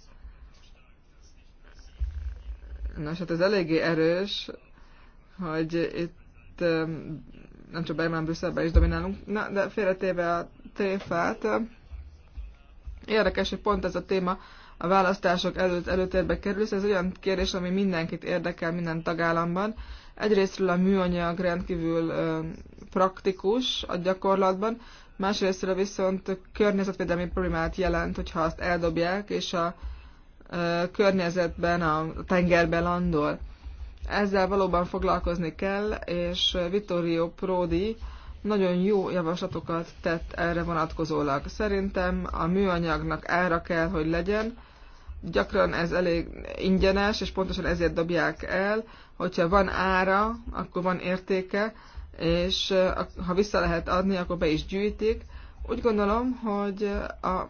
Speaker 3: Na, és hát ez eléggé erős, hogy itt nem csak Berlinben, Brüsszelben is dominálunk. Na, de félretéve a tréfát, érdekes, hogy pont ez a téma a választások előtt előtérbe kerülsz, szóval ez olyan kérdés, ami mindenkit érdekel minden tagállamban. Egyrésztről a műanyag rendkívül ö, praktikus a gyakorlatban, másrésztről viszont környezetvédelmi problémát jelent, hogyha azt eldobják, és a ö, környezetben, a tengerben landol. Ezzel valóban foglalkozni kell, és Vittorio Prodi nagyon jó javaslatokat tett erre vonatkozólag. Szerintem a műanyagnak ára kell, hogy legyen, gyakran ez elég ingyenes, és pontosan ezért dobják el, hogyha van ára, akkor van értéke, és ha vissza lehet adni, akkor be is gyűjtik. Úgy gondolom, hogy a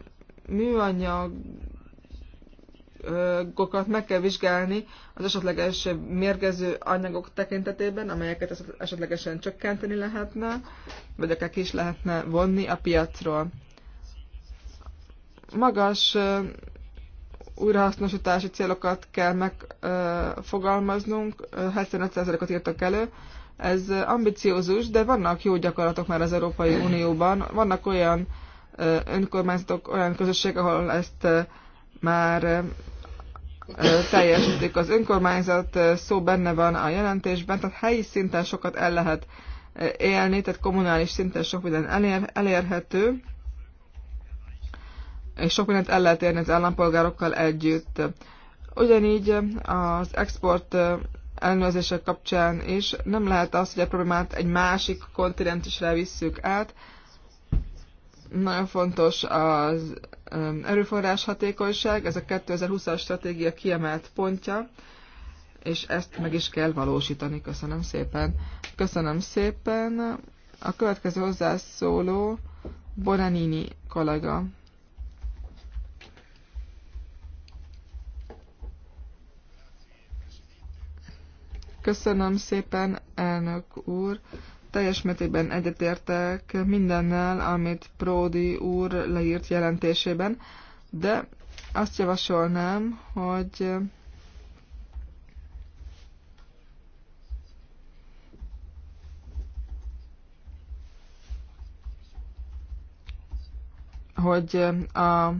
Speaker 3: műanyagokat meg kell vizsgálni az esetleges mérgező anyagok tekintetében, amelyeket esetlegesen csökkenteni lehetne, vagy akár ki is lehetne vonni a piacról. Magas újrahasznosítási célokat kell megfogalmaznunk, 75%-ot írtak elő. Ez ambiciózus, de vannak jó gyakorlatok már az Európai Unióban. Vannak olyan önkormányzatok, olyan közösség, ahol ezt már teljesítik. Az önkormányzat szó benne van a jelentésben, tehát helyi szinten sokat el lehet élni, tehát kommunális szinten sok minden elér, elérhető és sok mindent el lehet érni az állampolgárokkal együtt. Ugyanígy az export ellenőrzések kapcsán is nem lehet az, hogy a problémát egy másik kontinensre visszük át. Nagyon fontos az erőforrás hatékonyság, ez a 2020-as stratégia kiemelt pontja, és ezt meg is kell valósítani. Köszönöm szépen. Köszönöm szépen. A következő hozzászóló Bonanini kollega. Köszönöm szépen, elnök úr. Teljes mértékben egyetértek mindennel, amit Pródi úr leírt jelentésében, de azt javasolnám, hogy hogy a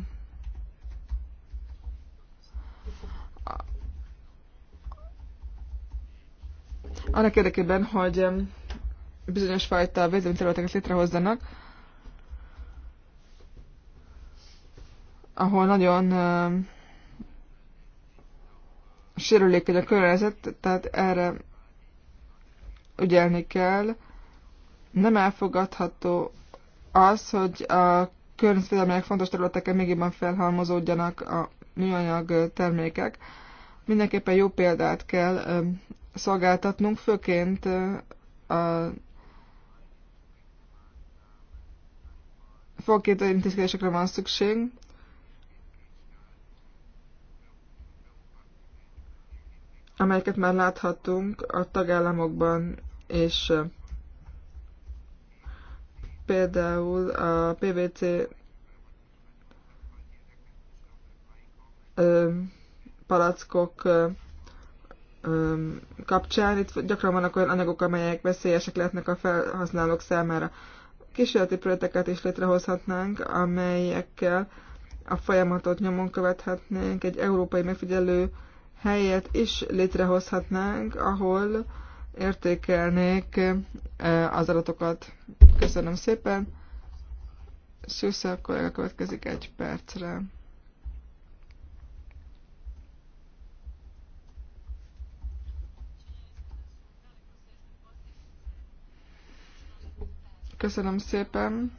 Speaker 3: annak érdekében, hogy bizonyos fajta védelmi létrehozzanak, ahol nagyon uh, sérülékeny a környezet, tehát erre ügyelni kell. Nem elfogadható az, hogy a környezetvédelmileg fontos területeken még jobban felhalmozódjanak a műanyag termékek. Mindenképpen jó példát kell szolgáltatnunk, főként a főként intézkedésekre van szükség, amelyeket már láthatunk a tagállamokban, és például a PVC palackok kapcsán. Itt gyakran vannak olyan anyagok, amelyek veszélyesek lehetnek a felhasználók számára. Kísérleti projekteket is létrehozhatnánk, amelyekkel a folyamatot nyomon követhetnénk, egy európai megfigyelő helyet is létrehozhatnánk, ahol értékelnék az adatokat. Köszönöm szépen. Szűszer a következik egy percre. Köszönöm szépen.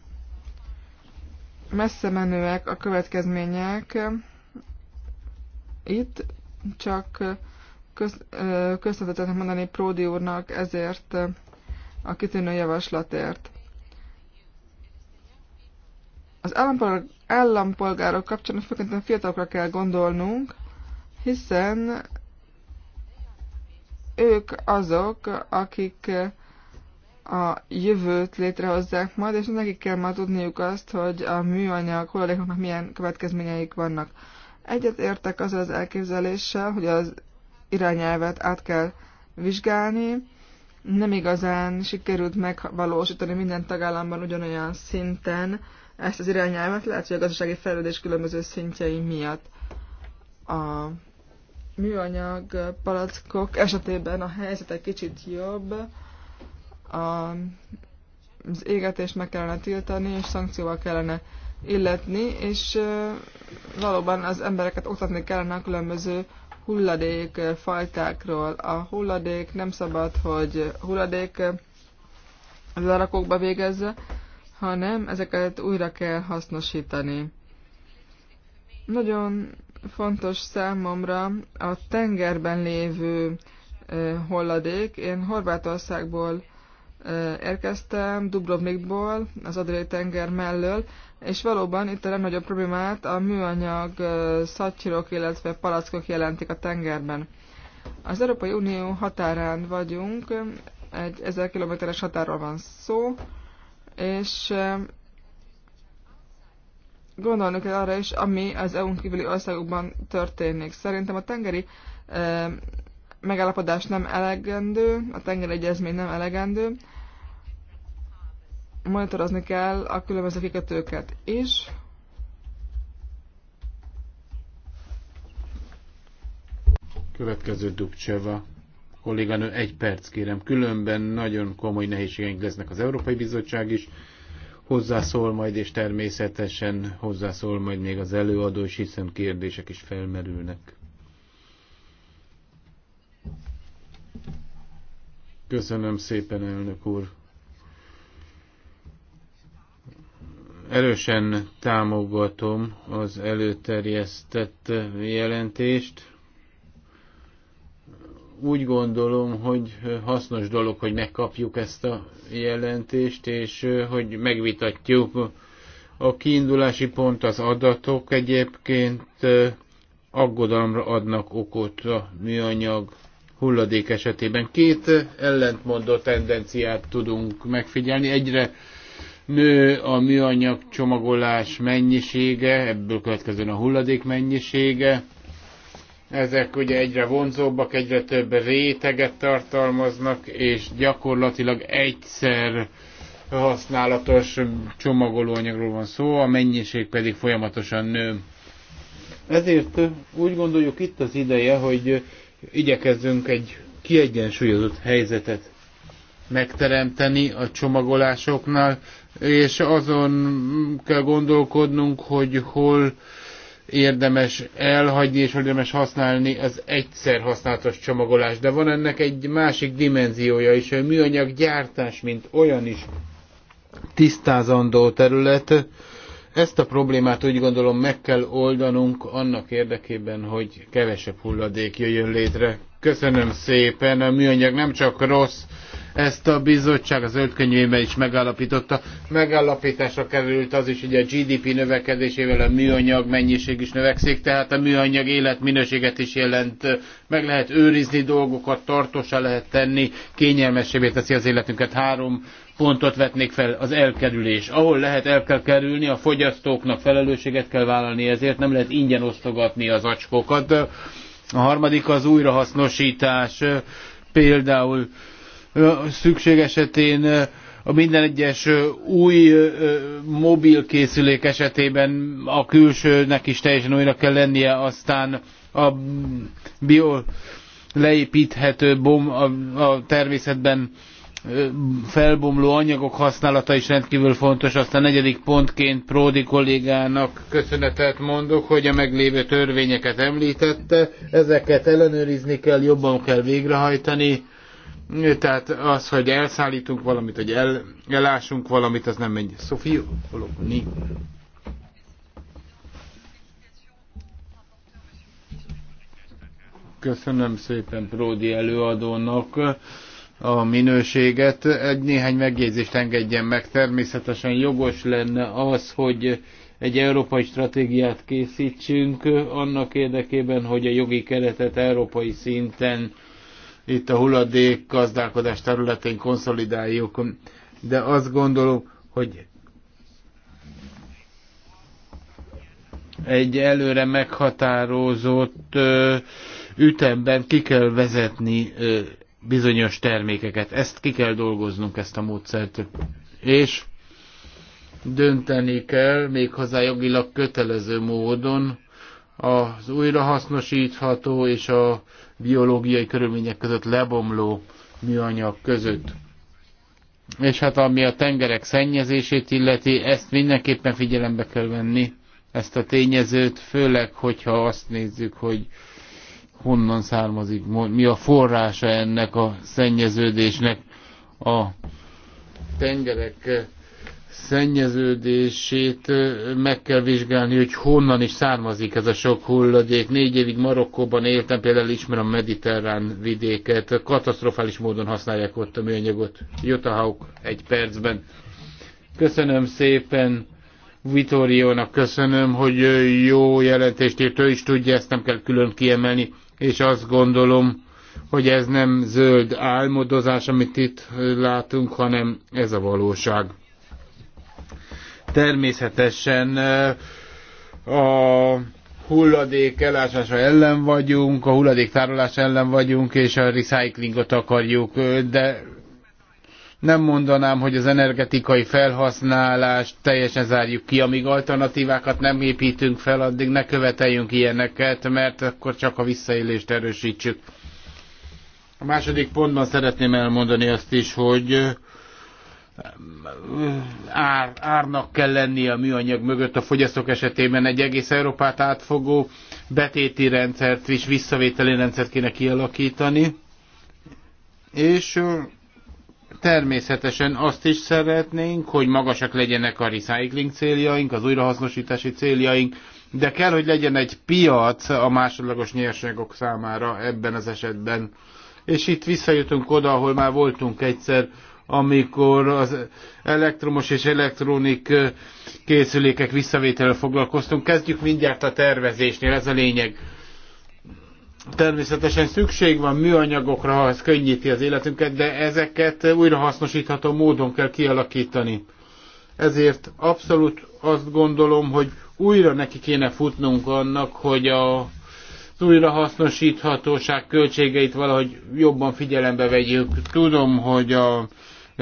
Speaker 3: Messze menőek a következmények. Itt csak köz, köszönetet mondani Pródi úrnak ezért a kitűnő javaslatért. Az állampolgárok, állampolgárok kapcsán főként a fiatalokra kell gondolnunk, hiszen ők azok, akik a jövőt létrehozzák majd, és nekik kell már tudniuk azt, hogy a műanyag hulladékoknak milyen következményeik vannak. Egyet értek azzal az elképzeléssel, hogy az irányelvet át kell vizsgálni, nem igazán sikerült megvalósítani minden tagállamban ugyanolyan szinten ezt az irányelvet, lehet, hogy a gazdasági fejlődés különböző szintjei miatt. A műanyag palackok esetében a helyzet egy kicsit jobb, a, az égetést meg kellene tiltani, és szankcióval kellene illetni, és valóban az embereket oktatni kellene a különböző hulladék fajtákról. A hulladék nem szabad, hogy hulladék lerakókba végezze, hanem ezeket újra kell hasznosítani. Nagyon fontos számomra a tengerben lévő hulladék. Én Horvátországból érkeztem Dubrovnikból, az Adriai tenger mellől, és valóban itt a legnagyobb problémát a műanyag szatyrok, illetve palackok jelentik a tengerben. Az Európai Unió határán vagyunk, egy 1000 kilométeres határról van szó, és gondolnunk kell arra is, ami az EU-n kívüli országokban történik. Szerintem a tengeri megállapodás nem elegendő, a tengeregyezmény nem elegendő. Monitorozni kell a különböző kikötőket is.
Speaker 1: Következő Dubcseva. Kolléganő, egy perc kérem. Különben nagyon komoly nehézségeink lesznek az Európai Bizottság is. Hozzászól majd, és természetesen hozzászól majd még az előadó is, hiszen kérdések is felmerülnek. Köszönöm szépen, elnök úr. Erősen támogatom az előterjesztett jelentést. Úgy gondolom, hogy hasznos dolog, hogy megkapjuk ezt a jelentést, és hogy megvitatjuk. A kiindulási pont az adatok egyébként aggodalomra adnak okot a műanyag hulladék esetében. Két ellentmondó tendenciát tudunk megfigyelni. Egyre nő a műanyag csomagolás mennyisége, ebből következően a hulladék mennyisége. Ezek ugye egyre vonzóbbak, egyre több réteget tartalmaznak, és gyakorlatilag egyszer használatos csomagolóanyagról van szó, a mennyiség pedig folyamatosan nő. Ezért úgy gondoljuk itt az ideje, hogy igyekezzünk egy kiegyensúlyozott helyzetet megteremteni a csomagolásoknál, és azon kell gondolkodnunk, hogy hol érdemes elhagyni, és hol érdemes használni az egyszer használatos csomagolás. De van ennek egy másik dimenziója is, hogy műanyag gyártás, mint olyan is tisztázandó terület, ezt a problémát úgy gondolom meg kell oldanunk annak érdekében, hogy kevesebb hulladék jöjjön létre. Köszönöm szépen, a műanyag nem csak rossz, ezt a bizottság az zöld könyvében is megállapította. Megállapításra került az is, hogy a GDP növekedésével a műanyag mennyiség is növekszik, tehát a műanyag életminőséget is jelent. Meg lehet őrizni dolgokat, tartósá lehet tenni, kényelmesebbé teszi az életünket. Három pontot vetnék fel, az elkerülés. Ahol lehet, el kell kerülni, a fogyasztóknak felelősséget kell vállalni, ezért nem lehet ingyen osztogatni az acskokat. A harmadik az újrahasznosítás, például szükség esetén a minden egyes új mobilkészülék esetében a külsőnek is teljesen újra kell lennie, aztán a bio leépíthető bom, a, a természetben felbomló anyagok használata is rendkívül fontos. Aztán negyedik pontként Pródi kollégának köszönetet mondok, hogy a meglévő törvényeket említette. Ezeket ellenőrizni kell, jobban kell végrehajtani tehát az, hogy elszállítunk valamit, hogy el, elásunk valamit, az nem megy. Sophie Olomni. Köszönöm szépen Pródi előadónak a minőséget. Egy néhány megjegyzést engedjen meg. Természetesen jogos lenne az, hogy egy európai stratégiát készítsünk annak érdekében, hogy a jogi keretet európai szinten itt a hulladék gazdálkodás területén konszolidáljuk, de azt gondolom, hogy egy előre meghatározott ütemben ki kell vezetni bizonyos termékeket. Ezt ki kell dolgoznunk, ezt a módszert. És dönteni kell, méghozzá jogilag kötelező módon az újrahasznosítható és a biológiai körülmények között lebomló műanyag között. És hát ami a tengerek szennyezését illeti, ezt mindenképpen figyelembe kell venni, ezt a tényezőt, főleg, hogyha azt nézzük, hogy honnan származik, mi a forrása ennek a szennyeződésnek a tengerek szennyeződését meg kell vizsgálni, hogy honnan is származik ez a sok hulladék. Négy évig Marokkóban éltem, például ismerem a mediterrán vidéket, katasztrofális módon használják ott a műanyagot. Jutahauk egy percben. Köszönöm szépen Vitoriónak, köszönöm, hogy jó jelentést írt, ő is tudja, ezt nem kell külön kiemelni, és azt gondolom, hogy ez nem zöld álmodozás, amit itt látunk, hanem ez a valóság Természetesen a hulladék elásása ellen vagyunk, a hulladék tárolás ellen vagyunk, és a recyclingot akarjuk, de nem mondanám, hogy az energetikai felhasználást teljesen zárjuk ki, amíg alternatívákat nem építünk fel, addig ne követeljünk ilyeneket, mert akkor csak a visszaélést erősítsük. A második pontban szeretném elmondani azt is, hogy ár, árnak kell lennie a műanyag mögött a fogyasztók esetében egy egész Európát átfogó betéti rendszert és visszavételi rendszert kéne kialakítani. És természetesen azt is szeretnénk, hogy magasak legyenek a recycling céljaink, az újrahasznosítási céljaink, de kell, hogy legyen egy piac a másodlagos nyersanyagok számára ebben az esetben. És itt visszajutunk oda, ahol már voltunk egyszer, amikor az elektromos és elektronik készülékek visszavételre foglalkoztunk. Kezdjük mindjárt a tervezésnél, ez a lényeg. Természetesen szükség van műanyagokra, ha ez könnyíti az életünket, de ezeket újrahasznosítható módon kell kialakítani. Ezért abszolút azt gondolom, hogy újra neki kéne futnunk annak, hogy a az újrahasznosíthatóság költségeit valahogy jobban figyelembe vegyük. Tudom, hogy a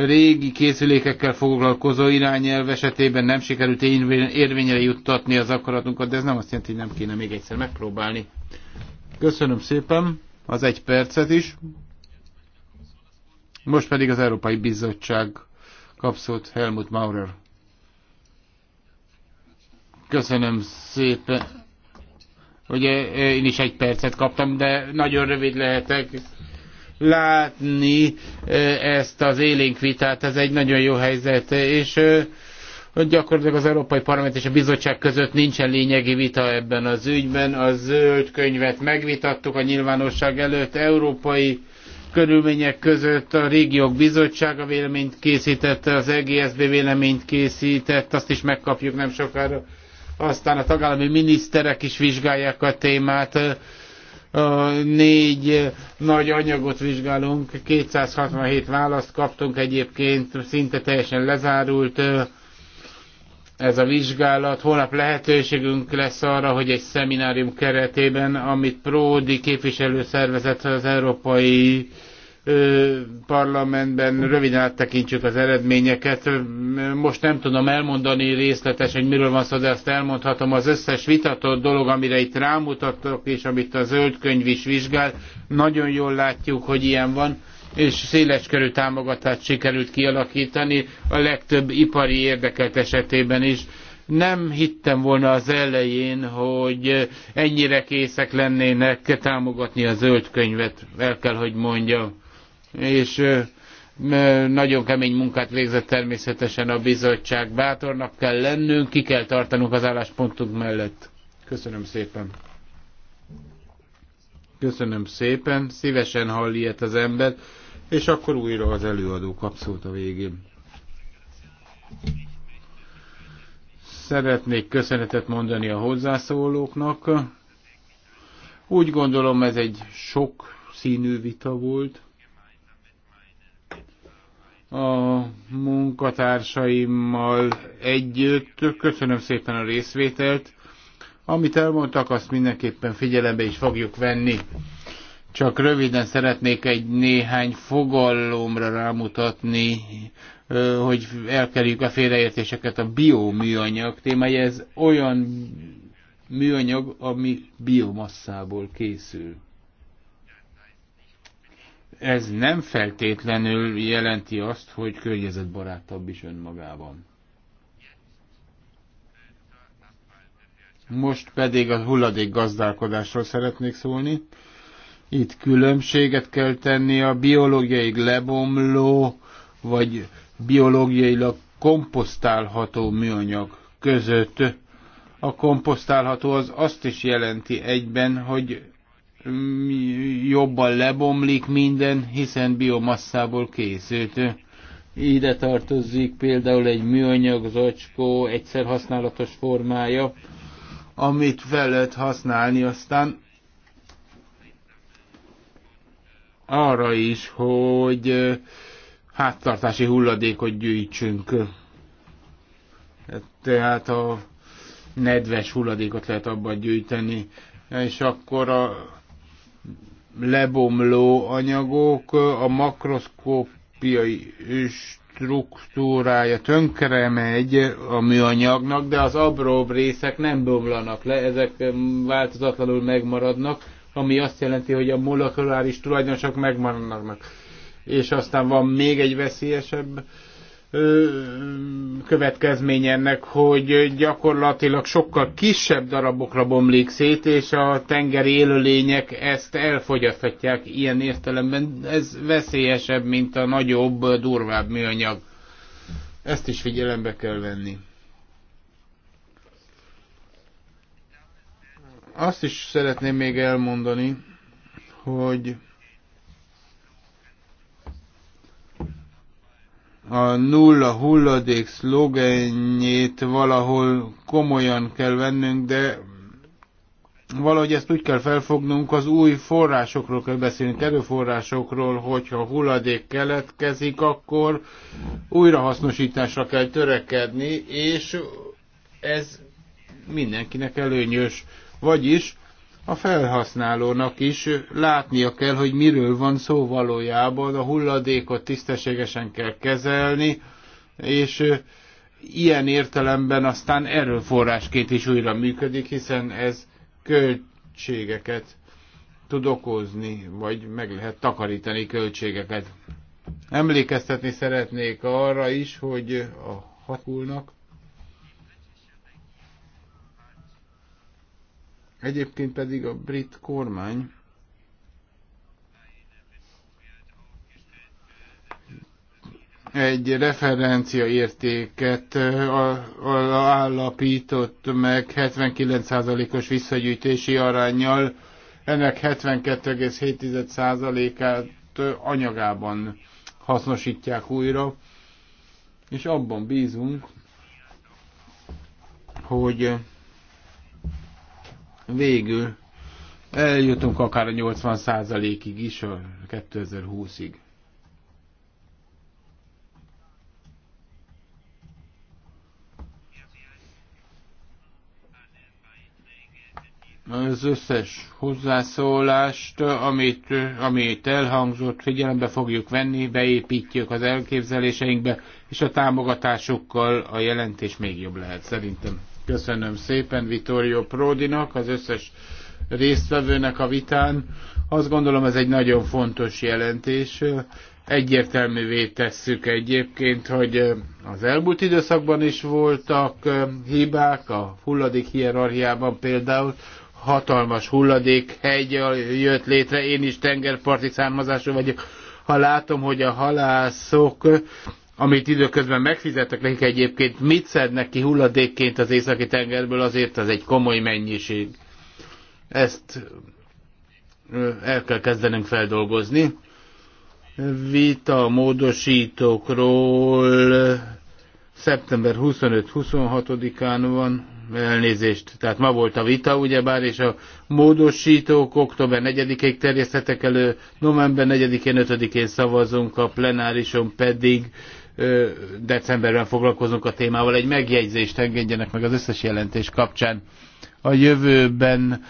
Speaker 1: régi készülékekkel foglalkozó irányelv esetében nem sikerült érvényre juttatni az akaratunkat, de ez nem azt jelenti, hogy nem kéne még egyszer megpróbálni. Köszönöm szépen az egy percet is. Most pedig az Európai Bizottság kapszót Helmut Maurer. Köszönöm szépen. Ugye én is egy percet kaptam, de nagyon rövid lehetek látni ezt az élénk vitát, ez egy nagyon jó helyzet, és gyakorlatilag az Európai Parlament és a Bizottság között nincsen lényegi vita ebben az ügyben. A zöld könyvet megvitattuk a nyilvánosság előtt európai körülmények között a régiók bizottsága véleményt készítette, az EGSB véleményt készített, azt is megkapjuk nem sokára. Aztán a tagállami miniszterek is vizsgálják a témát a négy nagy anyagot vizsgálunk, 267 választ kaptunk egyébként, szinte teljesen lezárult ez a vizsgálat. Holnap lehetőségünk lesz arra, hogy egy szeminárium keretében, amit Pródi képviselőszervezet az Európai parlamentben röviden áttekintjük az eredményeket. Most nem tudom elmondani részletesen, hogy miről van szó, de azt elmondhatom. Az összes vitatott dolog, amire itt rámutatok, és amit a zöld könyv is vizsgál, nagyon jól látjuk, hogy ilyen van és széleskörű támogatást sikerült kialakítani a legtöbb ipari érdekelt esetében is. Nem hittem volna az elején, hogy ennyire készek lennének támogatni a zöld könyvet, el kell, hogy mondjam és nagyon kemény munkát végzett természetesen a bizottság. Bátornak kell lennünk, ki kell tartanunk az álláspontunk mellett. Köszönöm szépen. Köszönöm szépen. Szívesen hall ilyet az ember, és akkor újra az előadó kapszót a végén. Szeretnék köszönetet mondani a hozzászólóknak. Úgy gondolom ez egy sok színű vita volt a munkatársaimmal együtt. Köszönöm szépen a részvételt. Amit elmondtak, azt mindenképpen figyelembe is fogjuk venni. Csak röviden szeretnék egy néhány fogalomra rámutatni, hogy elkerüljük a félreértéseket. A bioműanyag témája, ez olyan műanyag, ami biomasszából készül ez nem feltétlenül jelenti azt, hogy környezetbarátabb is önmagában. Most pedig a hulladék gazdálkodásról szeretnék szólni. Itt különbséget kell tenni a biológiai lebomló, vagy biológiailag komposztálható műanyag között. A komposztálható az azt is jelenti egyben, hogy jobban lebomlik minden, hiszen biomasszából készült. Ide tartozik például egy műanyag zacskó egyszer használatos formája, amit fel lehet használni aztán arra is, hogy háttartási hulladékot gyűjtsünk. Tehát a nedves hulladékot lehet abban gyűjteni, és akkor a lebomló anyagok, a makroszkópiai struktúrája tönkre megy a műanyagnak, de az apróbb részek nem bomlanak le, ezek változatlanul megmaradnak, ami azt jelenti, hogy a molekuláris tulajdonságok megmaradnak. És aztán van még egy veszélyesebb következmény ennek, hogy gyakorlatilag sokkal kisebb darabokra bomlik szét, és a tengeri élőlények ezt elfogyaszthatják ilyen értelemben. Ez veszélyesebb, mint a nagyobb, durvább műanyag. Ezt is figyelembe kell venni. Azt is szeretném még elmondani, hogy a nulla hulladék szlogenjét valahol komolyan kell vennünk, de valahogy ezt úgy kell felfognunk, az új forrásokról kell beszélnünk, erőforrásokról, hogyha hulladék keletkezik, akkor újrahasznosításra kell törekedni, és ez mindenkinek előnyös. Vagyis a felhasználónak is látnia kell, hogy miről van szó valójában, a hulladékot tisztességesen kell kezelni, és ilyen értelemben aztán erőforrásként is újra működik, hiszen ez költségeket tud okozni, vagy meg lehet takarítani költségeket. Emlékeztetni szeretnék arra is, hogy a hakulnak Egyébként pedig a brit kormány egy referencia értéket állapított meg 79%-os visszagyűjtési arányjal. Ennek 72,7%-át anyagában hasznosítják újra, és abban bízunk, hogy végül eljutunk akár a 80%-ig is a 2020-ig. az összes hozzászólást, amit, amit elhangzott, figyelembe fogjuk venni, beépítjük az elképzeléseinkbe, és a támogatásokkal a jelentés még jobb lehet szerintem. Köszönöm szépen Vittorio Prodinak, az összes résztvevőnek a vitán. Azt gondolom ez egy nagyon fontos jelentés. Egyértelművé tesszük egyébként, hogy az elmúlt időszakban is voltak hibák, a hulladék hierarchiában például hatalmas hulladék hegy jött létre, én is tengerparti származású vagyok. Ha látom, hogy a halászok amit időközben megfizettek nekik egyébként, mit szednek ki hulladékként az északi tengerből, azért az egy komoly mennyiség. Ezt el kell kezdenünk feldolgozni. Vita módosítókról szeptember 25-26-án van, elnézést, tehát ma volt a vita, ugyebár, és a módosítók október 4-ig terjeszthetek elő, november 4-én, 5-én szavazunk, a plenárison pedig decemberben foglalkozunk a témával. Egy megjegyzést engedjenek meg az összes jelentés kapcsán. A jövőben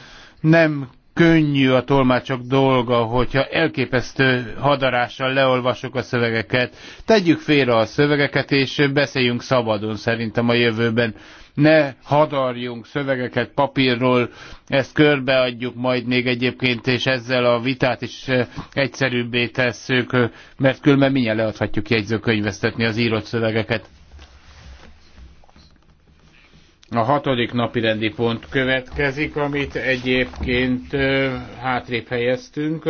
Speaker 1: nem könnyű a tolmácsok dolga, hogyha elképesztő hadarással leolvasok a szövegeket. Tegyük félre a szövegeket, és beszéljünk szabadon szerintem a jövőben ne hadarjunk szövegeket papírról, ezt körbeadjuk majd még egyébként, és ezzel a vitát is eh, egyszerűbbé tesszük, eh, mert különben minnyien leadhatjuk jegyzőkönyvesztetni az írott szövegeket. A hatodik napi rendi pont következik, amit egyébként eh, hátrébb helyeztünk.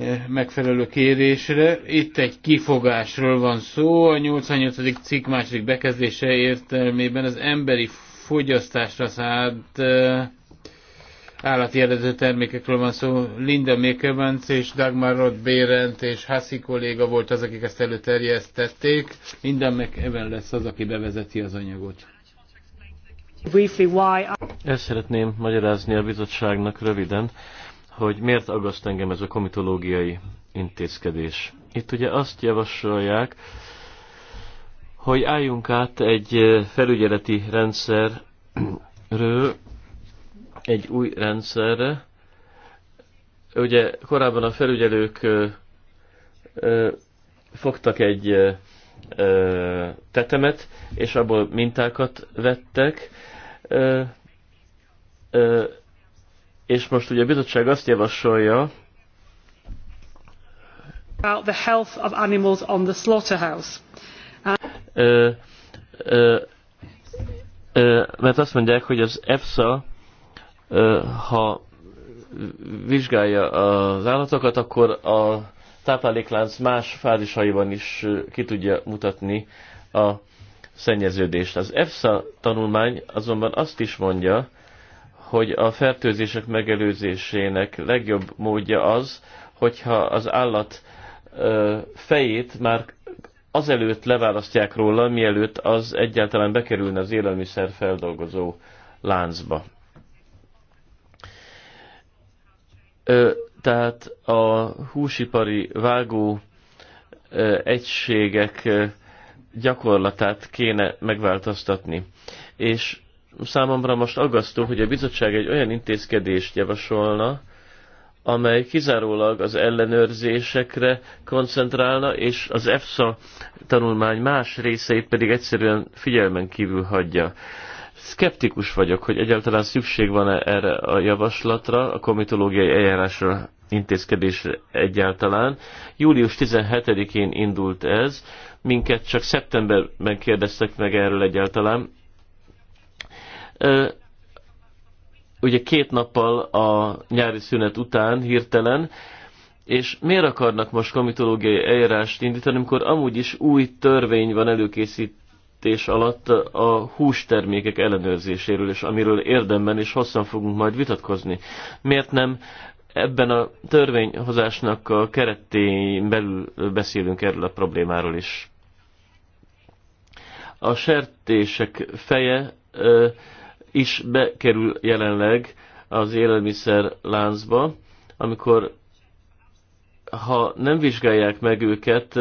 Speaker 1: E, megfelelő kérésre. Itt egy kifogásról van szó, a 88. cikk második bekezdése értelmében az emberi fogyasztásra szállt e, állati eredetű termékekről van szó. Linda Mékevenc és Dagmar Roth Bérent és Hassi kolléga volt az, akik ezt előterjesztették. Linda McEwen lesz az, aki bevezeti az anyagot.
Speaker 2: Ezt szeretném magyarázni a bizottságnak röviden hogy miért aggaszt engem ez a komitológiai intézkedés. Itt ugye azt javasolják, hogy álljunk át egy felügyeleti rendszerről egy új rendszerre. Ugye korábban a felügyelők ö, ö, fogtak egy ö, tetemet, és abból mintákat vettek. Ö, ö, és most ugye a bizottság azt javasolja, about the health of animals on the slaughterhouse. Ö, ö, ö, mert azt mondják, hogy az EFSA, ö, ha vizsgálja az állatokat, akkor a tápláléklánc más fázisaiban is ki tudja mutatni a szennyeződést. Az EFSA tanulmány azonban azt is mondja, hogy a fertőzések megelőzésének legjobb módja az, hogyha az állat fejét már azelőtt leválasztják róla, mielőtt az egyáltalán bekerülne az élelmiszer feldolgozó láncba. tehát a húsipari vágó egységek gyakorlatát kéne megváltoztatni. És számomra most aggasztó, hogy a bizottság egy olyan intézkedést javasolna, amely kizárólag az ellenőrzésekre koncentrálna, és az EFSA tanulmány más részeit pedig egyszerűen figyelmen kívül hagyja. Skeptikus vagyok, hogy egyáltalán szükség van-e erre a javaslatra, a komitológiai eljárásra intézkedésre egyáltalán. Július 17-én indult ez, minket csak szeptemberben kérdeztek meg erről egyáltalán, ugye két nappal a nyári szünet után hirtelen, és miért akarnak most komitológiai eljárást indítani, amikor amúgy is új törvény van előkészítés alatt a hústermékek ellenőrzéséről, és amiről érdemben és hosszan fogunk majd vitatkozni? Miért nem ebben a törvényhozásnak a keretén belül beszélünk erről a problémáról is? A sertések feje ö, is bekerül jelenleg az élelmiszer láncba, amikor ha nem vizsgálják meg őket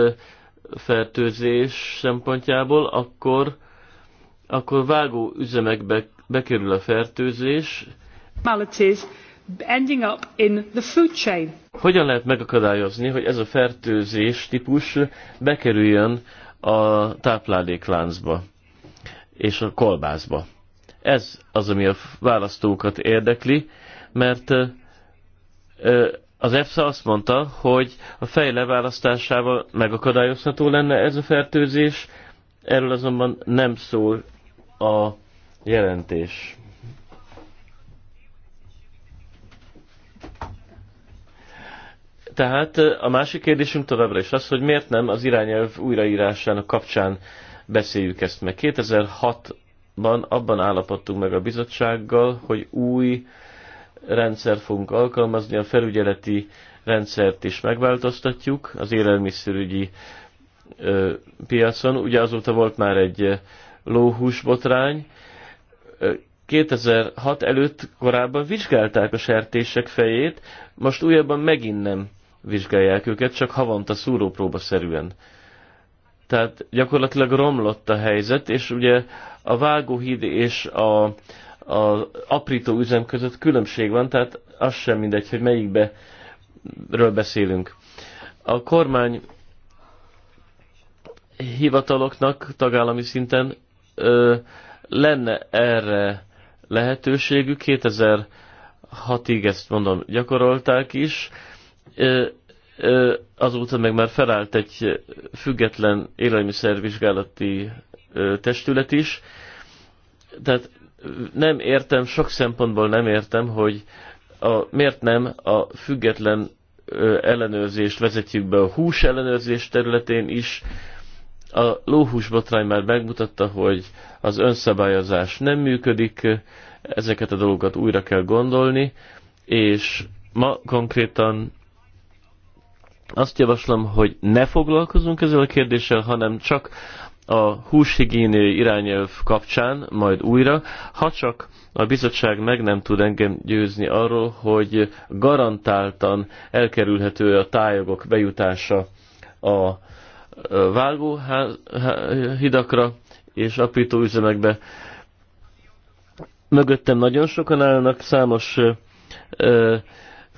Speaker 2: fertőzés szempontjából, akkor, akkor vágó üzemekbe bekerül a fertőzés. Ending up in the food chain. Hogyan lehet megakadályozni, hogy ez a fertőzés típus bekerüljön a táplálékláncba és a kolbászba? Ez az, ami a választókat érdekli, mert az EFSA azt mondta, hogy a fej leválasztásával megakadályozható lenne ez a fertőzés, erről azonban nem szól a jelentés. Tehát a másik kérdésünk továbbra is az, hogy miért nem az irányelv újraírásának kapcsán beszéljük ezt meg. 2006 2016-ban abban állapodtunk meg a bizottsággal, hogy új rendszert fogunk alkalmazni, a felügyeleti rendszert is megváltoztatjuk az élelmiszerügyi ö, piacon. Ugye azóta volt már egy lóhúsbotrány. 2006 előtt korábban vizsgálták a sertések fejét, most újabban megint nem vizsgálják őket, csak havonta szúrópróba szerűen. Tehát gyakorlatilag romlott a helyzet, és ugye a vágóhíd és a, a aprító üzem között különbség van, tehát az sem mindegy, hogy melyikbe ről beszélünk. A kormány hivataloknak tagállami szinten ö, lenne erre lehetőségük, 2006-ig ezt mondom gyakorolták is, ö, azóta meg már felállt egy független élelmiszervizsgálati testület is. Tehát nem értem, sok szempontból nem értem, hogy a, miért nem a független ellenőrzést vezetjük be a hús ellenőrzés területén is. A lóhús botrány már megmutatta, hogy az önszabályozás nem működik, ezeket a dolgokat újra kell gondolni, és ma konkrétan azt javaslom, hogy ne foglalkozunk ezzel a kérdéssel, hanem csak a húshigiéni irányelv kapcsán majd újra, ha csak a bizottság meg nem tud engem győzni arról, hogy garantáltan elkerülhető a tájogok bejutása a vágóhidakra és aprítóüzemekbe. Mögöttem nagyon sokan állnak, számos ö,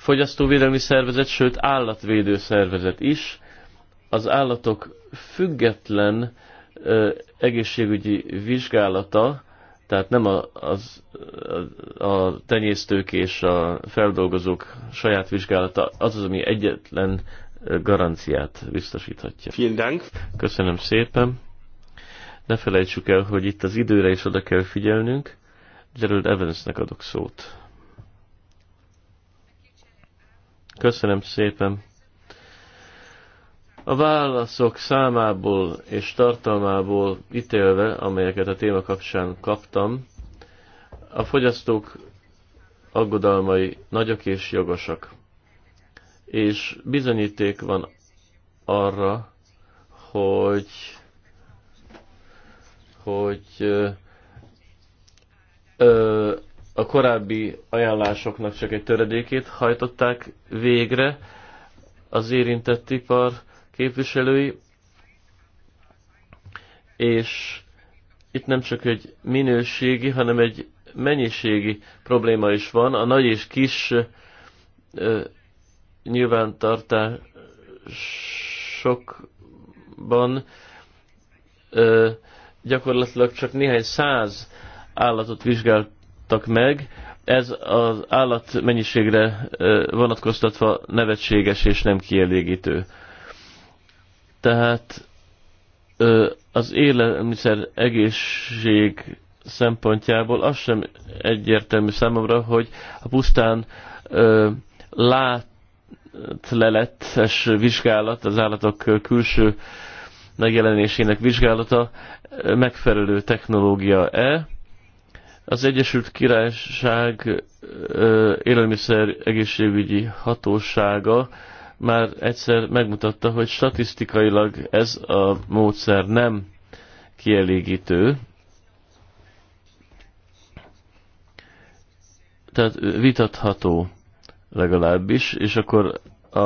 Speaker 2: fogyasztóvédelmi szervezet, sőt állatvédő szervezet is. Az állatok független ö, egészségügyi vizsgálata, tehát nem a, az, a, a tenyésztők és a feldolgozók saját vizsgálata, az az, ami egyetlen garanciát biztosíthatja. Vielen Dank. Köszönöm szépen. Ne felejtsük el, hogy itt az időre is oda kell figyelnünk. Gerald Evansnek adok szót. Köszönöm szépen. A válaszok számából és tartalmából ítélve, amelyeket a téma kapcsán kaptam, a fogyasztók aggodalmai nagyok és jogosak. És bizonyíték van arra, hogy hogy ö, ö, a korábbi ajánlásoknak csak egy töredékét hajtották végre az érintett ipar képviselői, és itt nem csak egy minőségi, hanem egy mennyiségi probléma is van. A nagy és kis nyilvántartásokban gyakorlatilag csak néhány száz állatot vizsgált maradtak meg, ez az állat mennyiségre vonatkoztatva nevetséges és nem kielégítő. Tehát az élelmiszer egészség szempontjából az sem egyértelmű számomra, hogy a pusztán látleletes vizsgálat, az állatok külső megjelenésének vizsgálata megfelelő technológia-e, az Egyesült Királyság élelmiszer egészségügyi hatósága már egyszer megmutatta, hogy statisztikailag ez a módszer nem kielégítő. Tehát vitatható legalábbis, és akkor a,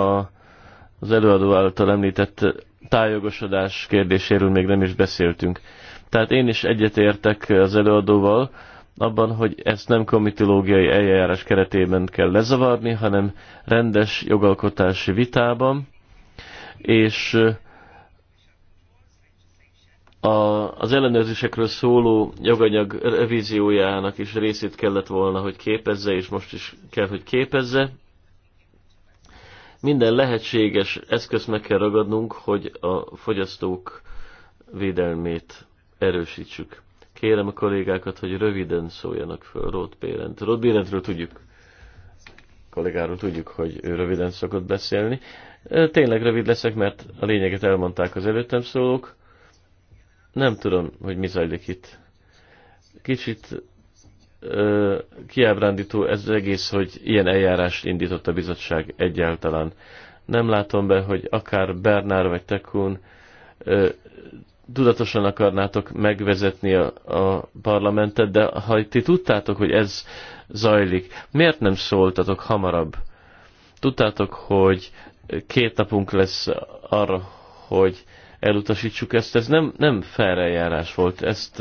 Speaker 2: az előadó által említett tájogosodás kérdéséről még nem is beszéltünk. Tehát én is egyetértek az előadóval, abban, hogy ezt nem komitológiai eljárás keretében kell lezavarni, hanem rendes jogalkotási vitában, és a, az ellenőrzésekről szóló joganyag revíziójának is részét kellett volna, hogy képezze, és most is kell, hogy képezze. Minden lehetséges eszközt meg kell ragadnunk, hogy a fogyasztók védelmét erősítsük. Kérem a kollégákat, hogy röviden szóljanak föl Rod Bérent. Rod Bérentről tudjuk, kollégáról tudjuk, hogy ő röviden szokott beszélni. Tényleg rövid leszek, mert a lényeget elmondták az előttem szólók. Nem tudom, hogy mi zajlik itt. Kicsit ö, kiábrándító ez az egész, hogy ilyen eljárást indított a bizottság egyáltalán. Nem látom be, hogy akár Bernár vagy Tekun tudatosan akarnátok megvezetni a, a parlamentet, de ha ti tudtátok, hogy ez zajlik, miért nem szóltatok hamarabb? Tudtátok, hogy két napunk lesz arra, hogy elutasítsuk ezt, ez nem, nem felrejárás volt, ezt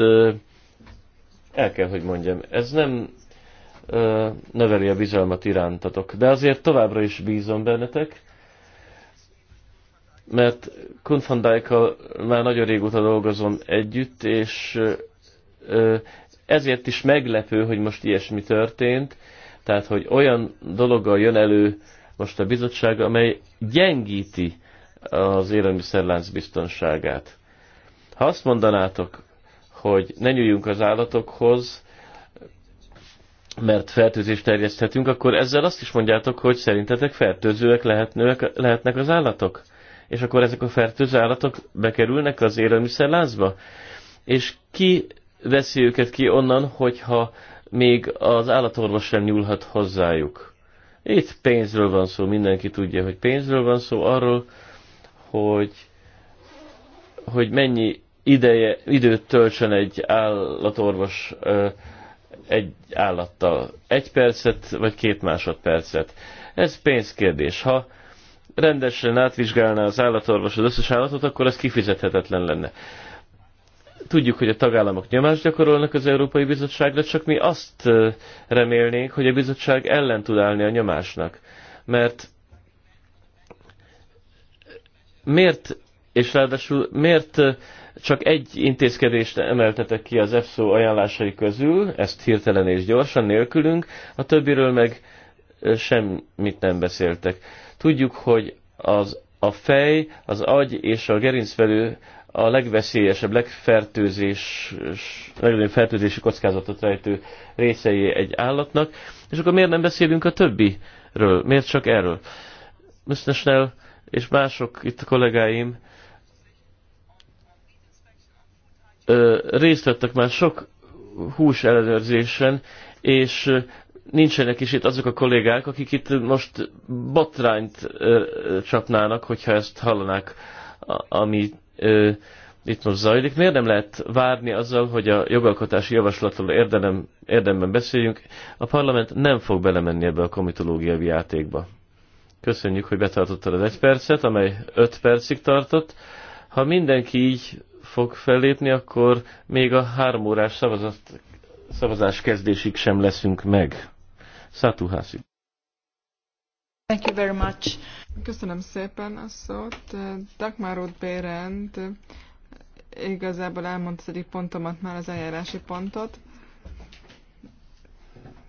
Speaker 2: el kell, hogy mondjam, ez nem növeli a bizalmat irántatok, de azért továbbra is bízom bennetek, mert Kun van már nagyon régóta dolgozom együtt, és ezért is meglepő, hogy most ilyesmi történt, tehát, hogy olyan dologgal jön elő most a bizottság, amely gyengíti az élelmiszerlánc biztonságát. Ha azt mondanátok, hogy ne nyúljunk az állatokhoz, mert fertőzést terjeszthetünk, akkor ezzel azt is mondjátok, hogy szerintetek fertőzőek lehetnek az állatok? és akkor ezek a fertőző állatok bekerülnek az élelmiszerlázba? És ki veszi őket ki onnan, hogyha még az állatorvos sem nyúlhat hozzájuk? Itt pénzről van szó, mindenki tudja, hogy pénzről van szó, arról, hogy, hogy mennyi ideje, időt töltsön egy állatorvos egy állattal. Egy percet, vagy két másodpercet. Ez pénzkérdés. Ha rendesen átvizsgálná az állatorvos az összes állatot, akkor ez kifizethetetlen lenne. Tudjuk, hogy a tagállamok nyomást gyakorolnak az Európai Bizottságra, csak mi azt remélnénk, hogy a bizottság ellen tud állni a nyomásnak. Mert miért, és ráadásul miért csak egy intézkedést emeltetek ki az EFSO ajánlásai közül, ezt hirtelen és gyorsan nélkülünk, a többiről meg semmit nem beszéltek. Tudjuk, hogy az, a fej, az agy és a gerincvelő a legveszélyesebb, legfertőzés, fertőzési kockázatot rejtő részei egy állatnak, és akkor miért nem beszélünk a többiről? Miért csak erről? Müsznesnel és mások itt a kollégáim részt vettek már sok hús ellenőrzésen, és nincsenek is itt azok a kollégák, akik itt most botrányt csapnának, hogyha ezt hallanák, ami itt most zajlik. Miért nem lehet várni azzal, hogy a jogalkotási javaslatról érdemben, érdemben beszéljünk? A parlament nem fog belemenni ebbe a komitológiai játékba. Köszönjük, hogy betartottad az egy percet, amely öt percig tartott. Ha mindenki így fog fellépni, akkor még a három órás szavazat, szavazás kezdésig sem leszünk meg. Szatuhási.
Speaker 3: Thank you very much. Köszönöm szépen a szót. Dagmar Ruth Bérend igazából elmondta az egyik pontomat már az eljárási pontot.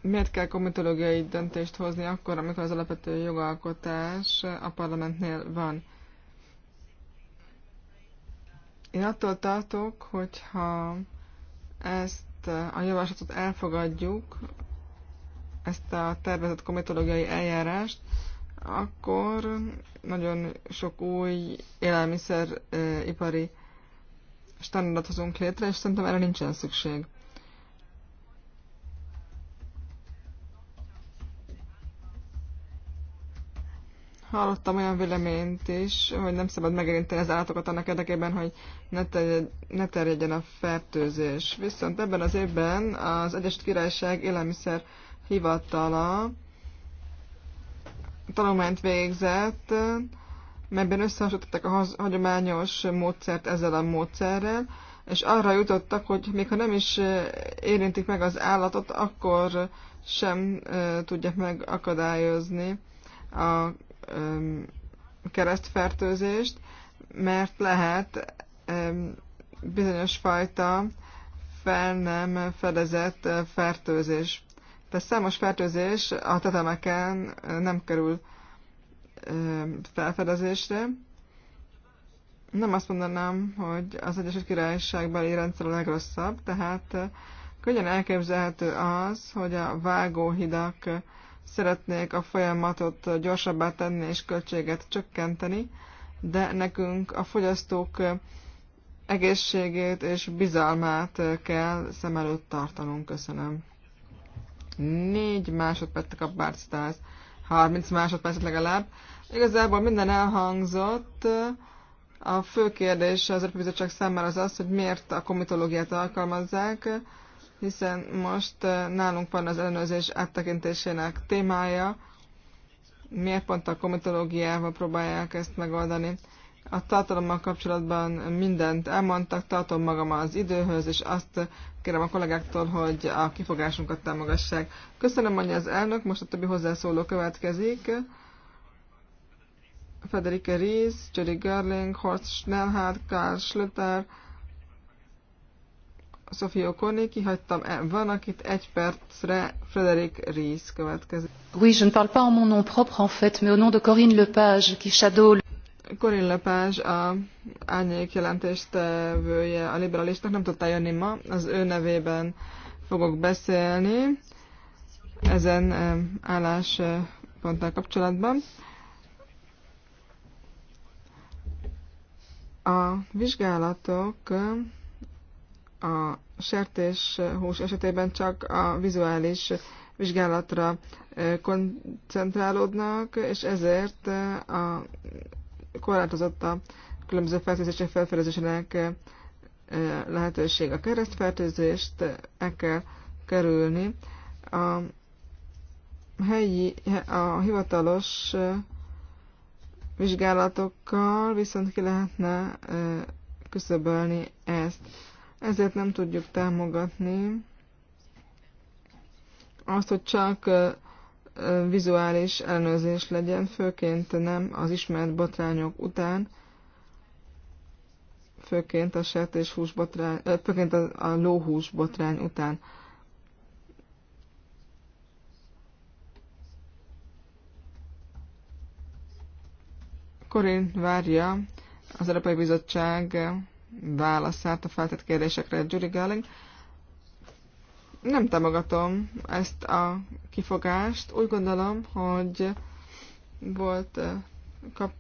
Speaker 3: Miért kell komitológiai döntést hozni akkor, amikor az alapvető jogalkotás a parlamentnél van? Én attól tartok, hogyha ezt a javaslatot elfogadjuk, ezt a tervezett komitológiai eljárást, akkor nagyon sok új élelmiszeripari standardot hozunk létre, és szerintem erre nincsen szükség. Hallottam olyan véleményt is, hogy nem szabad megérinteni az állatokat annak érdekében, hogy ne, terjed, ne terjedjen a fertőzés. Viszont ebben az évben az Egyesült Királyság élelmiszer hivatala tanulmányt végzett, melyben összehasonlították a hagyományos módszert ezzel a módszerrel, és arra jutottak, hogy még ha nem is érintik meg az állatot, akkor sem tudják megakadályozni a keresztfertőzést, mert lehet bizonyos fajta fel nem fedezett fertőzés. Tehát számos fertőzés a tetemeken nem kerül felfedezésre. Nem azt mondanám, hogy az Egyesült Királyságbeli rendszer a legrosszabb, tehát könnyen elképzelhető az, hogy a vágóhidak szeretnék a folyamatot gyorsabbá tenni és költséget csökkenteni, de nekünk a fogyasztók egészségét és bizalmát kell szem előtt tartanunk. Köszönöm négy másodpercet kap Stiles. 30 másodpercet legalább. Igazából minden elhangzott. A fő kérdés az Európai Bizottság számára az az, hogy miért a komitológiát alkalmazzák, hiszen most eh, nálunk van az ellenőrzés áttekintésének témája. Miért pont a komitológiával próbálják ezt megoldani? A tartalommal kapcsolatban mindent elmondtak, tartom magam az időhöz, és azt kérem a kollégáktól, hogy a kifogásunkat támogassák. Köszönöm, mondja az elnök, most a többi hozzászóló következik. Federica Ries, Judy Gerling, Horst Schnellhardt, Karl Schlüter, Sofia Okorné, kihagytam, e, van, akit egy percre Frederic Ries következik. Oui, je ne parle pas en mon nom propre
Speaker 2: en fait, mais au nom de Corinne Lepage, qui shadow...
Speaker 3: Corinne Lepage, a árnyék jelentéstevője a liberalistnak, nem tudta jönni ma, az ő nevében fogok beszélni ezen állásponttal kapcsolatban. A vizsgálatok a hús esetében csak a vizuális vizsgálatra koncentrálódnak, és ezért a korlátozott a különböző fertőzések felfedezésének lehetőség. A keresztfertőzést el kell kerülni. A helyi, a hivatalos vizsgálatokkal viszont ki lehetne küszöbölni ezt. Ezért nem tudjuk támogatni azt, hogy csak vizuális ellenőrzés legyen, főként nem az ismert botrányok után, főként a sertéshús botrány, főként a, a lóhús botrány után. Korin várja az Európai Bizottság válaszát a feltett kérdésekre. Judy Gelling nem támogatom ezt a kifogást. Úgy gondolom, hogy volt eh, kap,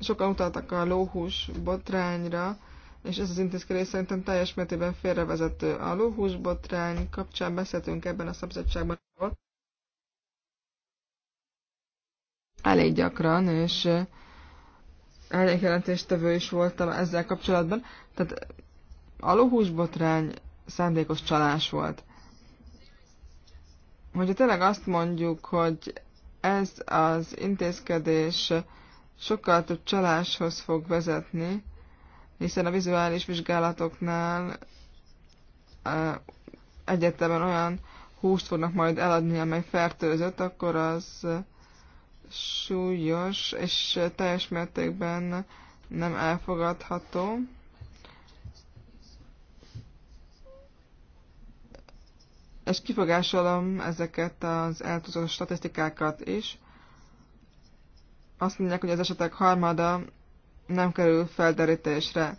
Speaker 3: sokan utaltak a lóhús botrányra, és ez az intézkedés szerintem teljes mértékben félrevezető. A lóhús botrány kapcsán beszéltünk ebben a szabadságban. Elég gyakran, és eh, elég jelentéstevő is voltam ezzel kapcsolatban. Tehát a lóhús botrány szándékos csalás volt hogyha tényleg azt mondjuk, hogy ez az intézkedés sokkal több csaláshoz fog vezetni, hiszen a vizuális vizsgálatoknál egyetemen olyan húst fognak majd eladni, amely fertőzött, akkor az súlyos és teljes mértékben nem elfogadható. és kifogásolom ezeket az eltúzott statisztikákat is. Azt mondják, hogy az esetek harmada nem kerül felderítésre.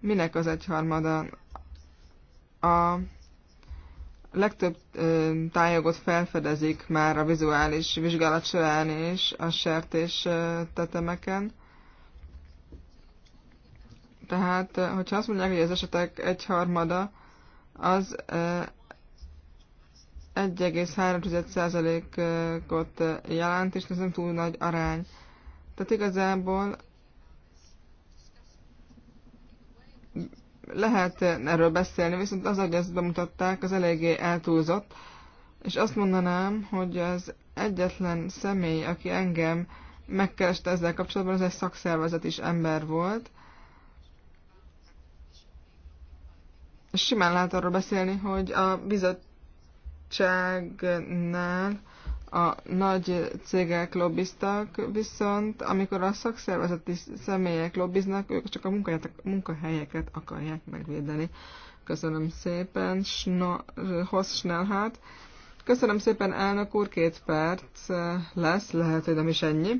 Speaker 3: Minek az egy harmada? A legtöbb tájogot felfedezik már a vizuális vizsgálat során és a sertés tetemeken. Tehát, hogyha azt mondják, hogy az esetek egyharmada, az 1,3%-ot jelent, és ez nem túl nagy arány. Tehát igazából lehet erről beszélni, viszont az, hogy ezt bemutatták, az eléggé eltúlzott, és azt mondanám, hogy az egyetlen személy, aki engem megkereste ezzel kapcsolatban, az egy szakszervezet is ember volt. és Simán lehet arról beszélni, hogy a bizott szabadságnál a nagy cégek lobbiztak, viszont amikor a szakszervezeti személyek lobbiznak, ők csak a munkahelyeket akarják megvédeni. Köszönöm szépen, Horst Schnellhardt. Köszönöm szépen, elnök úr, két perc lesz, lehet, hogy nem is ennyi.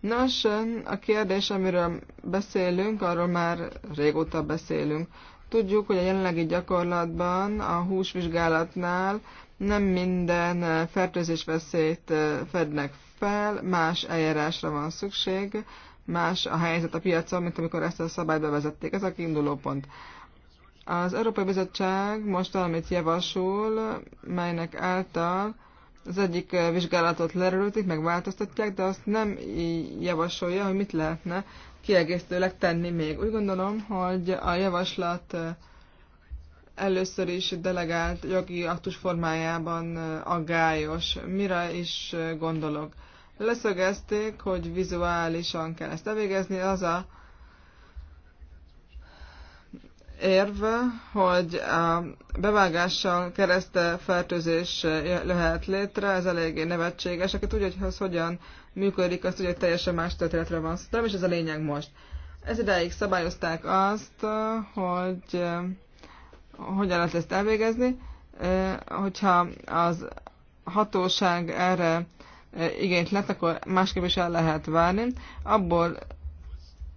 Speaker 3: Nos, a kérdés, amiről beszélünk, arról már régóta beszélünk. Tudjuk, hogy a jelenlegi gyakorlatban a húsvizsgálatnál nem minden eh, veszélyt eh, fednek fel, más eljárásra van szükség, más a helyzet a piacon, mint amikor ezt a szabályt bevezették. Ez a kiinduló pont. Az Európai Bizottság most valamit javasol, melynek által az egyik eh, vizsgálatot lerőltik, megváltoztatják, de azt nem javasolja, hogy mit lehetne kiegészítőleg tenni még. Úgy gondolom, hogy a javaslat először is delegált jogi aktus formájában aggályos. Mire is gondolok? Leszögezték, hogy vizuálisan kell ezt elvégezni. Az a érv, hogy a bevágással kereszte fertőzés lehet létre, ez eléggé nevetséges. Aki tudja, hogy az hogyan működik, azt tudja, hogy teljesen más történetre van szó. Nem is ez a lényeg most. Ez ideig szabályozták azt, hogy hogyan lehet ezt elvégezni. Hogyha az hatóság erre igényt lett, akkor másképp is el lehet várni. Abból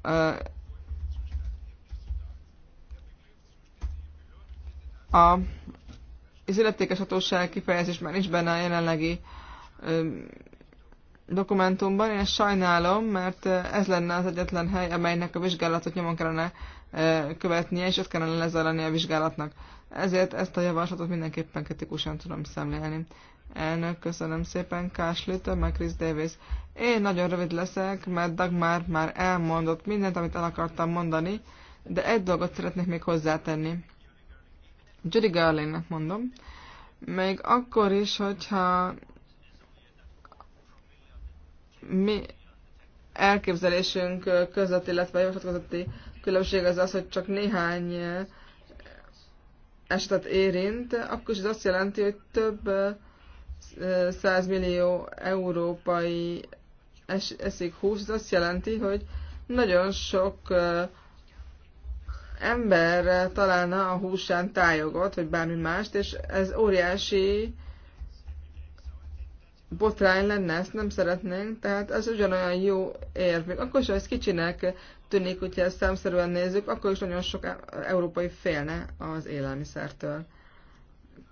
Speaker 3: a, az illetékes hatóság kifejezés már nincs benne a jelenlegi dokumentumban. Én ezt sajnálom, mert ez lenne az egyetlen hely, amelynek a vizsgálatot nyomon kellene követnie, és ezt kellene lezárani a vizsgálatnak. Ezért ezt a javaslatot mindenképpen kritikusan tudom szemlélni. Elnök, köszönöm szépen, Káslita, meg Chris Davis. Én nagyon rövid leszek, mert Dagmar már elmondott mindent, amit el akartam mondani, de egy dolgot szeretnék még hozzátenni. Judy Garlingnek mondom, még akkor is, hogyha mi elképzelésünk között, illetve javaslat különbség az az, hogy csak néhány esetet érint, akkor is ez azt jelenti, hogy több 100 millió európai es, eszik hús, ez azt jelenti, hogy nagyon sok ember találna a húsán tájogot, vagy bármi mást, és ez óriási botrány lenne, ezt nem szeretnénk, tehát ez ugyanolyan jó érv, Akkor akkor ha ez kicsinek tűnik, hogyha ezt számszerűen nézzük, akkor is nagyon sok e- európai félne az élelmiszertől.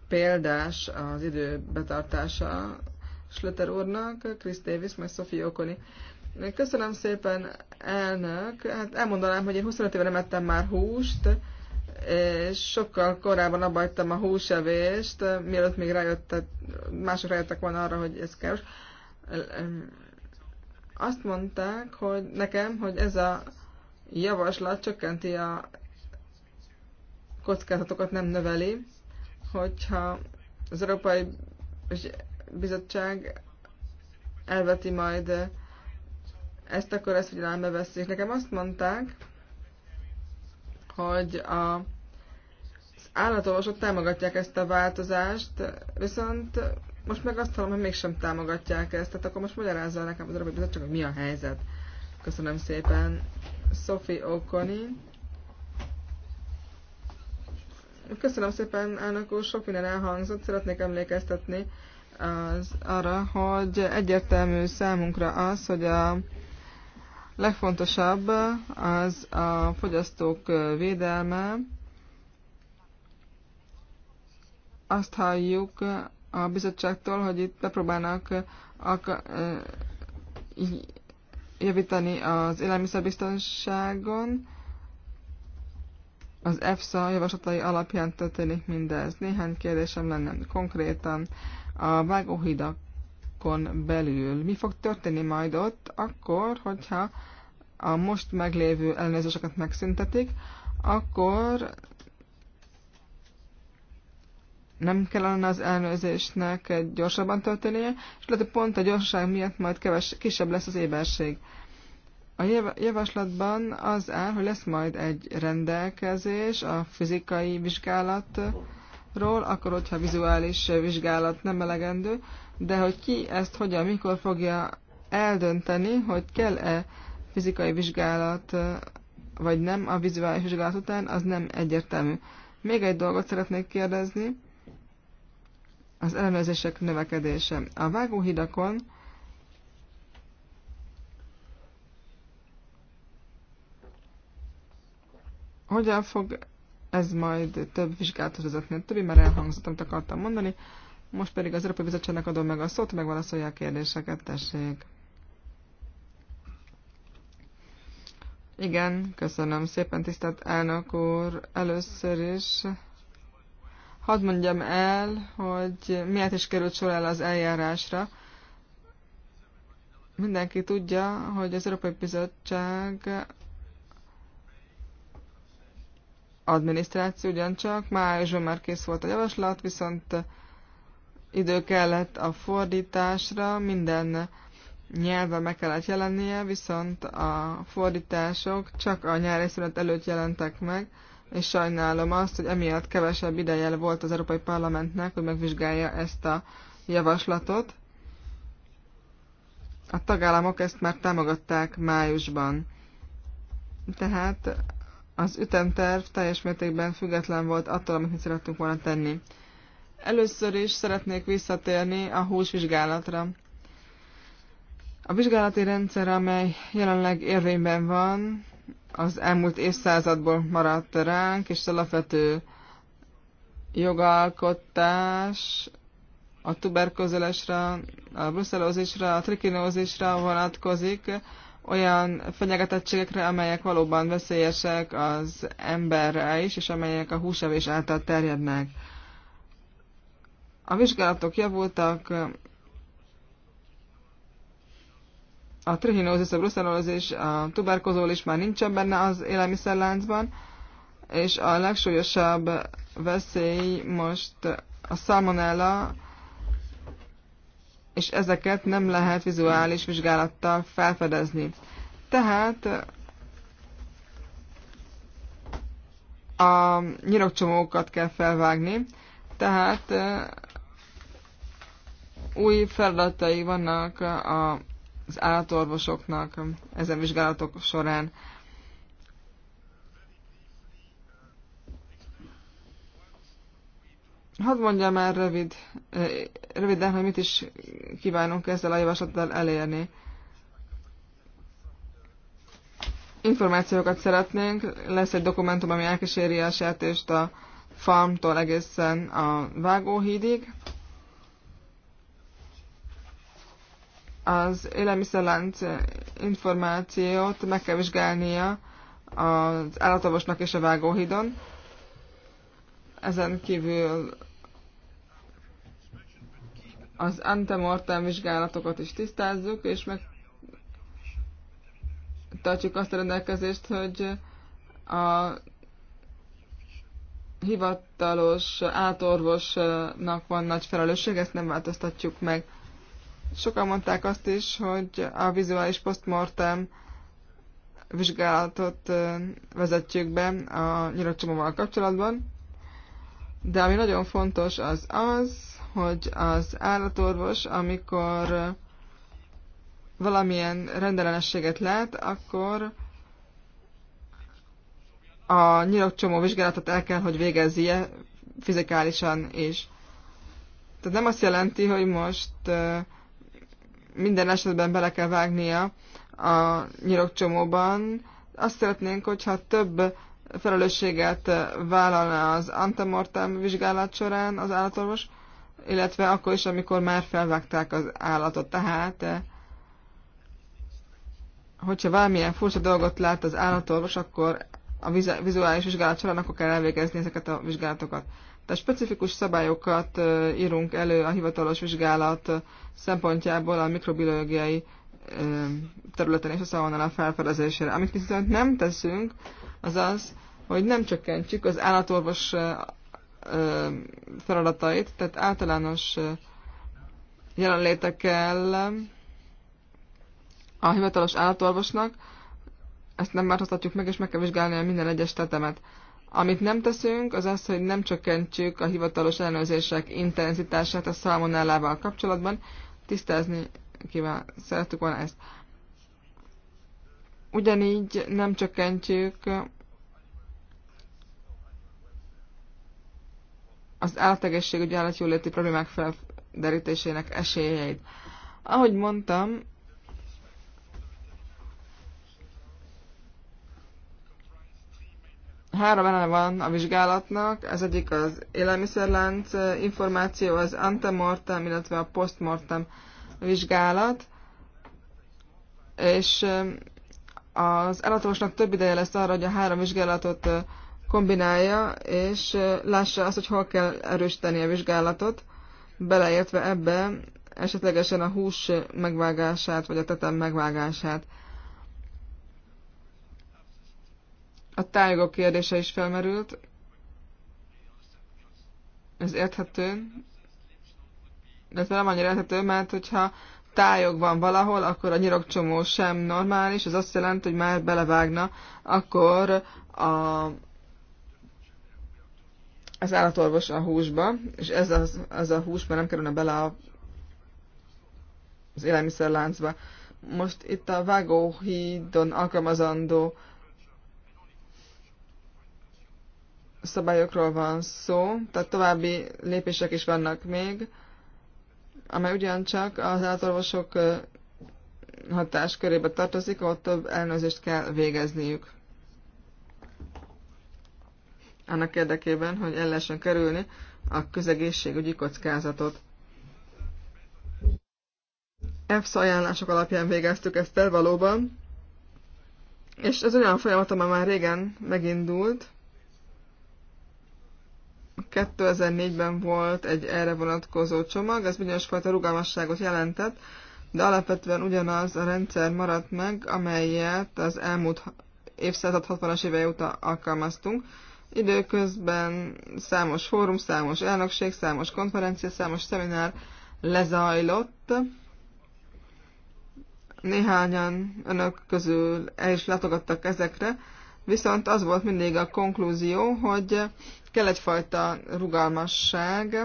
Speaker 3: Példás az idő betartása Slöter úrnak, Chris Davis, meg Sophie Okoni. Köszönöm szépen, elnök. Hát elmondanám, hogy én 25 éve nem ettem már húst, és sokkal korábban abbajtam a húsevést, mielőtt még rájöttek, mások rájöttek volna arra, hogy ez kell. Azt mondták, hogy nekem, hogy ez a javaslat csökkenti a kockázatokat, nem növeli, hogyha az Európai Bizottság elveti majd ezt, akkor ezt figyelembe veszik. Nekem azt mondták, hogy a, az állatorvosok támogatják ezt a változást, viszont most meg azt hallom, hogy mégsem támogatják ezt. Tehát akkor most magyarázza nekem az Európai Bizottság, hogy mi a helyzet. Köszönöm szépen. Sophie O'Connin. Köszönöm szépen, elnök úr, sok minden elhangzott. Szeretnék emlékeztetni az arra, hogy egyértelmű számunkra az, hogy a legfontosabb az a fogyasztók védelme. Azt halljuk a bizottságtól, hogy itt bepróbálnak javítani az élelmiszerbiztonságon. Az EFSA javaslatai alapján történik mindez. Néhány kérdésem lenne konkrétan a vágóhidakon belül. Mi fog történni majd ott akkor, hogyha a most meglévő ellenőrzéseket megszüntetik, akkor nem kellene az elnőzésnek gyorsabban történnie, és lehet, hogy pont a gyorsaság miatt majd keves, kisebb lesz az éberség. A javaslatban az áll, hogy lesz majd egy rendelkezés a fizikai vizsgálatról, akkor hogyha vizuális vizsgálat nem elegendő, de hogy ki ezt hogyan, mikor fogja eldönteni, hogy kell-e fizikai vizsgálat vagy nem a vizuális vizsgálat után, az nem egyértelmű. Még egy dolgot szeretnék kérdezni az elemezések növekedése. A vágóhidakon hogyan fog ez majd több vizsgálatot vezetni? Többi már elhangzott, amit akartam mondani. Most pedig az Európai Bizottságnak adom meg a szót, megválaszolja a kérdéseket, tessék. Igen, köszönöm szépen, tisztelt elnök úr. Először is Hadd mondjam el, hogy miért is került sor el az eljárásra. Mindenki tudja, hogy az Európai Bizottság adminisztráció ugyancsak, májusban már kész volt a javaslat, viszont idő kellett a fordításra, minden nyelve meg kellett jelennie, viszont a fordítások csak a nyári szület előtt jelentek meg, és sajnálom azt, hogy emiatt kevesebb ideje volt az Európai Parlamentnek, hogy megvizsgálja ezt a javaslatot. A tagállamok ezt már támogatták májusban. Tehát az ütemterv teljes mértékben független volt attól, amit mi szerettünk volna tenni. Először is szeretnék visszatérni a húsvizsgálatra. A vizsgálati rendszer, amely jelenleg érvényben van, az elmúlt évszázadból maradt ránk, és a alapvető jogalkotás a tuberkulózisra, a bruszellózisra, a trikinózisra vonatkozik, olyan fenyegetettségekre, amelyek valóban veszélyesek az emberre is, és amelyek a húsevés által terjednek. A vizsgálatok javultak, a trihinózis, a brusztanózis, a tuberkozól is már nincsen benne az élelmiszerláncban, és a legsúlyosabb veszély most a salmonella, és ezeket nem lehet vizuális vizsgálattal felfedezni. Tehát a nyirokcsomókat kell felvágni, tehát új feladatai vannak a az állatorvosoknak ezen vizsgálatok során. Hadd mondjam már rövid, eh, röviden, hogy mit is kívánunk ezzel a javaslattal elérni. Információkat szeretnénk, lesz egy dokumentum, ami elkíséri a sertést a farmtól egészen a vágóhídig. az élelmiszerlánc információt meg kell vizsgálnia az állatavosnak és a vágóhidon. Ezen kívül az antemortem vizsgálatokat is tisztázzuk, és meg tartjuk azt a rendelkezést, hogy a hivatalos átorvosnak van nagy felelősség, ezt nem változtatjuk meg. Sokan mondták azt is, hogy a vizuális postmortem vizsgálatot vezetjük be a nyitott kapcsolatban, de ami nagyon fontos az az, hogy az állatorvos, amikor valamilyen rendellenességet lát, akkor a nyilakcsomó vizsgálatot el kell, hogy végezzie fizikálisan is. Tehát nem azt jelenti, hogy most minden esetben bele kell vágnia a nyirokcsomóban. Azt szeretnénk, hogyha több felelősséget vállalna az antemortem vizsgálat során az állatorvos, illetve akkor is, amikor már felvágták az állatot. Tehát, hogyha valamilyen furcsa dolgot lát az állatorvos, akkor a vizuális vizsgálat során akkor kell elvégezni ezeket a vizsgálatokat. Tehát specifikus szabályokat írunk elő a hivatalos vizsgálat szempontjából a mikrobiológiai területen és a szavonal felfedezésére. Amit viszont nem teszünk, az az, hogy nem csökkentjük az állatorvos feladatait, tehát általános jelenlétekkel a hivatalos állatorvosnak, ezt nem változtatjuk meg, és meg kell vizsgálni minden egyes tetemet. Amit nem teszünk, az az, hogy nem csökkentsük a hivatalos ellenőrzések intenzitását a szalmonellával kapcsolatban. Tisztázni kíván, szerettük volna ezt. Ugyanígy nem csökkentjük az állategészségügyi állatjóléti problémák felderítésének esélyeit. Ahogy mondtam, Három eleme van a vizsgálatnak, az egyik az élelmiszerlánc információ, az antemortem, illetve a postmortem vizsgálat, és az állatorvosnak több ideje lesz arra, hogy a három vizsgálatot kombinálja, és lássa azt, hogy hol kell erősíteni a vizsgálatot, beleértve ebbe esetlegesen a hús megvágását, vagy a tetem megvágását. A tájogok kérdése is felmerült. Ez érthető. De ez nem annyira érthető, mert hogyha tájog van valahol, akkor a nyirokcsomó sem normális, ez azt jelenti, hogy már belevágna, akkor a, az állatorvos a húsba, és ez az, az a hús már nem kerülne bele a, az élelmiszerláncba. Most itt a vágóhídon alkalmazandó szabályokról van szó, tehát további lépések is vannak még, amely ugyancsak az hatás hatáskörébe tartozik, ott több elnőzést kell végezniük. Annak érdekében, hogy el lehessen kerülni a közegészségügyi kockázatot. EFSA ajánlások alapján végeztük ezt el valóban, és ez olyan folyamat, amely már régen megindult, 2004-ben volt egy erre vonatkozó csomag, ez bizonyos fajta rugalmasságot jelentett, de alapvetően ugyanaz a rendszer maradt meg, amelyet az elmúlt évszázad 60-as éve óta alkalmaztunk. Időközben számos fórum, számos elnökség, számos konferencia, számos szeminár lezajlott. Néhányan önök közül el is látogattak ezekre, viszont az volt mindig a konklúzió, hogy Kell egyfajta rugalmasság.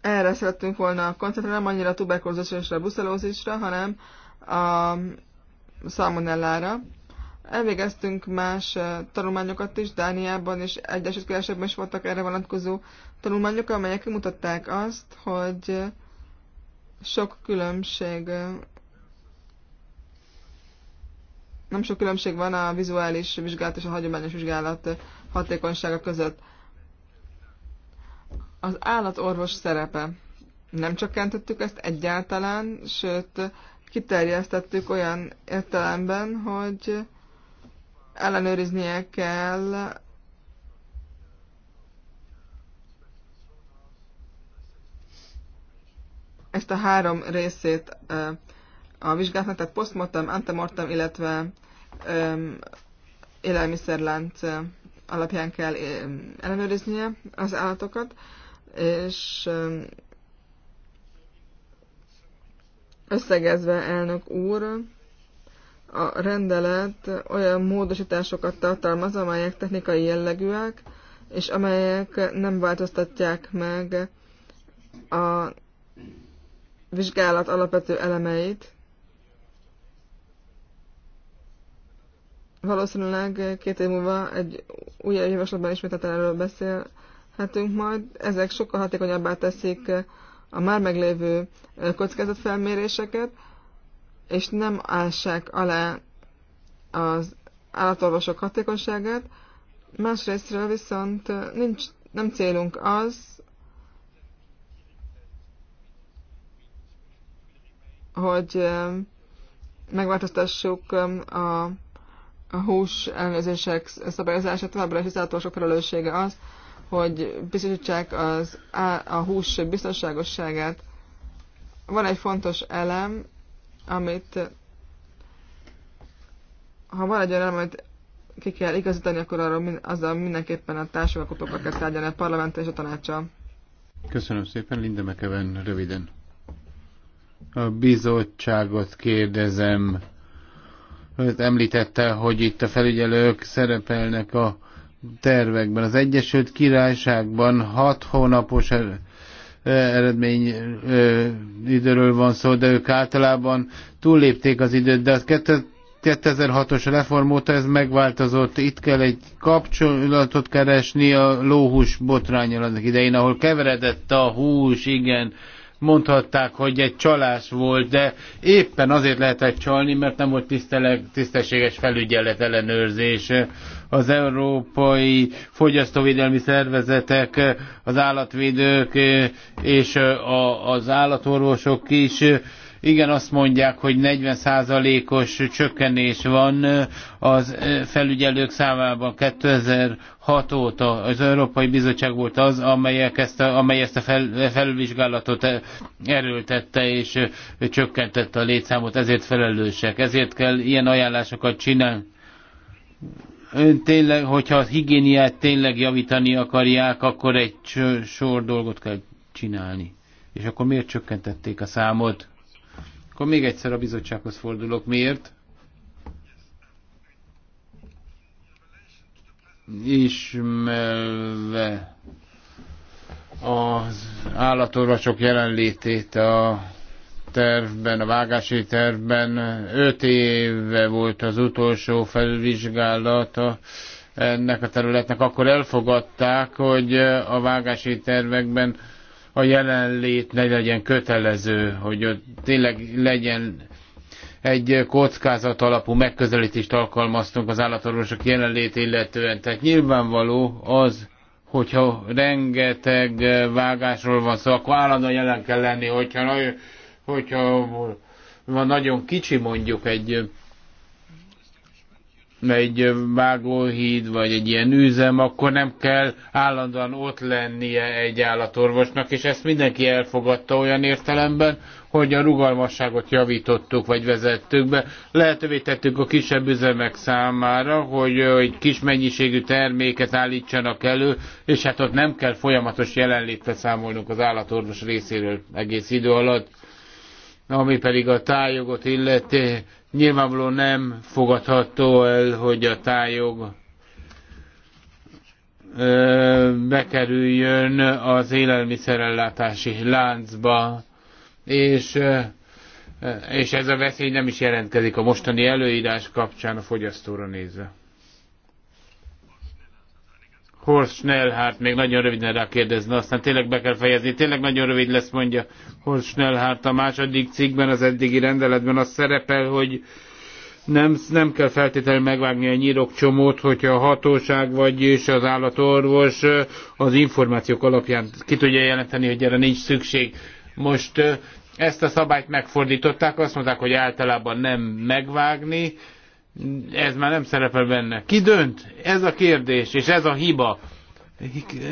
Speaker 3: Erre szerettünk volna koncentrálni, nem annyira a tuberkulózisra, bruszellózisra, hanem a szalmonellára. Elvégeztünk más eh, tanulmányokat is, Dániában és Egyesült Királyságban is voltak erre vonatkozó tanulmányok, amelyek kimutatták azt, hogy sok különbség nem sok különbség van a vizuális vizsgálat és a hagyományos vizsgálat hatékonysága között. Az állatorvos szerepe. Nem csökkentettük ezt egyáltalán, sőt, kiterjesztettük olyan értelemben, hogy ellenőriznie kell ezt a három részét a vizsgálatnak, tehát postmortem, antemortem, illetve élelmiszerlánc alapján kell ellenőriznie az állatokat, és összegezve elnök úr, a rendelet olyan módosításokat tartalmaz, amelyek technikai jellegűek, és amelyek nem változtatják meg a vizsgálat alapvető elemeit. Valószínűleg két év múlva egy újabb javaslatban ismételten erről beszélhetünk majd. Ezek sokkal hatékonyabbá teszik a már meglévő kockázatfelméréseket, és nem ássák alá az állatorvosok hatékonyságát. Másrésztről viszont nincs, nem célunk az, hogy um, megváltoztassuk um, a, a hús ellenőrzések szabályozását, továbbra is az általánosok felelőssége az, hogy biztosítsák az, a hús biztonságosságát. Van egy fontos elem, amit ha van egy olyan elem, amit ki kell igazítani, akkor arról min, azzal mindenképpen a társadalmi kell tárgyalni a parlament és a tanácsa.
Speaker 1: Köszönöm szépen, Linda McEwen, röviden. A bizottságot kérdezem. Őt említette, hogy itt a felügyelők szerepelnek a tervekben. Az Egyesült Királyságban hat hónapos er- eredmény ö, időről van szó, de ők általában túllépték az időt, de az 2006-os reform óta ez megváltozott. Itt kell egy kapcsolatot keresni a lóhús botrányal annak idején, ahol keveredett a hús, igen, mondhatták, hogy egy csalás volt, de éppen azért lehetett csalni, mert nem volt tisztességes felügyelet ellenőrzés. Az európai fogyasztóvédelmi szervezetek, az állatvédők és az állatorvosok is igen, azt mondják, hogy 40%-os csökkenés van az felügyelők számában 2006 óta. Az Európai Bizottság volt az, amelyek ezt a, amely ezt a fel, felülvizsgálatot erőltette és csökkentette a létszámot, ezért felelősek. Ezért kell ilyen ajánlásokat csinálni tényleg, hogyha a higiéniát tényleg javítani akarják, akkor egy sor dolgot kell csinálni. És akkor miért csökkentették a számot? Akkor még egyszer a bizottsághoz fordulok. Miért? Ismerve az állatorvosok jelenlétét a tervben, a vágási tervben. Öt éve volt az utolsó felvizsgálata ennek a területnek. Akkor elfogadták, hogy a vágási tervekben a jelenlét ne legyen kötelező, hogy ott tényleg legyen egy kockázat alapú megközelítést alkalmaztunk az állatorvosok jelenlét illetően. Tehát nyilvánvaló az, hogyha rengeteg vágásról van szó, akkor állandóan jelen kell lenni, hogyha, hogyha van nagyon kicsi mondjuk egy egy vágóhíd, vagy egy ilyen üzem, akkor nem kell állandóan ott lennie egy állatorvosnak, és ezt mindenki elfogadta olyan értelemben, hogy a rugalmasságot javítottuk, vagy vezettük be. Lehetővé tettük a kisebb üzemek számára, hogy egy kis mennyiségű terméket állítsanak elő, és hát ott nem kell folyamatos jelenlétre számolnunk az állatorvos részéről egész idő alatt ami pedig a tájogot illeti, nyilvánvalóan nem fogadható el, hogy a tájog bekerüljön az élelmiszerellátási láncba, és, és ez a veszély nem is jelentkezik a mostani előírás kapcsán a fogyasztóra nézve. Horst Schnellhardt még nagyon röviden kérdezni, aztán tényleg be kell fejezni. Tényleg nagyon rövid lesz, mondja Horst Schnellhardt. A második cikkben, az eddigi rendeletben az szerepel, hogy nem, nem kell feltétlenül megvágni a nyírok csomót, hogyha a hatóság vagy és az állatorvos az információk alapján ki tudja jelenteni, hogy erre nincs szükség. Most ezt a szabályt megfordították, azt mondták, hogy általában nem megvágni, ez már nem szerepel benne. Ki dönt? Ez a kérdés, és ez a hiba.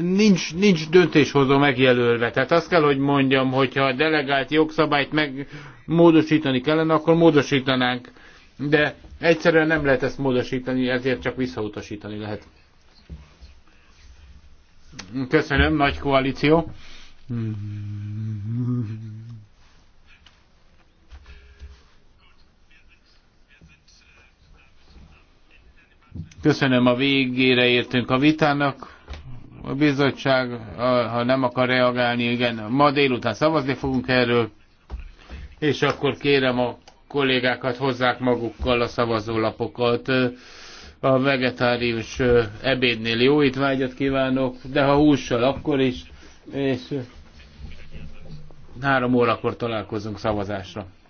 Speaker 1: Nincs, nincs döntéshozó megjelölve. Tehát azt kell, hogy mondjam, hogyha a delegált jogszabályt meg módosítani kellene, akkor módosítanánk. De egyszerűen nem lehet ezt módosítani, ezért csak visszautasítani lehet. Köszönöm, nagy koalíció. Mm-hmm. Köszönöm, a végére értünk a vitának. A bizottság, ha nem akar reagálni, igen, ma délután szavazni fogunk erről, és akkor kérem a kollégákat hozzák magukkal a szavazólapokat. A vegetárius ebédnél jó étvágyat kívánok, de ha hússal, akkor is, és három órakor találkozunk
Speaker 2: szavazásra.